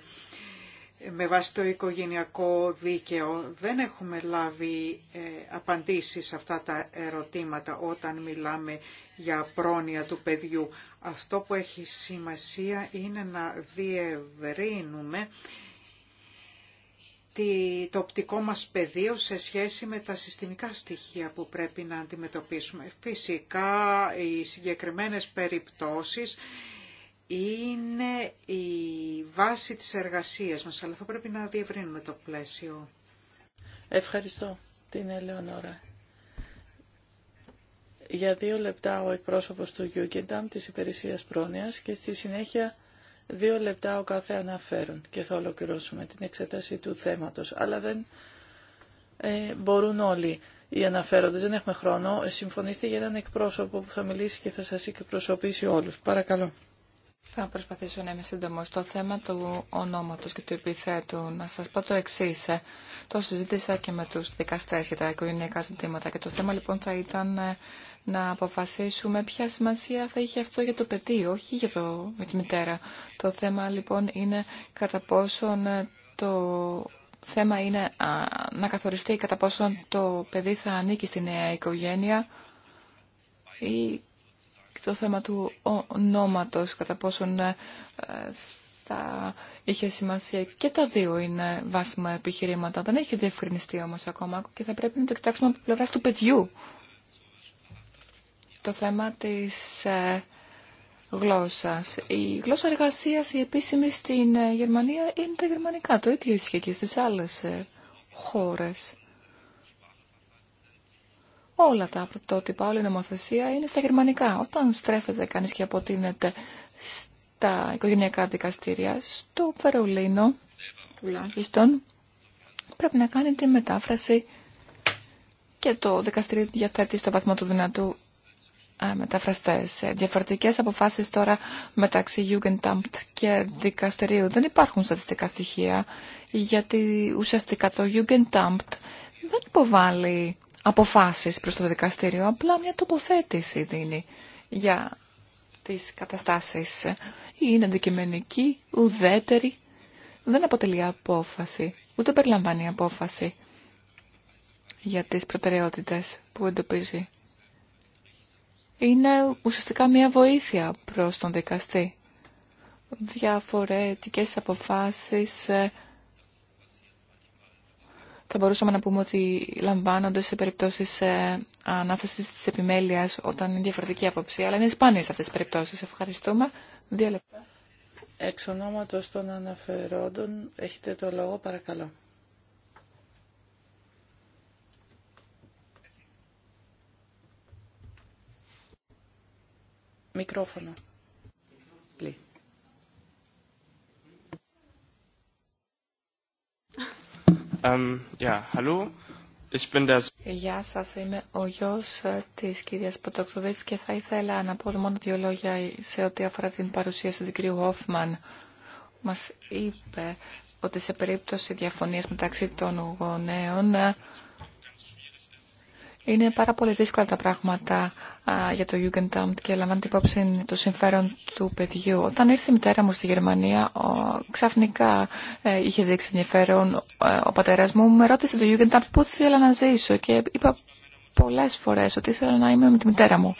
με βάση το οικογενειακό δίκαιο. Δεν έχουμε λάβει ε, απαντήσεις σε αυτά τα ερωτήματα όταν μιλάμε για πρόνοια του παιδιού. Αυτό που έχει σημασία είναι να διευρύνουμε το οπτικό μας πεδίο σε σχέση με τα συστημικά στοιχεία που πρέπει να αντιμετωπίσουμε. Φυσικά, οι συγκεκριμένες περιπτώσεις είναι η βάση της εργασίας μας, αλλά θα πρέπει να διευρύνουμε το πλαίσιο. Ευχαριστώ την Ελεονόρα. Για δύο λεπτά ο εκπρόσωπος του Γιούγκενταμ της υπηρεσίας πρόνοιας και στη συνέχεια δύο λεπτά ο κάθε αναφέρον και θα ολοκληρώσουμε την εξέταση του θέματος. Αλλά δεν ε, μπορούν όλοι οι αναφέροντες, δεν έχουμε χρόνο. Συμφωνήστε για έναν εκπρόσωπο που θα μιλήσει και θα σας εκπροσωπήσει όλους. Παρακαλώ. Θα προσπαθήσω να είμαι σύντομο Το θέμα του ονόματο και του επιθέτου. Να σα πω το εξή. Ε, το συζήτησα και με του δικαστέ για τα οικογενειακά ζητήματα και το θέμα λοιπόν θα ήταν ε, να αποφασίσουμε ποια σημασία θα είχε αυτό για το παιδί, όχι για, το, για τη μητέρα. Το θέμα λοιπόν είναι κατά πόσον ε, το θέμα είναι να καθοριστεί κατά πόσον το παιδί θα ανήκει στη νέα οικογένεια και το θέμα του ονόματος, κατά πόσον ε, θα είχε σημασία. Και τα δύο είναι βάσιμα επιχειρήματα. Δεν έχει διευκρινιστεί όμως ακόμα και θα πρέπει να το κοιτάξουμε από πλευρά του παιδιού. Το θέμα της ε, γλώσσας. Η γλώσσα εργασίας, η επίσημη στην ε, Γερμανία είναι τα γερμανικά. Το ίδιο ισχύει και στις άλλες χώρες όλα τα πρωτότυπα, όλη η νομοθεσία είναι στα γερμανικά. Όταν στρέφεται κανείς και αποτείνεται στα οικογενειακά δικαστήρια, στο Βερολίνο τουλάχιστον, πρέπει να κάνει τη μετάφραση και το δικαστήριο διαθέτει στο βαθμό του δυνατού ε, μεταφραστές. Διαφορετικές αποφάσεις τώρα μεταξύ Jugendamt και δικαστηρίου δεν υπάρχουν στατιστικά στοιχεία γιατί ουσιαστικά το Jugendamt δεν υποβάλλει αποφάσεις προς το δικαστήριο, απλά μια τοποθέτηση δίνει για τις καταστάσεις. Είναι αντικειμενική, ουδέτερη, δεν αποτελεί απόφαση, ούτε περιλαμβάνει απόφαση για τις προτεραιότητες που εντοπίζει. Είναι ουσιαστικά μια βοήθεια προς τον δικαστή. Διαφορετικές αποφάσεις ε, θα μπορούσαμε να πούμε ότι λαμβάνονται σε περιπτώσεις ε, ανάθεσης της επιμέλειας όταν είναι διαφορετική άποψη, αλλά είναι σπάνιε αυτές τις περιπτώσεις. Ευχαριστούμε. Δύο λεπτά. Εξ ονόματος των αναφερόντων, έχετε το λόγο, παρακαλώ. Μικρόφωνο. Please. Γεια σας, είμαι ο γιος ε, της κυρίας Ποτοξοβίτ και θα ήθελα να πω μόνο δύο λόγια σε ό,τι αφορά την παρουσίαση του κυρίου Γόφμαν. Μας είπε ότι σε περίπτωση διαφωνίας μεταξύ των γονέων ε, είναι πάρα πολύ δύσκολα τα πράγματα για το Jugendamt και λαμβάνει την υπόψη το συμφέρον του παιδιού. Όταν ήρθε η μητέρα μου στη Γερμανία, ξαφνικά ε, είχε δείξει ενδιαφέρον ε, ο πατέρα μου. Με ρώτησε το Jugendamt πού ήθελα να ζήσω και είπα πολλές φορές ότι ήθελα να είμαι με τη μητέρα μου.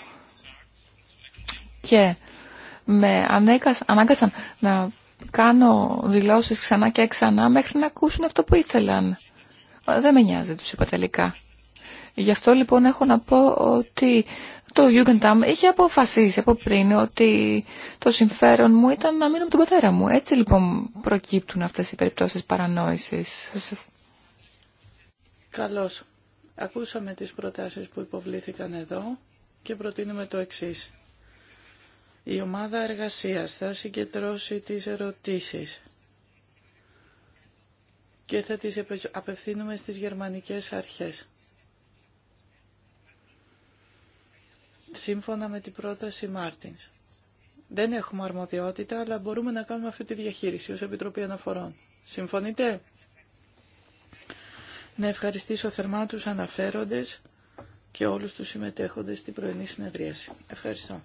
Και με ανάγκασαν να κάνω δηλώσεις ξανά και ξανά μέχρι να ακούσουν αυτό που ήθελαν. Ε, δεν με νοιάζει, τους είπα τελικά. Γι' αυτό λοιπόν έχω να πω ότι το Jugendamt είχε αποφασίσει από πριν ότι το συμφέρον μου ήταν να μείνω με τον πατέρα μου. Έτσι λοιπόν προκύπτουν αυτές οι περιπτώσεις παρανόησης. Καλώς. Ακούσαμε τις προτάσεις που υποβλήθηκαν εδώ και προτείνουμε το εξής. Η ομάδα εργασίας θα συγκεντρώσει τις ερωτήσεις και θα τις απευθύνουμε στις γερμανικές αρχές. σύμφωνα με την πρόταση Μάρτινς. Δεν έχουμε αρμοδιότητα, αλλά μπορούμε να κάνουμε αυτή τη διαχείριση ως Επιτροπή Αναφορών. Συμφωνείτε? Να ευχαριστήσω θερμά τους αναφέροντες και όλους τους συμμετέχοντες στην πρωινή συνεδρίαση. Ευχαριστώ.